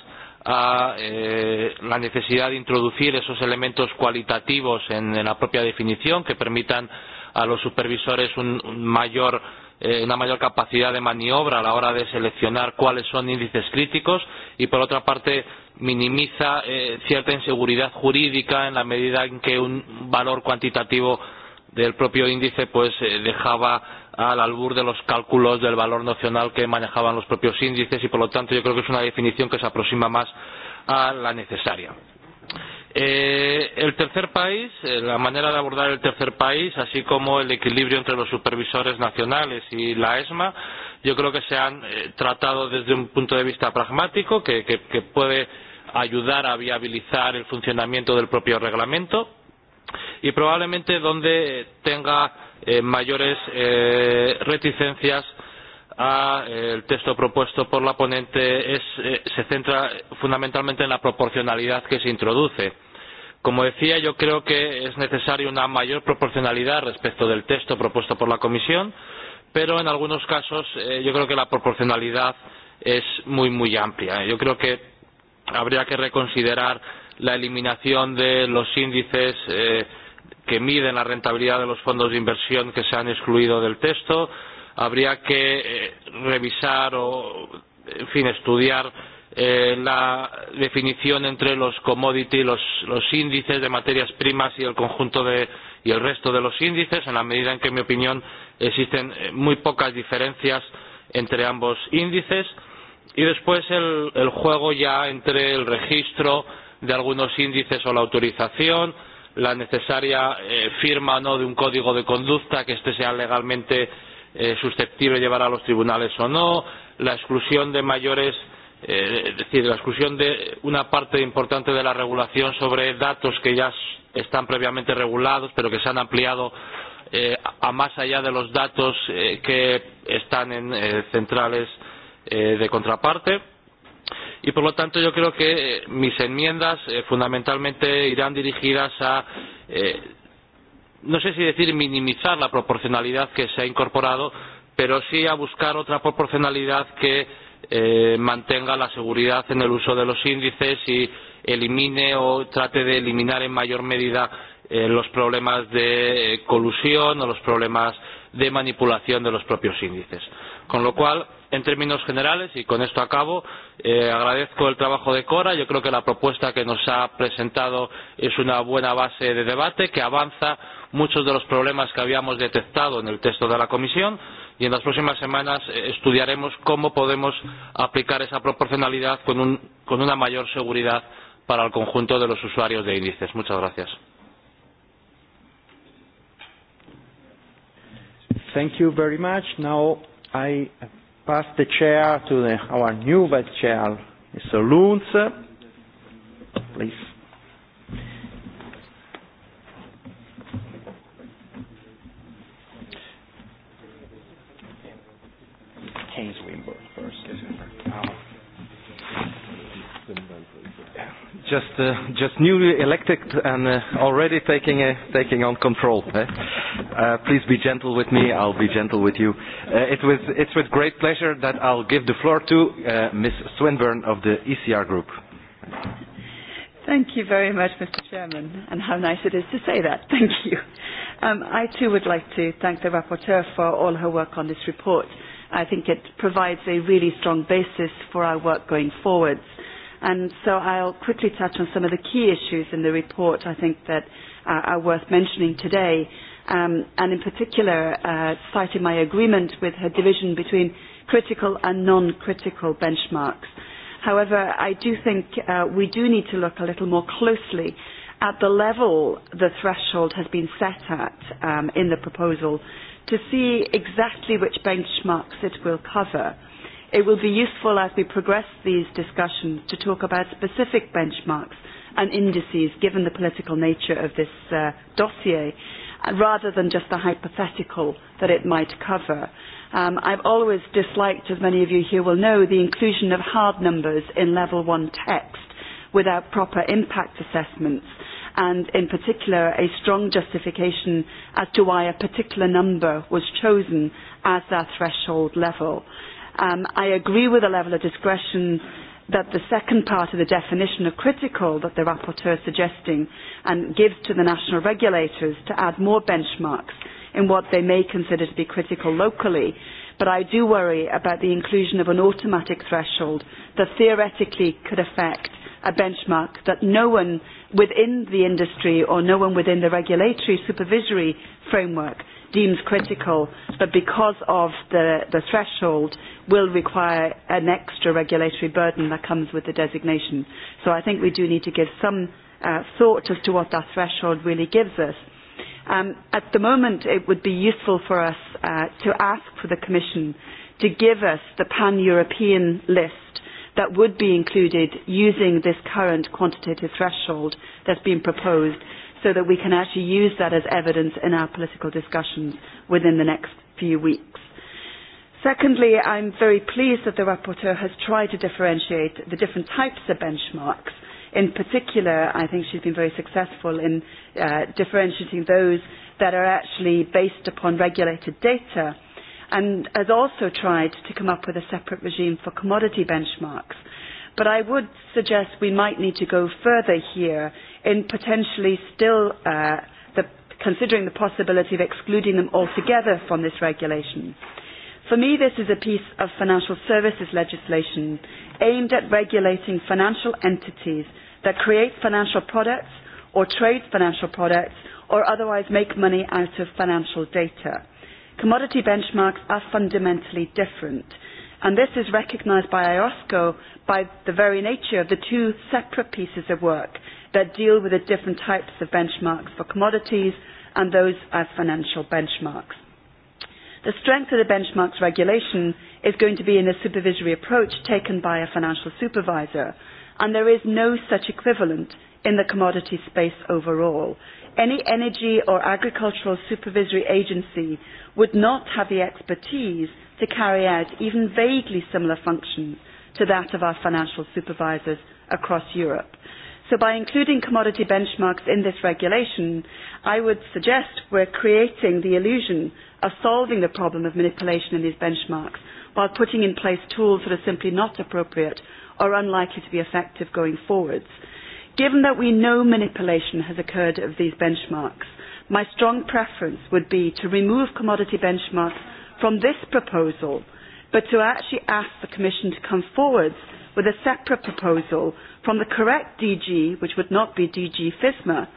a eh, la necesidad de introducir esos elementos cualitativos en, en la propia definición que permitan a los supervisores un, un mayor eh, una mayor capacidad de maniobra a la hora de seleccionar cuáles son índices críticos y, por otra parte, minimiza eh, cierta inseguridad jurídica en la medida en que un valor cuantitativo del propio índice pues eh, dejaba al albur de los cálculos del valor nacional que manejaban los propios índices y por lo tanto yo creo que es una definición que se aproxima más a la necesaria. Eh, el tercer país, eh, la manera de abordar el tercer país, así como el equilibrio entre los supervisores nacionales y la ESMA, yo creo que se han eh, tratado desde un punto de vista pragmático que, que, que puede ayudar a viabilizar el funcionamiento del propio reglamento y probablemente donde tenga eh, mayores eh, reticencias a el texto propuesto por la ponente es, eh, se centra fundamentalmente en la proporcionalidad que se introduce. Como decía, yo creo que es necesaria una mayor proporcionalidad respecto del texto propuesto por la Comisión, pero en algunos casos eh, yo creo que la proporcionalidad es muy, muy amplia. Yo creo que habría que reconsiderar la eliminación de los índices eh, que miden la rentabilidad de los fondos de inversión que se han excluido del texto, habría que eh, revisar o, en fin, estudiar eh, la definición entre los commodity, los, los índices de materias primas y el conjunto de, y el resto de los índices, en la medida en que, en mi opinión, existen eh, muy pocas diferencias entre ambos índices. Y después el, el juego ya entre el registro de algunos índices o la autorización, la necesaria eh, firma o no de un código de conducta que éste sea legalmente eh, susceptible de llevar a los tribunales o no, la exclusión de mayores, eh, es decir, la exclusión de una parte importante de la regulación sobre datos que ya están previamente regulados, pero que se han ampliado eh, a más allá de los datos eh, que están en eh, centrales eh, de contraparte. Y por lo tanto yo creo que eh, mis enmiendas eh, fundamentalmente irán dirigidas a eh, no sé si decir minimizar la proporcionalidad que se ha incorporado, pero sí a buscar otra proporcionalidad que eh, mantenga la seguridad en el uso de los índices y elimine o trate de eliminar en mayor medida eh, los problemas de eh, colusión o los problemas de manipulación de los propios índices. Con lo cual, en términos generales, y con esto acabo, eh, agradezco el trabajo de Cora. Yo creo que la propuesta que nos ha presentado es una buena base de debate que avanza muchos de los problemas que habíamos detectado en el texto de la Comisión y en las próximas semanas eh, estudiaremos cómo podemos aplicar esa proporcionalidad con, un, con una mayor seguridad para el conjunto de los usuarios de índices. Muchas gracias. Thank you very much. Now I pass the chair to the, our new vice chair, Mr. Lunz. Please. just uh, just newly elected and uh, already taking uh, taking on control. Eh? Uh, please be gentle with me. I'll be gentle with you. Uh, it was it's with great pleasure that I'll give the floor to uh, Ms. Swinburne of the ECR Group. Thank you very much, Mr. Chairman, and how nice it is to say that. Thank you. Um, I too would like to thank the rapporteur for all her work on this report. I think it provides a really strong basis for our work going forwards And so I'll quickly touch on some of the key issues in the report I think that uh, are worth mentioning today. Um, and in particular, uh, citing my agreement with her division between critical and non-critical benchmarks. However, I do think uh, we do need to look a little more closely at the level the threshold has been set at um, in the proposal to see exactly which benchmarks it will cover It will be useful as we progress these discussions to talk about specific benchmarks and indices given the political nature of this uh, dossier rather than just the hypothetical that it might cover. Um, I've always disliked, as many of you here will know, the inclusion of hard numbers in level one text without proper impact assessments and in particular a strong justification as to why a particular number was chosen as that threshold level. Um, I agree with the level of discretion that the second part of the definition of critical that the rapporteur is suggesting and gives to the national regulators to add more benchmarks in what they may consider to be critical locally. But I do worry about the inclusion of an automatic threshold that theoretically could affect a benchmark that no one within the industry or no one within the regulatory supervisory framework deems critical, but because of the, the threshold, will require an extra regulatory burden that comes with the designation. So I think we do need to give some uh, thought as to what that threshold really gives us. Um, at the moment, it would be useful for us uh, to ask for the Commission to give us the pan-European list that would be included using this current quantitative threshold that's been proposed so that we can actually use that as evidence in our political discussions within the next few weeks. Secondly, I'm very pleased that the rapporteur has tried to differentiate the different types of benchmarks. In particular, I think she's been very successful in uh, differentiating those that are actually based upon regulated data and has also tried to come up with a separate regime for commodity benchmarks. But I would suggest we might need to go further here in potentially still uh, the, considering the possibility of excluding them altogether from this regulation. For me, this is a piece of financial services legislation aimed at regulating financial entities that create financial products or trade financial products or otherwise make money out of financial data. Commodity benchmarks are fundamentally different, and this is recognised by IOSCO by the very nature of the two separate pieces of work that deal with the different types of benchmarks for commodities and those as financial benchmarks. The strength of the benchmarks regulation is going to be in a supervisory approach taken by a financial supervisor, and there is no such equivalent in the commodity space overall. Any energy or agricultural supervisory agency would not have the expertise to carry out even vaguely similar functions to that of our financial supervisors across Europe. So by including commodity benchmarks in this regulation, I would suggest we're creating the illusion of solving the problem of manipulation in these benchmarks while putting in place tools that are simply not appropriate or unlikely to be effective going forwards. Given that we know manipulation has occurred of these benchmarks, my strong preference would be to remove commodity benchmarks from this proposal, but to actually ask the Commission to come forward with a separate proposal from the correct DG, which would not be DG FISMA,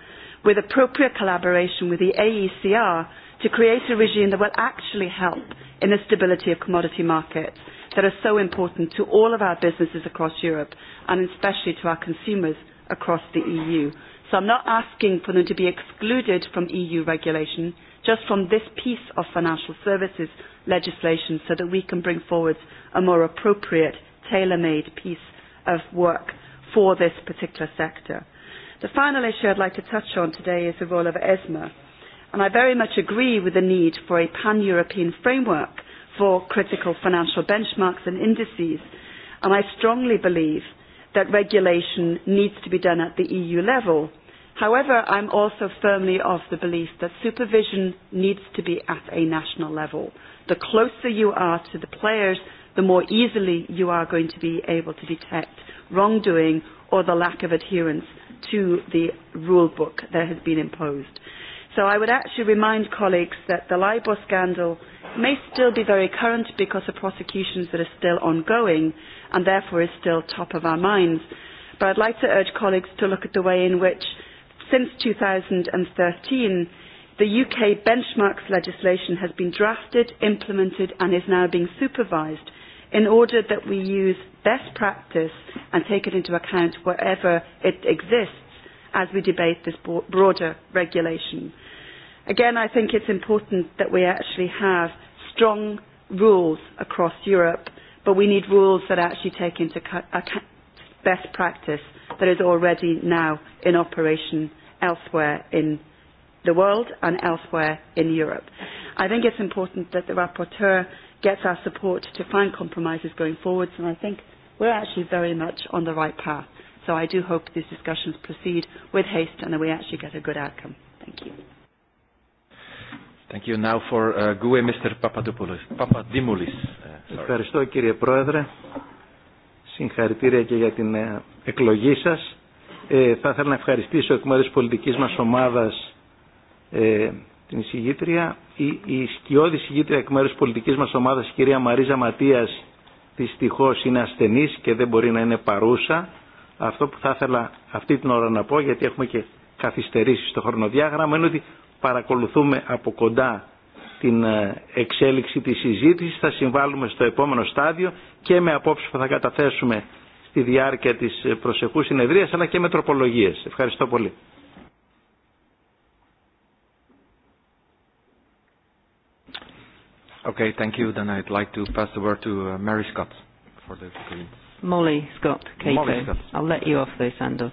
with appropriate collaboration with the AECR to create a regime that will actually help in the stability of commodity markets that are so important to all of our businesses across Europe and especially to our consumers across the EU. So I'm not asking for them to be excluded from EU regulation, just from this piece of financial services legislation so that we can bring forward a more appropriate, tailor-made piece of work for this particular sector. The final issue I'd like to touch on today is the role of ESMA, and I very much agree with the need for a pan-European framework for critical financial benchmarks and indices, and I strongly believe that regulation needs to be done at the EU level. However, I'm also firmly of the belief that supervision needs to be at a national level. The closer you are to the players, the more easily you are going to be able to detect wrongdoing or the lack of adherence to the rule book that has been imposed. So I would actually remind colleagues that the LIBOR scandal may still be very current because of prosecutions that are still ongoing and therefore is still top of our minds. But I'd like to urge colleagues to look at the way in which, since 2013, the UK benchmarks legislation has been drafted, implemented and is now being supervised in order that we use best practice and take it into account wherever it exists as we debate this broader regulation. Again, I think it's important that we actually have strong rules across Europe, but we need rules that actually take into account best practice that is already now in operation elsewhere in the world and elsewhere in Europe. I think it's important that the rapporteur gets our support to find compromises going forwards, and I think we're actually very much on the right path. So I do hope these discussions proceed with haste and that we actually get a good outcome. Thank you. Thank you. Now for uh, GUE, Mr. Papadopoulos. Papadimoulis. Uh, Ευχαριστώ κύριε Πρόεδρε. Συγχαρητήρια και για την εκλογή σας. Ε, θα ήθελα να ευχαριστήσω εκ μέρους πολιτικής μας ομάδας ε, την εισηγήτρια η, η σκιώδη συγκήτρια εκ μέρους πολιτικής μας ομάδας, η κυρία Μαρίζα Ματίας, δυστυχώ είναι ασθενής και δεν μπορεί να είναι παρούσα. Αυτό που θα ήθελα αυτή την ώρα να πω, γιατί έχουμε και καθυστερήσει στο χρονοδιάγραμμα, είναι ότι παρακολουθούμε από κοντά την εξέλιξη της συζήτησης, θα συμβάλλουμε στο επόμενο στάδιο και με απόψεις που θα καταθέσουμε στη διάρκεια της προσεχούς συνεδρίας, αλλά και με τροπολογίες. Ευχαριστώ πολύ. Okay, thank you. Then I'd like to pass the word to uh, Mary Scott for the Greens. Molly Scott, Cato. Molly Scott. I'll let you off though, Sandor.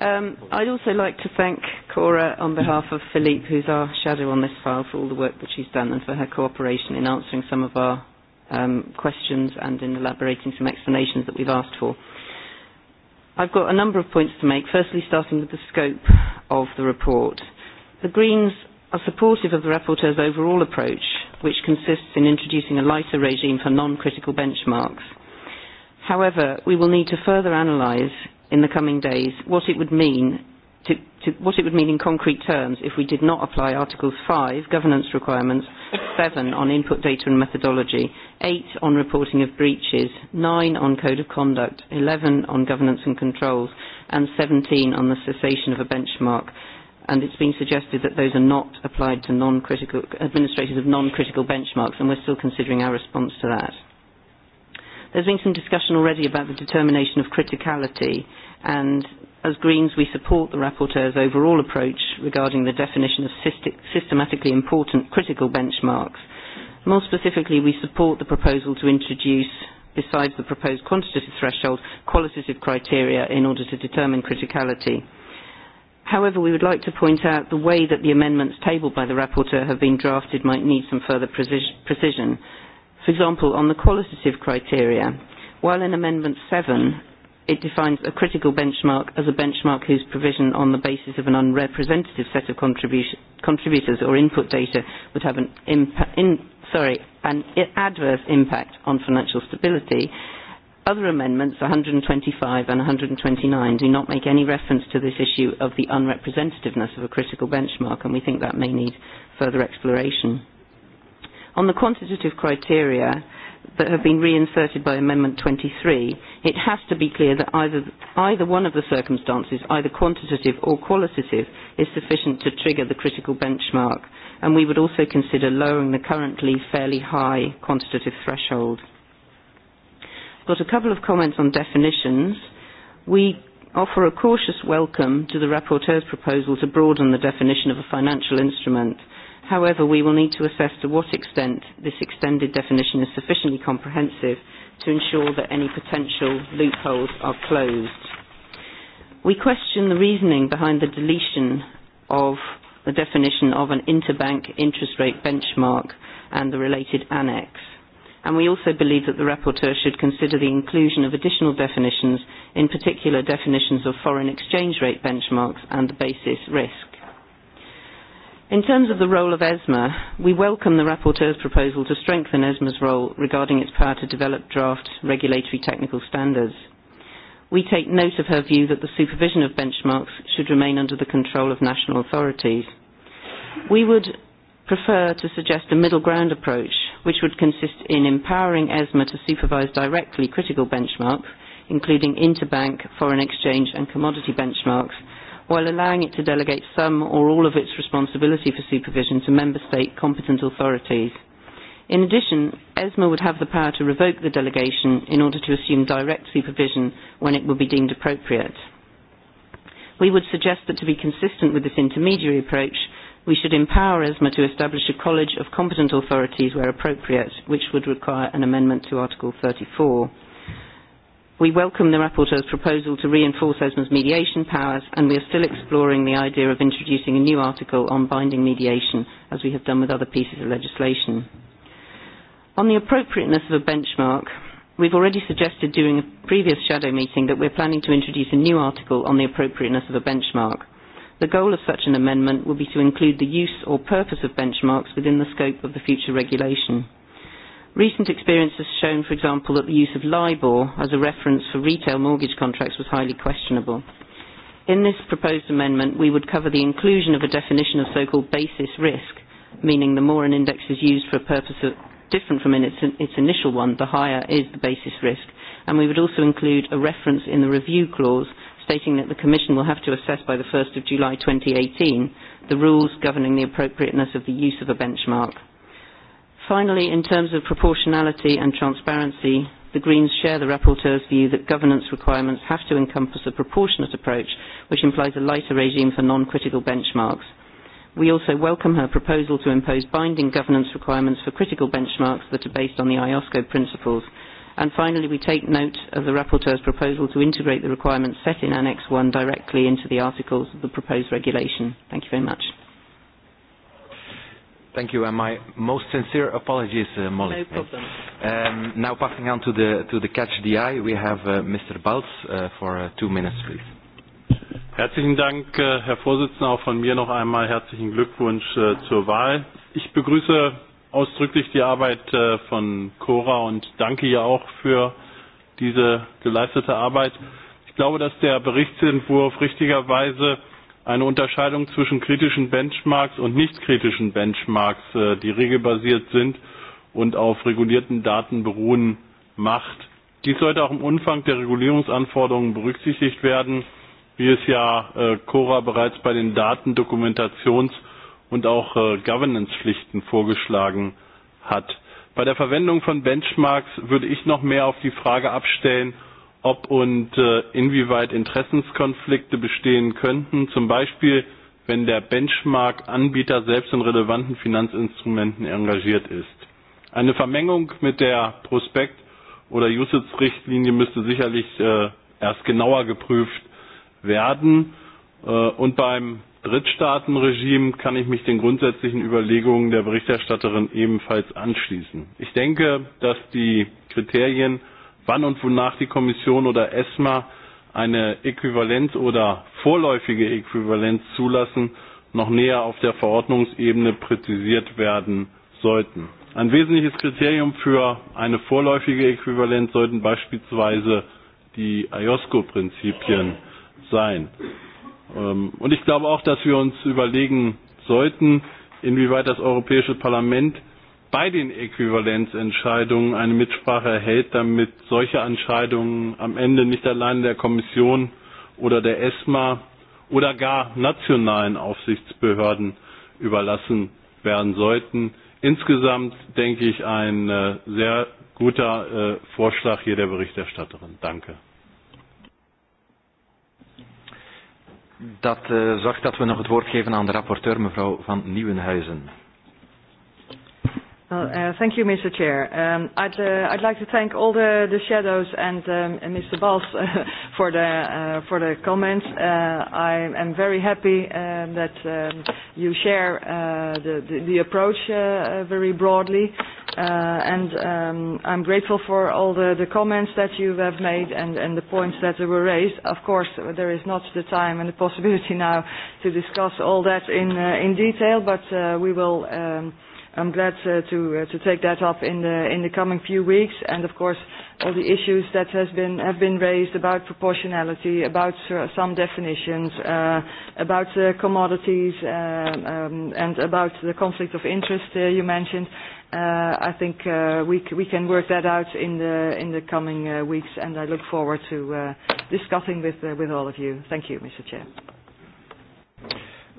Um, I'd also like to thank Cora on behalf of Philippe, who's our shadow on this file, for all the work that she's done and for her cooperation in answering some of our um, questions and in elaborating some explanations that we've asked for. I've got a number of points to make, firstly starting with the scope of the report. The Greens are supportive of the Rapporteur's overall approach, which consists in introducing a lighter regime for non-critical benchmarks. However, we will need to further analyse in the coming days what it would mean to, to what it would mean in concrete terms if we did not apply Articles 5, governance requirements, 7 on input data and methodology, 8 on reporting of breaches, 9 on code of conduct, 11 on governance and controls, and 17 on the cessation of a benchmark and it's been suggested that those are not applied to non-critical, administrators of non-critical benchmarks, and we're still considering our response to that. There's been some discussion already about the determination of criticality, and as Greens we support the rapporteur's overall approach regarding the definition of systematically important critical benchmarks. More specifically, we support the proposal to introduce besides the proposed quantitative threshold, qualitative criteria in order to determine criticality. However, we would like to point out the way that the amendments tabled by the rapporteur have been drafted might need some further precision. For example, on the qualitative criteria, while in Amendment 7 it defines a critical benchmark as a benchmark whose provision on the basis of an unrepresentative set of contribu- contributors or input data would have an, impa- in, sorry, an adverse impact on financial stability, Other amendments, 125 and 129, do not make any reference to this issue of the unrepresentativeness of a critical benchmark, and we think that may need further exploration. On the quantitative criteria that have been reinserted by Amendment 23, it has to be clear that either, either one of the circumstances, either quantitative or qualitative, is sufficient to trigger the critical benchmark, and we would also consider lowering the currently fairly high quantitative threshold. I've got a couple of comments on definitions. We offer a cautious welcome to the rapporteur's proposal to broaden the definition of a financial instrument. However, we will need to assess to what extent this extended definition is sufficiently comprehensive to ensure that any potential loopholes are closed. We question the reasoning behind the deletion of the definition of an interbank interest rate benchmark and the related annex and we also believe that the rapporteur should consider the inclusion of additional definitions, in particular definitions of foreign exchange rate benchmarks and the basis risk. In terms of the role of ESMA, we welcome the rapporteur's proposal to strengthen ESMA's role regarding its power to develop draft regulatory technical standards. We take note of her view that the supervision of benchmarks should remain under the control of national authorities. We would prefer to suggest a middle ground approach, which would consist in empowering ESMA to supervise directly critical benchmarks, including interbank, foreign exchange and commodity benchmarks, while allowing it to delegate some or all of its responsibility for supervision to member state competent authorities. In addition, ESMA would have the power to revoke the delegation in order to assume direct supervision when it would be deemed appropriate. We would suggest that to be consistent with this intermediary approach, We should empower ESMA to establish a college of competent authorities where appropriate, which would require an amendment to Article 34. We welcome the rapporteur's proposal to reinforce ESMA's mediation powers, and we are still exploring the idea of introducing a new article on binding mediation, as we have done with other pieces of legislation. On the appropriateness of a benchmark, we've already suggested during a previous shadow meeting that we're planning to introduce a new article on the appropriateness of a benchmark. The goal of such an amendment will be to include the use or purpose of benchmarks within the scope of the future regulation. Recent experience has shown, for example, that the use of LIBOR as a reference for retail mortgage contracts was highly questionable. In this proposed amendment, we would cover the inclusion of a definition of so-called basis risk, meaning the more an index is used for a purpose of, different from in its, its initial one, the higher is the basis risk. And we would also include a reference in the review clause stating that the Commission will have to assess by the 1st of July 2018 the rules governing the appropriateness of the use of a benchmark. Finally, in terms of proportionality and transparency, the Greens share the rapporteur's view that governance requirements have to encompass a proportionate approach, which implies a lighter regime for non-critical benchmarks. We also welcome her proposal to impose binding governance requirements for critical benchmarks that are based on the IOSCO principles – And finally, we take note of the Rapporteur's proposal to integrate the requirements set in Annex 1 directly into the articles of the proposed regulation. Thank you very much. Thank you, and my most sincere apologies, uh, Molly. No problem. Um, now passing on to the, to the catch the eye, we have uh, Mr. Balz uh, for uh, two minutes, please. Herzlichen Dank, uh, Herr Vorsitzender. Auch von mir noch einmal herzlichen Glückwunsch äh, zur Wahl. Ich begrüße ausdrücklich die Arbeit äh, von Cora und danke ihr auch für diese geleistete Arbeit. Ich glaube, dass der Berichtsentwurf richtigerweise eine Unterscheidung zwischen kritischen Benchmarks und nicht kritischen Benchmarks, äh, die regelbasiert sind und auf regulierten Daten beruhen, macht. Dies sollte auch im Umfang der Regulierungsanforderungen berücksichtigt werden, wie es ja äh, Cora bereits bei den Datendokumentations- und auch äh, Governance-Pflichten vorgeschlagen hat. Bei der Verwendung von Benchmarks würde ich noch mehr auf die Frage abstellen, ob und äh, inwieweit Interessenskonflikte bestehen könnten, zum Beispiel wenn der Benchmark-Anbieter selbst in relevanten Finanzinstrumenten engagiert ist. Eine Vermengung mit der Prospekt- oder Usage-Richtlinie müsste sicherlich äh, erst genauer geprüft werden. Äh, und beim Drittstaatenregime kann ich mich den grundsätzlichen Überlegungen der Berichterstatterin ebenfalls anschließen. Ich denke, dass die Kriterien, wann und wonach die Kommission oder ESMA eine Äquivalenz oder vorläufige Äquivalenz zulassen, noch näher auf der Verordnungsebene präzisiert werden sollten. Ein wesentliches Kriterium für eine vorläufige Äquivalenz sollten beispielsweise die IOSCO-Prinzipien sein. Ähm, und ich glaube auch, dass wir uns überlegen sollten, inwieweit das Europäische Parlament bei den Äquivalenzentscheidungen eine Mitsprache erhält, damit solche Entscheidungen am Ende nicht allein der Kommission oder der ESMA oder gar nationalen Aufsichtsbehörden überlassen werden sollten. Insgesamt denke ich ein äh, sehr guter äh, Vorschlag hier der Berichterstatterin. Danke. Dat uh, eh, zorgt dat we nog het woord geven aan de rapporteur, mevrouw Van Nieuwenhuizen uh, thank you, Mr. Chair. Um, I'd, uh, I'd like to thank all the, the shadows and, um, and Mr. Bals uh, for, the, uh, for the comments. Uh, I am very happy uh, that um, you share uh, the, the, the approach uh, uh, very broadly. Uh, and um, I'm grateful for all the, the comments that you have made and, and the points that were raised. Of course, there is not the time and the possibility now to discuss all that in, uh, in detail, but uh, we will um, – I'm glad uh, to, uh, to take that up in the, in the coming few weeks. And of course, all the issues that has been, have been raised about proportionality, about uh, some definitions, uh, about uh, commodities, uh, um, and about the conflict of interest uh, you mentioned. Uh, I think uh, we, c we can work that out in the, in the coming uh, weeks, and I look forward to uh, discussing with, uh, with all of you. Thank you, Mr. Chair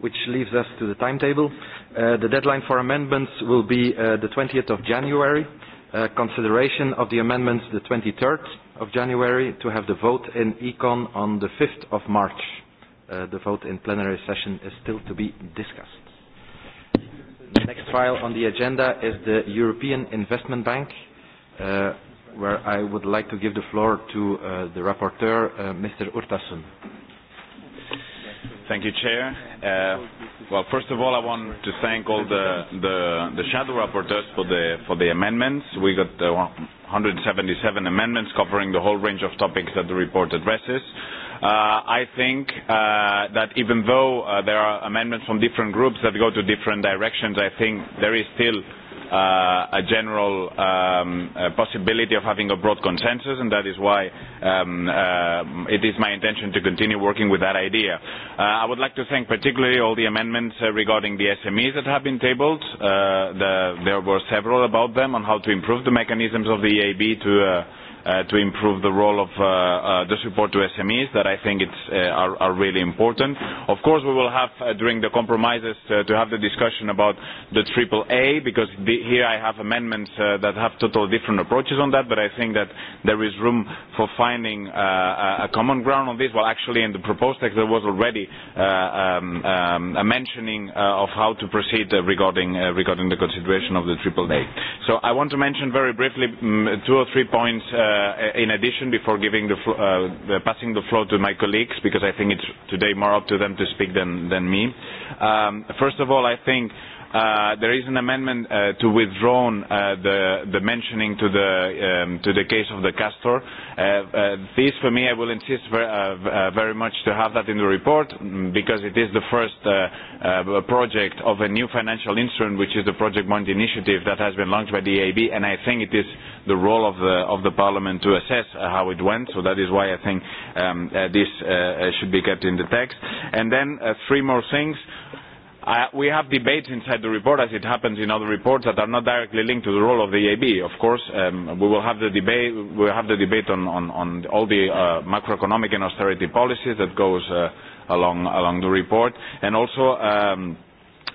which leaves us to the timetable. Uh, the deadline for amendments will be uh, the 20th of January, uh, consideration of the amendments the 23rd of January, to have the vote in Econ on the 5th of March. Uh, the vote in plenary session is still to be discussed. The next file on the agenda is the European Investment Bank, uh, where I would like to give the floor to uh, the rapporteur, uh, Mr. Urtasun. Thank you, Chair. Uh, well, first of all, I want to thank all the, the, the shadow rapporteurs for the, for the amendments. We got uh, 177 amendments covering the whole range of topics that the report addresses. Uh, I think uh, that even though uh, there are amendments from different groups that go to different directions, I think there is still uh, a general um, uh, possibility of having a broad consensus, and that is why um, uh, it is my intention to continue working with that idea. Uh, I would like to thank particularly all the amendments uh, regarding the SMEs that have been tabled. Uh, the, there were several about them on how to improve the mechanisms of the EAB to uh, uh, to improve the role of uh, uh, the support to SMEs that I think it's, uh, are, are really important. Of course, we will have uh, during the compromises uh, to have the discussion about the triple A because the, here I have amendments uh, that have totally different approaches on that, but I think that there is room for finding uh, a common ground on this. Well, actually, in the proposed text there was already uh, um, um, a mentioning uh, of how to proceed uh, regarding uh, regarding the consideration of the triple A. So I want to mention very briefly um, two or three points. Uh, uh, in addition, before giving the, uh, the, passing the floor to my colleagues, because I think it's today more up to them to speak than, than me, um, first of all, I think Uh, there is an amendment uh, to withdraw uh, the, the mentioning to the, um, to the case of the castor. Uh, uh, this, for me, I will insist very, uh, uh, very much to have that in the report mm, because it is the first uh, uh, project of a new financial instrument, which is the Project Bond Initiative that has been launched by the EIB, and I think it is the role of the, of the Parliament to assess uh, how it went, so that is why I think um, uh, this uh, uh should be kept in the text. And then uh, three more things. Uh, we have debates inside the report, as it happens in other reports, that are not directly linked to the role of the EIB. Of course, um, we will have the debate, we will have the debate on, on, on all the uh, macroeconomic and austerity policies that goes uh, along, along the report, and also, um,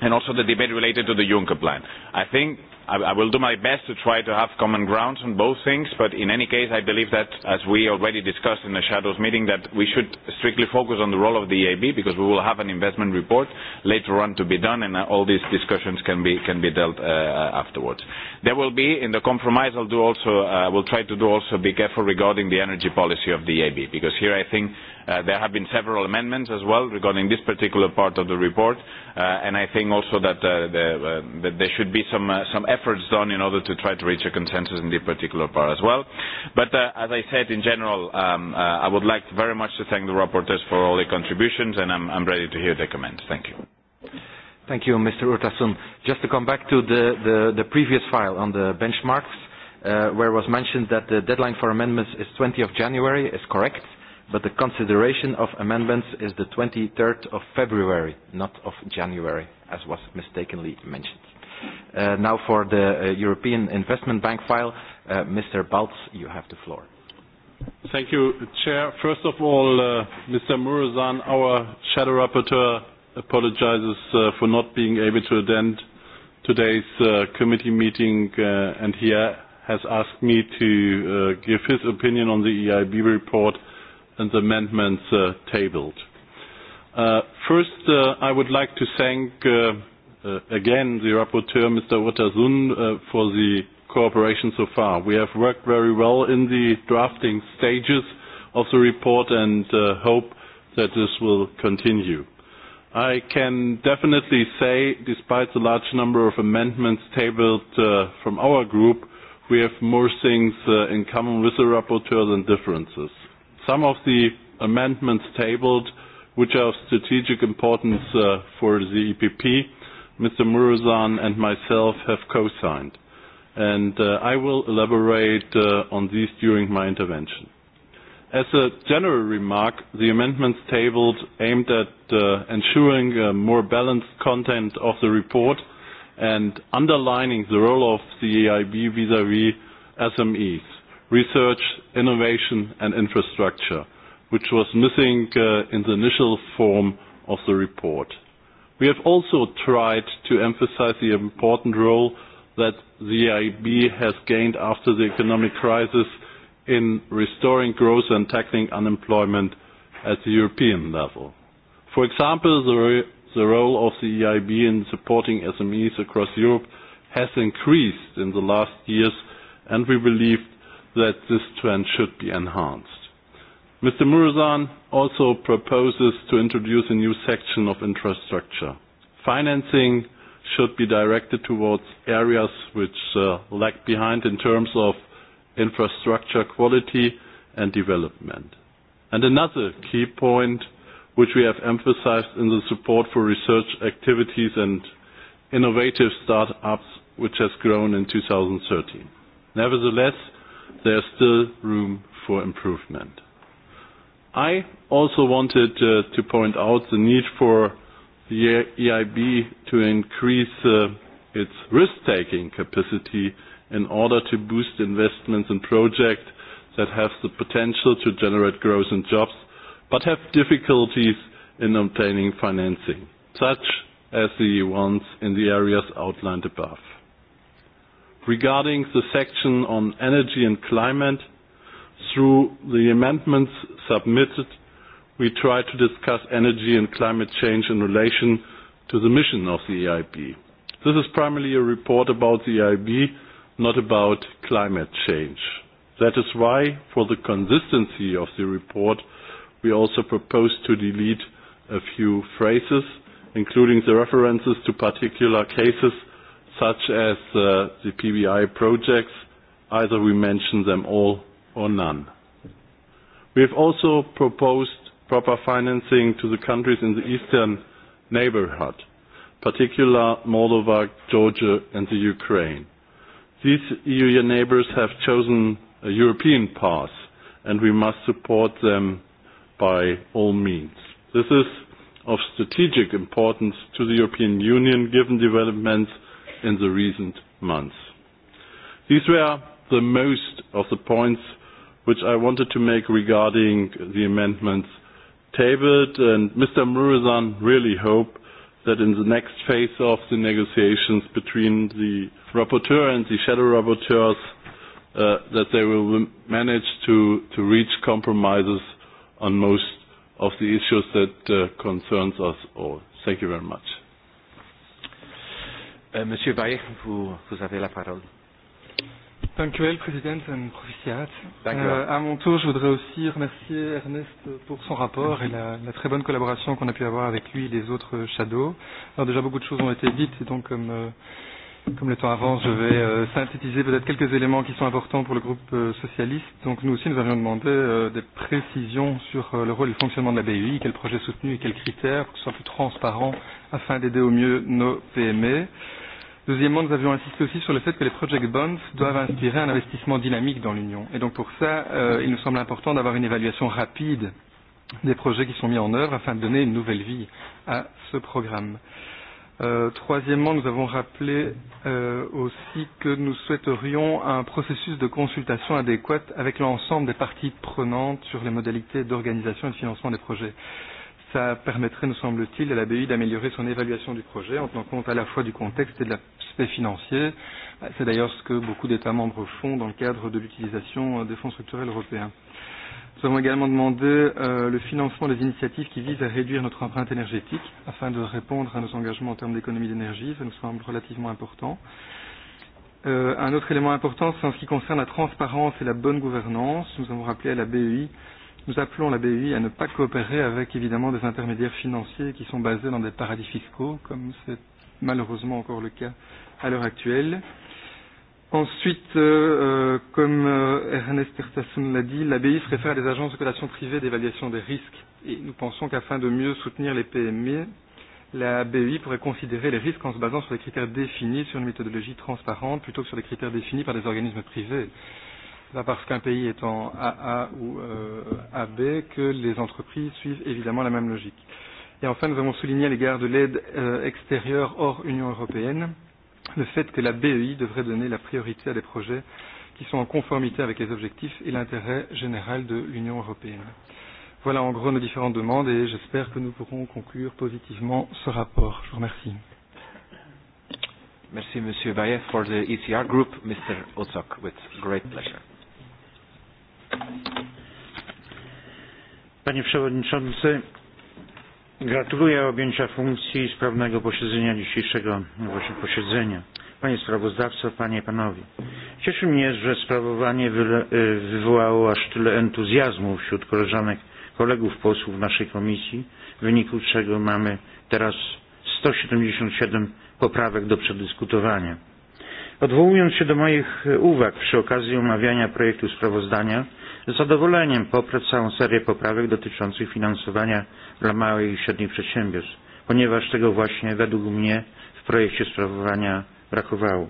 and also the debate related to the Juncker plan. I think I, I will do my best to try to have common ground on both things, but in any case, I believe that, as we already discussed in the Shadows meeting, that we should strictly focus on the role of the EIB because we will have an investment report later on to be done, and uh, all these discussions can be, can be dealt uh, uh, afterwards. There will be, in the compromise, I'll do also, I uh, will try to do also be careful regarding the energy policy of the EIB, because here I think Uh, there have been several amendments as well regarding this particular part of the report, uh, and I think also that, uh, the, uh, that there should be some, uh, some effort efforts done in order to try to reach a consensus in the particular part as well. But uh, as I said, in general, um, uh, I would like very much to thank the rapporteurs for all their contributions, and I'm, I'm ready to hear their comments. Thank you. Thank you, Mr. Urtasun. Just to come back to the, the, the previous file on the benchmarks, uh, where it was mentioned that the deadline for amendments is 20th of January, is correct, but the consideration of amendments is the 23rd of February, not of January, as was mistakenly mentioned. Uh, now for the uh, European Investment Bank file, uh, Mr. Baltz, you have the floor. Thank you, Chair. First of all, uh, Mr. Murazan, our Shadow Rapporteur, apologizes uh, for not being able to attend today's uh, committee meeting, uh, and he has asked me to uh, give his opinion on the EIB report and the amendments uh, tabled. Uh, first, uh, I would like to thank uh, uh, again the rapporteur, Mr. Otasun, uh, for the cooperation so far. We have worked very well in the drafting stages of the report and uh, hope that this will continue. I can definitely say, despite the large number of amendments tabled uh, from our group, we have more things uh, in common with the rapporteur than differences. Some of the amendments tabled, which are of strategic importance uh, for the EPP, Mr. Murazan and myself have co-signed. And uh, I will elaborate uh, on these during my intervention. As a general remark, the amendments tabled aimed at uh, ensuring a more balanced content of the report and underlining the role of the EIB vis-à-vis -vis SMEs, research, innovation and infrastructure, which was missing uh, in the initial form of the report. We have also tried to emphasize the important role that the EIB has gained after the economic crisis in restoring growth and tackling unemployment at the European level. For example, the, re the role of the EIB in supporting SMEs across Europe has increased in the last years, and we believe that this trend should be enhanced. Mr. Murazan also proposes to introduce a new section of infrastructure. Financing should be directed towards areas which uh, lag behind in terms of infrastructure quality and development. And another key point which we have emphasized in the support for research activities and innovative start-ups which has grown in 2013. Nevertheless, there is still room for improvement. I also wanted uh, to point out the need for the EIB to increase uh, its risk-taking capacity in order to boost investments in projects that have the potential to generate growth and jobs, but have difficulties in obtaining financing, such as the ones in the areas outlined above. Regarding the section on energy and climate, Through the amendments submitted, we try to discuss energy and climate change in relation to the mission of the EIB. This is primarily a report about the EIB, not about climate change. That is why, for the consistency of the report, we also propose to delete a few phrases, including the references to particular cases such as uh, the PBI projects. Either we mention them all or none. We have also proposed proper financing to the countries in the eastern neighborhood, particular Moldova, Georgia and the Ukraine. These EU neighbors have chosen a European path and we must support them by all means. This is of strategic importance to the European Union given developments in the recent months. These were the most of the points which I wanted to make regarding the amendments tabled. And Mr. Murizan really hope that in the next phase of the negotiations between the rapporteur and the shadow rapporteurs, uh, that they will manage to, to reach compromises on most of the issues that uh, concerns us all. Thank you very much. Uh, Monsieur Bayek, vous, vous avez la parole. Dankjewel, president en proficiat. Euh, à mon tour, je voudrais aussi remercier Ernest pour son rapport et la, la très bonne collaboration qu'on a pu avoir avec lui et les autres shadows. Alors déjà, beaucoup de choses ont été dites et donc comme... Euh, Comme le temps avance, je vais euh, synthétiser peut-être quelques éléments qui sont importants pour le groupe euh, socialiste. Donc nous aussi, nous avions demandé euh, des précisions sur euh, le rôle et le fonctionnement de la BEI, quels projets soutenus et quels critères, pour que ce soit plus transparent afin d'aider au mieux nos PME. Deuxièmement, nous avions insisté aussi sur le fait que les project bonds doivent inspirer un investissement dynamique dans l'Union. Et donc pour ça, euh, il nous semble important d'avoir une évaluation rapide des projets qui sont mis en œuvre afin de donner une nouvelle vie à ce programme. Euh, troisièmement, nous avons rappelé euh, aussi que nous souhaiterions un processus de consultation adéquat avec l'ensemble des parties prenantes sur les modalités d'organisation et de financement des projets. Ça permettrait, nous semble-t-il, à l'ABI d'améliorer son évaluation du projet en tenant compte à la fois du contexte et de la aspect financiers. C'est d'ailleurs ce que beaucoup d'États membres font dans le cadre de l'utilisation euh, des fonds structurels européens. Nous avons également demandé euh, le financement des initiatives qui visent à réduire notre empreinte énergétique afin de répondre à nos engagements en termes d'économie d'énergie. Ça nous semble relativement important. Euh, un autre élément important, c'est en ce qui concerne la transparence et la bonne gouvernance. Nous avons rappelé à la BEI, nous appelons la BEI à ne pas coopérer avec évidemment des intermédiaires financiers qui sont basés dans des paradis fiscaux, comme c'est malheureusement encore le cas à l'heure actuelle. Ensuite, euh, euh comme euh, Ernest Tertasson l'a dit, l'ABI se réfère à des agences de collation privée d'évaluation des risques. Et nous pensons qu'afin de mieux soutenir les PME, la BEI pourrait considérer les risques en se basant sur des critères définis, sur une méthodologie transparente, plutôt que sur des critères définis par des organismes privés. Là, parce qu'un pays est en AA ou euh, AB, que les entreprises suivent évidemment la même logique. Euh, Et enfin, nous avons souligné à l'égard de l'aide euh, extérieure hors Union européenne le fait que la BEI devrait donner la priorité à des projets qui sont en conformité avec les objectifs et l'intérêt général de l'Union européenne. Voilà en gros nos différentes demandes et j'espère que nous pourrons conclure positivement ce rapport. Je vous remercie. Merci Monsieur Bayev pour le ECR group, Mr. Otzok, with great pleasure. Panie Przewodniczący, Gratuluję objęcia funkcji sprawnego posiedzenia dzisiejszego właśnie posiedzenia. Panie sprawozdawco, panie i panowie. Cieszy mnie, że sprawowanie wywołało aż tyle entuzjazmu wśród koleżanek, kolegów posłów naszej komisji, w wyniku czego mamy teraz 177 poprawek do przedyskutowania. Odwołując się do moich uwag przy okazji omawiania projektu sprawozdania, z zadowoleniem poprę całą serię poprawek dotyczących finansowania dla małych i średnich przedsiębiorstw, ponieważ tego właśnie według mnie w projekcie sprawowania brakowało.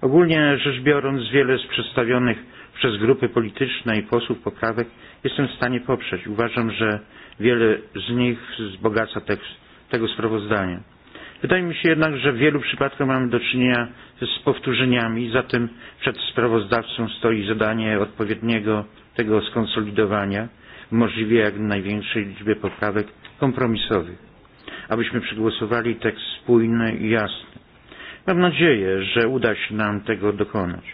Ogólnie rzecz biorąc, wiele z przedstawionych przez grupy polityczne i posłów poprawek jestem w stanie poprzeć. Uważam, że wiele z nich wzbogaca tekst tego sprawozdania. Wydaje mi się jednak, że w wielu przypadkach mamy do czynienia z powtórzeniami, zatem przed sprawozdawcą stoi zadanie odpowiedniego tego skonsolidowania możliwie jak największej liczbie poprawek kompromisowych, abyśmy przegłosowali tekst spójny i jasny. Mam nadzieję, że uda się nam tego dokonać.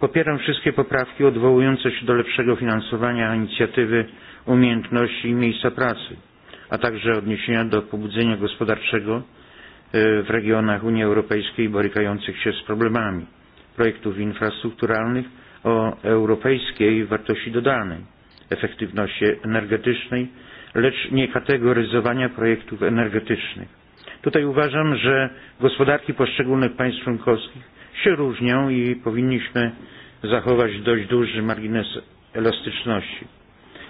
Popieram wszystkie poprawki odwołujące się do lepszego finansowania inicjatywy umiejętności i miejsca pracy, a także odniesienia do pobudzenia gospodarczego e, w regionach Unii Europejskiej borykających się z problemami projektów infrastrukturalnych o europejskiej wartości dodanej efektywności energetycznej, lecz nie kategoryzowania projektów energetycznych. Tutaj uważam, że gospodarki poszczególnych państw członkowskich się różnią i powinniśmy zachować dość duży margines elastyczności.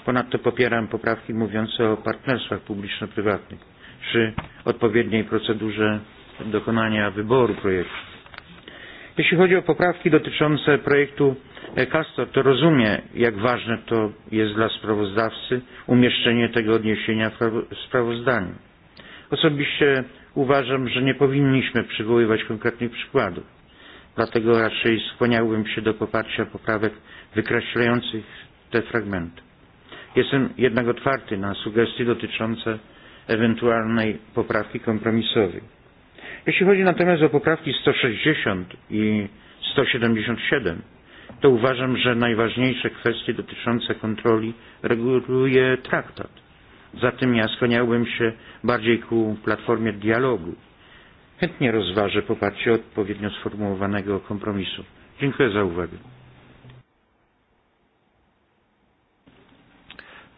Ponadto popieram poprawki mówiące o partnerstwach publiczno-prywatnych przy odpowiedniej procedurze dokonania wyboru projektu. Jeśli chodzi o poprawki dotyczące projektu e, Castor, to rozumiem, jak ważne to jest dla sprawozdawcy umieszczenie tego odniesienia w sprawozdaniu. Osobiście uważam, że nie powinniśmy przywoływać konkretnych przykładów. Dlatego raczej skłaniałbym się do poparcia poprawek wykreślających te fragmenty. Jestem jednak otwarty na sugestie dotyczące ewentualnej poprawki kompromisowej. Jeśli chodzi natomiast o poprawki 160 i 177, to uważam, że najważniejsze kwestie dotyczące kontroli reguluje traktat. Zatem ja skłaniałbym się bardziej ku platformie dialogu. Chętnie rozważę poparcie odpowiednio sformułowanego kompromisu. Dziękuję za uwagę.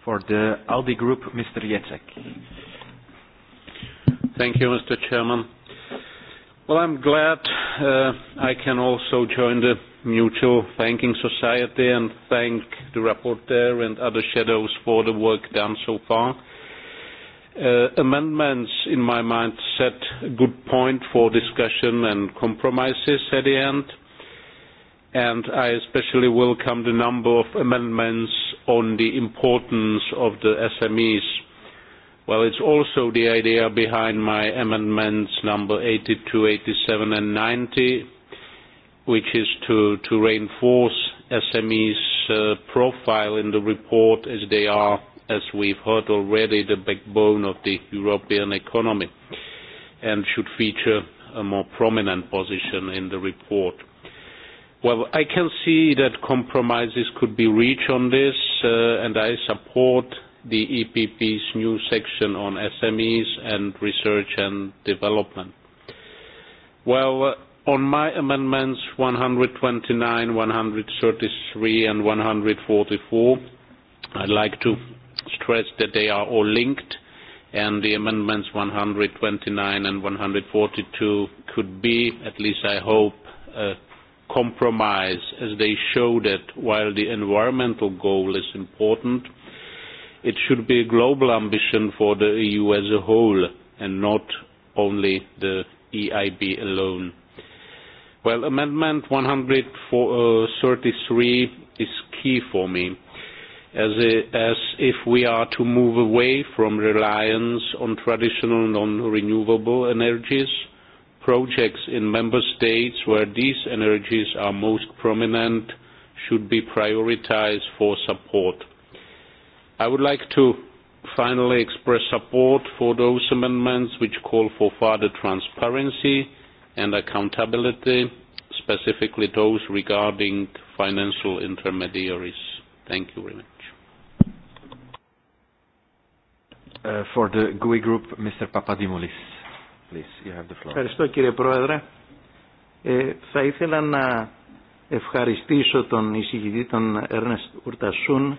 For the Aldi Group, Mr. Jacek. Thank you, Mr. Chairman. Well, I'm glad uh, I can also join the Mutual Thanking Society and thank the rapporteur and other shadows for the work done so far. Uh, amendments, in my mind, set a good point for discussion and compromises at the end. And I especially welcome the number of amendments on the importance of the SMEs Well, it's also the idea behind my amendments number 82, 87 and 90, which is to, to reinforce SME's uh, profile in the report as they are, as we've heard already, the backbone of the European economy and should feature a more prominent position in the report. Well, I can see that compromises could be reached on this, uh, and I support the EPP's new section on SMEs and research and development. Well, uh, on my amendments 129, 133 and 144, I'd like to stress that they are all linked and the amendments 129 and 142 could be, at least I hope, a compromise as they show that while the environmental goal is important, it should be a global ambition for the EU as a whole and not only the EIB alone. Well, Amendment 133 is key for me, as, a, as if we are to move away from reliance on traditional non-renewable energies, projects in member states where these energies are most prominent should be prioritized for support I would like to finally express support for those amendments which call for further transparency and accountability, specifically those regarding financial intermediaries. Thank you very much. Uh, for the GUI e group, Mr. Papadimoulis, please, you have the floor. Ε, θα ήθελα να ευχαριστήσω τον εισηγητή τον Ernest Urtasun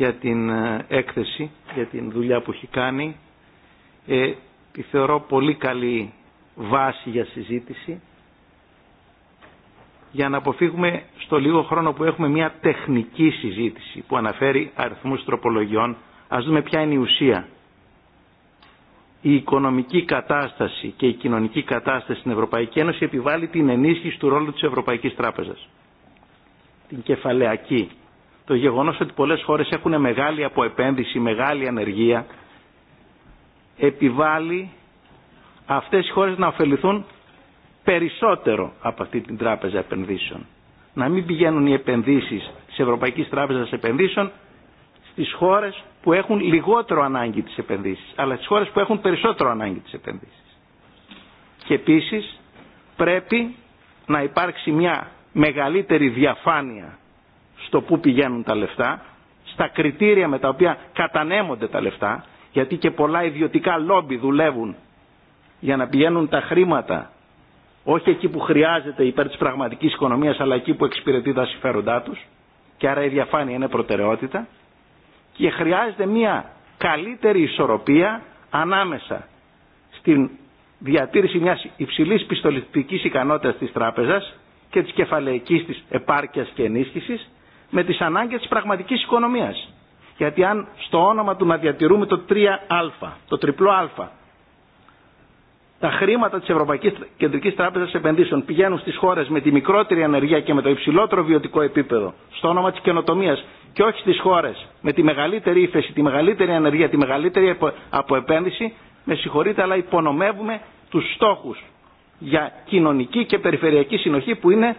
για την έκθεση, για την δουλειά που έχει κάνει. Ε, τη θεωρώ πολύ καλή βάση για συζήτηση για να αποφύγουμε στο λίγο χρόνο που έχουμε μια τεχνική συζήτηση που αναφέρει αριθμούς τροπολογιών. Ας δούμε ποια είναι η ουσία. Η οικονομική κατάσταση και η κοινωνική κατάσταση στην Ευρωπαϊκή Ένωση επιβάλλει την ενίσχυση του ρόλου της Ευρωπαϊκής Τράπεζας. Την κεφαλαιακή το γεγονός ότι πολλές χώρες έχουν μεγάλη αποεπένδυση, μεγάλη ανεργία, επιβάλλει αυτές οι χώρες να ωφεληθούν περισσότερο από αυτή την τράπεζα επενδύσεων. Να μην πηγαίνουν οι επενδύσεις της Ευρωπαϊκής Τράπεζας Επενδύσεων στις χώρες που έχουν λιγότερο ανάγκη τις επενδύσεις, αλλά στις χώρες που έχουν περισσότερο ανάγκη τις επενδύσεις. Και επίσης πρέπει να υπάρξει μια μεγαλύτερη διαφάνεια στο πού πηγαίνουν τα λεφτά, στα κριτήρια με τα οποία κατανέμονται τα λεφτά, γιατί και πολλά ιδιωτικά λόμπι δουλεύουν για να πηγαίνουν τα χρήματα όχι εκεί που χρειάζεται υπέρ της πραγματικής οικονομίας αλλά εκεί που εξυπηρετεί τα συμφέροντά τους και άρα η διαφάνεια είναι προτεραιότητα και χρειάζεται μια καλύτερη ισορροπία ανάμεσα στην διατήρηση μιας υψηλής πιστολιστικής ικανότητας της τράπεζας και της κεφαλαϊκής της επάρκειας και ενίσχυσης με τις ανάγκες της πραγματικής οικονομίας. Γιατί αν στο όνομα του να διατηρούμε το 3α, το τριπλό α, τα χρήματα της Ευρωπαϊκής Κεντρικής Τράπεζας Επενδύσεων πηγαίνουν στις χώρες με τη μικρότερη ανεργία και με το υψηλότερο βιωτικό επίπεδο, στο όνομα της καινοτομίας και όχι στις χώρες με τη μεγαλύτερη ύφεση, τη μεγαλύτερη ανεργία, τη μεγαλύτερη αποεπένδυση, με συγχωρείτε αλλά υπονομεύουμε τους στόχους για κοινωνική και περιφερειακή συνοχή που είναι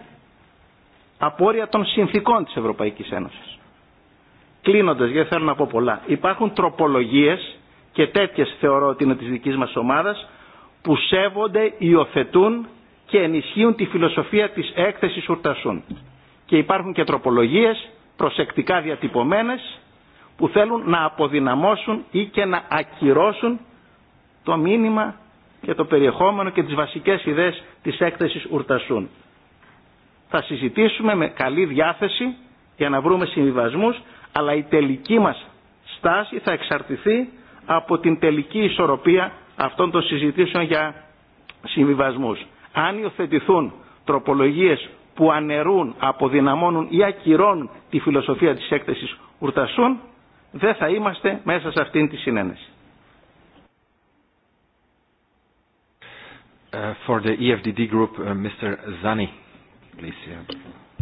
από όρια των συνθήκων της Ευρωπαϊκής Ένωσης. Κλείνοντας, γιατί θέλω να πω πολλά, υπάρχουν τροπολογίες και τέτοιες θεωρώ ότι είναι της δικής μας ομάδας που σέβονται, υιοθετούν και ενισχύουν τη φιλοσοφία της έκθεσης ουρτασούν. Και υπάρχουν και τροπολογίες προσεκτικά διατυπωμένες που θέλουν να αποδυναμώσουν ή και να ακυρώσουν το μήνυμα και το περιεχόμενο και τις βασικές ιδέες της έκθεσης Ουρτασούν θα συζητήσουμε με καλή διάθεση για να βρούμε συμβιβασμούς, αλλά η τελική μας στάση θα εξαρτηθεί από την τελική ισορροπία αυτών των συζητήσεων για συμβιβασμούς. Αν υιοθετηθούν τροπολογίες που ανερούν, αποδυναμώνουν ή ακυρώνουν τη φιλοσοφία της έκθεσης Ουρτασούν, δεν θα είμαστε μέσα σε αυτήν τη συνένεση. Uh, for the EFDD group, uh, Mr. Zani.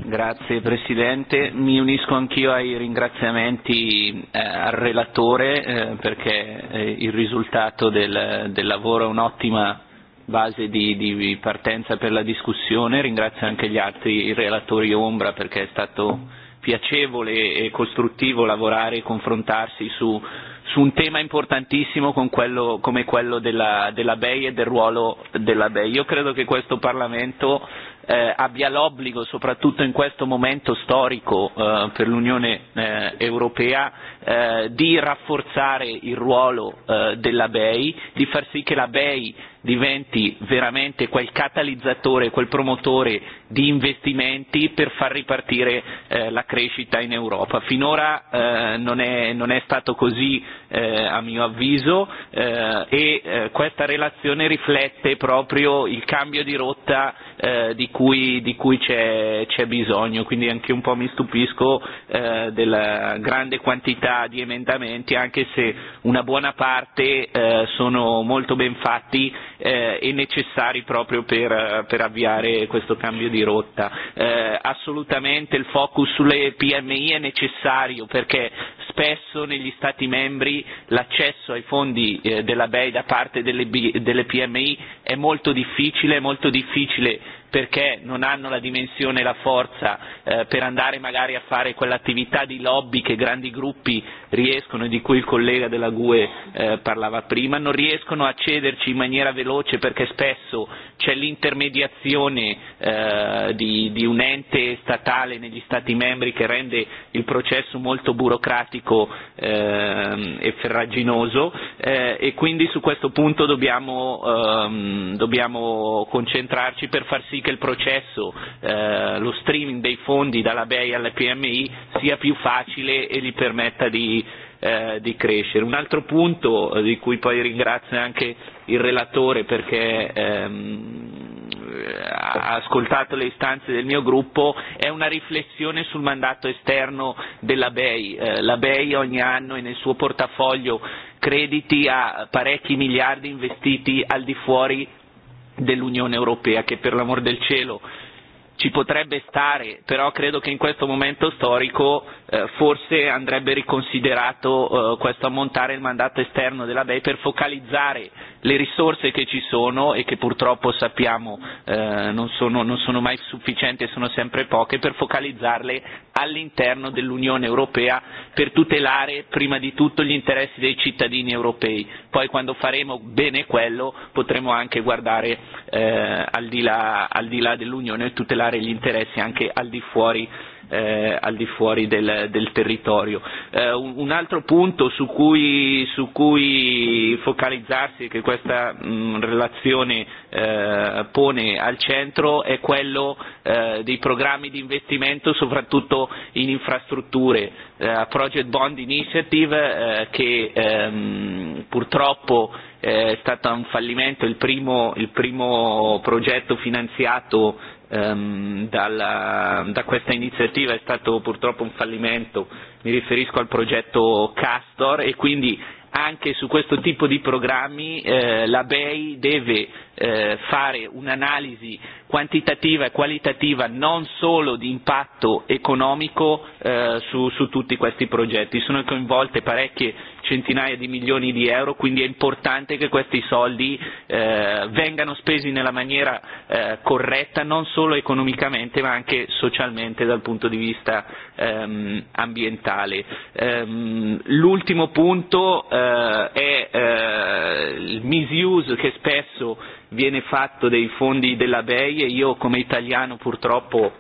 Grazie Presidente, mi unisco anch'io ai ringraziamenti eh, al relatore eh, perché eh, il risultato del, del lavoro è un'ottima base di, di partenza per la discussione, ringrazio anche gli altri relatori ombra perché è stato piacevole e costruttivo lavorare e confrontarsi su, su un tema importantissimo con quello, come quello della, della BEI e del ruolo della BEI. Io credo che questo Parlamento eh, abbia l'obbligo, soprattutto in questo momento storico eh, per l'Unione eh, Europea, eh, di rafforzare il ruolo eh, della BEI, di far sì che la BEI diventi veramente quel catalizzatore, quel promotore di investimenti per far ripartire eh, la crescita in Europa. Finora eh, non, è, non è stato così eh, a mio avviso eh, e eh, questa relazione riflette proprio il cambio di rotta eh, di cui, di cui c'è, c'è bisogno, quindi anche un po' mi stupisco eh, della grande quantità di emendamenti, anche se una buona parte eh, sono molto ben fatti eh, e necessari proprio per, per avviare questo cambio di rotta. Eh, assolutamente il focus sulle PMI è necessario perché spesso negli Stati membri l'accesso ai fondi eh, della BEI da parte delle, delle PMI è molto difficile, è molto difficile perché non hanno la dimensione e la forza eh, per andare magari a fare quell'attività di lobby che grandi gruppi riescono, di cui il collega della GUE eh, parlava prima, non riescono a cederci in maniera veloce perché spesso c'è l'intermediazione eh, di, di un ente statale negli Stati membri che rende il processo molto burocratico eh, e ferraginoso eh, e quindi su questo punto dobbiamo, ehm, dobbiamo concentrarci per far sì che il processo, eh, lo streaming dei fondi dalla BEI alla PMI sia più facile e gli permetta di eh, di crescere. Un altro punto eh, di cui poi ringrazio anche il relatore perché ehm, ha ascoltato le istanze del mio gruppo è una riflessione sul mandato esterno della BEI. Eh, la BEI ogni anno e nel suo portafoglio crediti ha parecchi miliardi investiti al di fuori dell'Unione Europea che per l'amor del cielo ci potrebbe stare, però credo che in questo momento storico eh, forse andrebbe riconsiderato eh, questo ammontare il mandato esterno della BEI per focalizzare le risorse che ci sono e che purtroppo sappiamo eh, non, sono, non sono mai sufficienti e sono sempre poche, per focalizzarle all'interno dell'Unione Europea per tutelare prima di tutto gli interessi dei cittadini europei. Poi quando faremo bene quello potremo anche guardare eh, al, di là, al di là dell'Unione e tutelare gli interessi anche al di fuori eh, al di fuori del, del territorio. Eh, un, un altro punto su cui, su cui focalizzarsi che questa mh, mm, relazione eh, pone al centro è quello eh, dei programmi di investimento soprattutto in infrastrutture, eh, Project Bond Initiative eh, che ehm, purtroppo eh, è stato un fallimento il primo, il primo progetto finanziato um, dalla, da questa iniziativa è stato purtroppo un fallimento, mi riferisco al progetto Castor e quindi anche su questo tipo di programmi eh, la BEI deve eh, fare un'analisi quantitativa e qualitativa non solo di impatto economico eh, su, su tutti questi progetti. Sono coinvolte parecchie centinaia di milioni di euro, quindi è importante che questi soldi eh, vengano spesi nella maniera eh, corretta, non solo economicamente ma anche socialmente dal punto di vista ehm, ambientale. Ehm, l'ultimo punto eh, è eh, il misuse che spesso viene fatto dei fondi della BEI e io come italiano purtroppo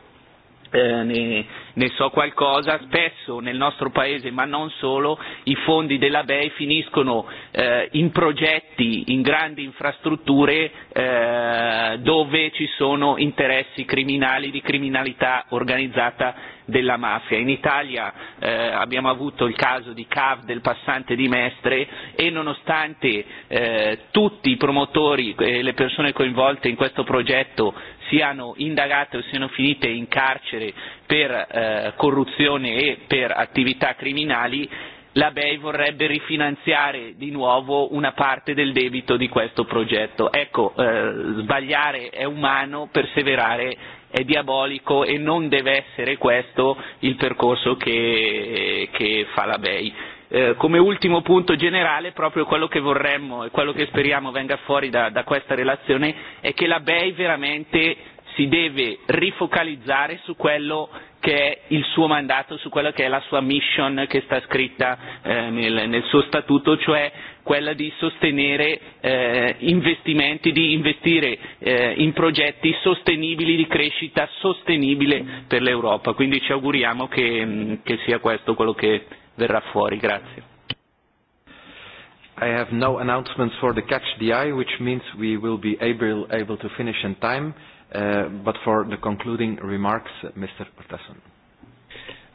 eh, ne, ne so qualcosa, spesso nel nostro paese, ma non solo, i fondi della BEI finiscono eh, in progetti, in grandi infrastrutture eh, dove ci sono interessi criminali di criminalità organizzata della mafia. In Italia eh, abbiamo avuto il caso di CAV del passante di Mestre e nonostante eh, tutti i promotori e le persone coinvolte in questo progetto siano indagate o siano finite in carcere per eh, corruzione e per attività criminali, la BEI vorrebbe rifinanziare di nuovo una parte del debito di questo progetto. Ecco, eh, sbagliare è umano, perseverare è diabolico e non deve essere questo il percorso che, che fa la BEI Eh, come ultimo punto generale, proprio quello che vorremmo e quello che speriamo venga fuori da, da questa relazione è che la BEI veramente si deve rifocalizzare su quello che è il suo mandato, su quella che è la sua mission che sta scritta eh, nel, nel suo statuto, cioè quella di sostenere eh, investimenti, di investire eh, in progetti sostenibili, di crescita sostenibile per l'Europa. Quindi ci auguriamo che, mm, che sia questo quello che verrà fuori. Grazie. I have no announcements for the catch the eye, which means we will be able, able to finish in time. Uh, but for the concluding remarks, Mr. Portason.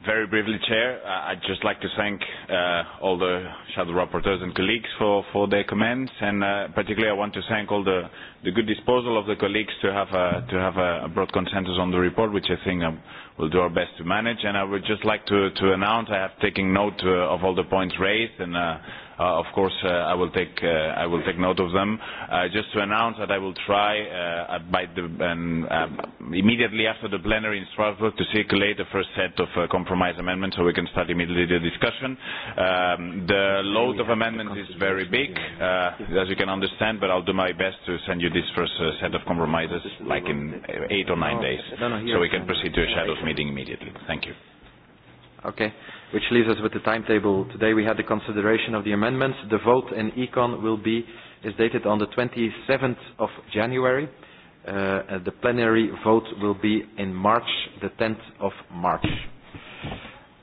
Very briefly, Chair, I'd just like to thank uh, all the shadow rapporteurs and colleagues for, for their comments, and uh, particularly I want to thank all the, the good disposal of the colleagues to have a, to have a broad consensus on the report, which I think um, we'll do our best to manage. And I would just like to, to announce I have taken note uh, of all the points raised and uh, Uh, of course, uh, I will take uh, I will take note of them. Uh, just to announce that I will try uh, by the, um, uh, immediately after the plenary in Strasbourg to circulate the first set of uh, compromise amendments so we can start immediately the discussion. Um, the load of amendments is very big, uh, as you can understand, but I'll do my best to send you this first uh, set of compromises like in eight or nine days, so we can proceed to a shadows meeting immediately. Thank you. Okay which leaves us with the timetable. Today we had the consideration of the amendments. The vote in Econ will be, is dated on the 27th of January. Uh, the plenary vote will be in March, the 10th of March.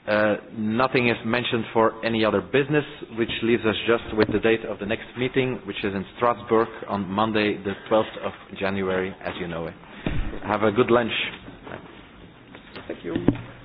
Uh, nothing is mentioned for any other business, which leaves us just with the date of the next meeting, which is in Strasbourg on Monday, the 12th of January, as you know it. Have a good lunch. Thank you.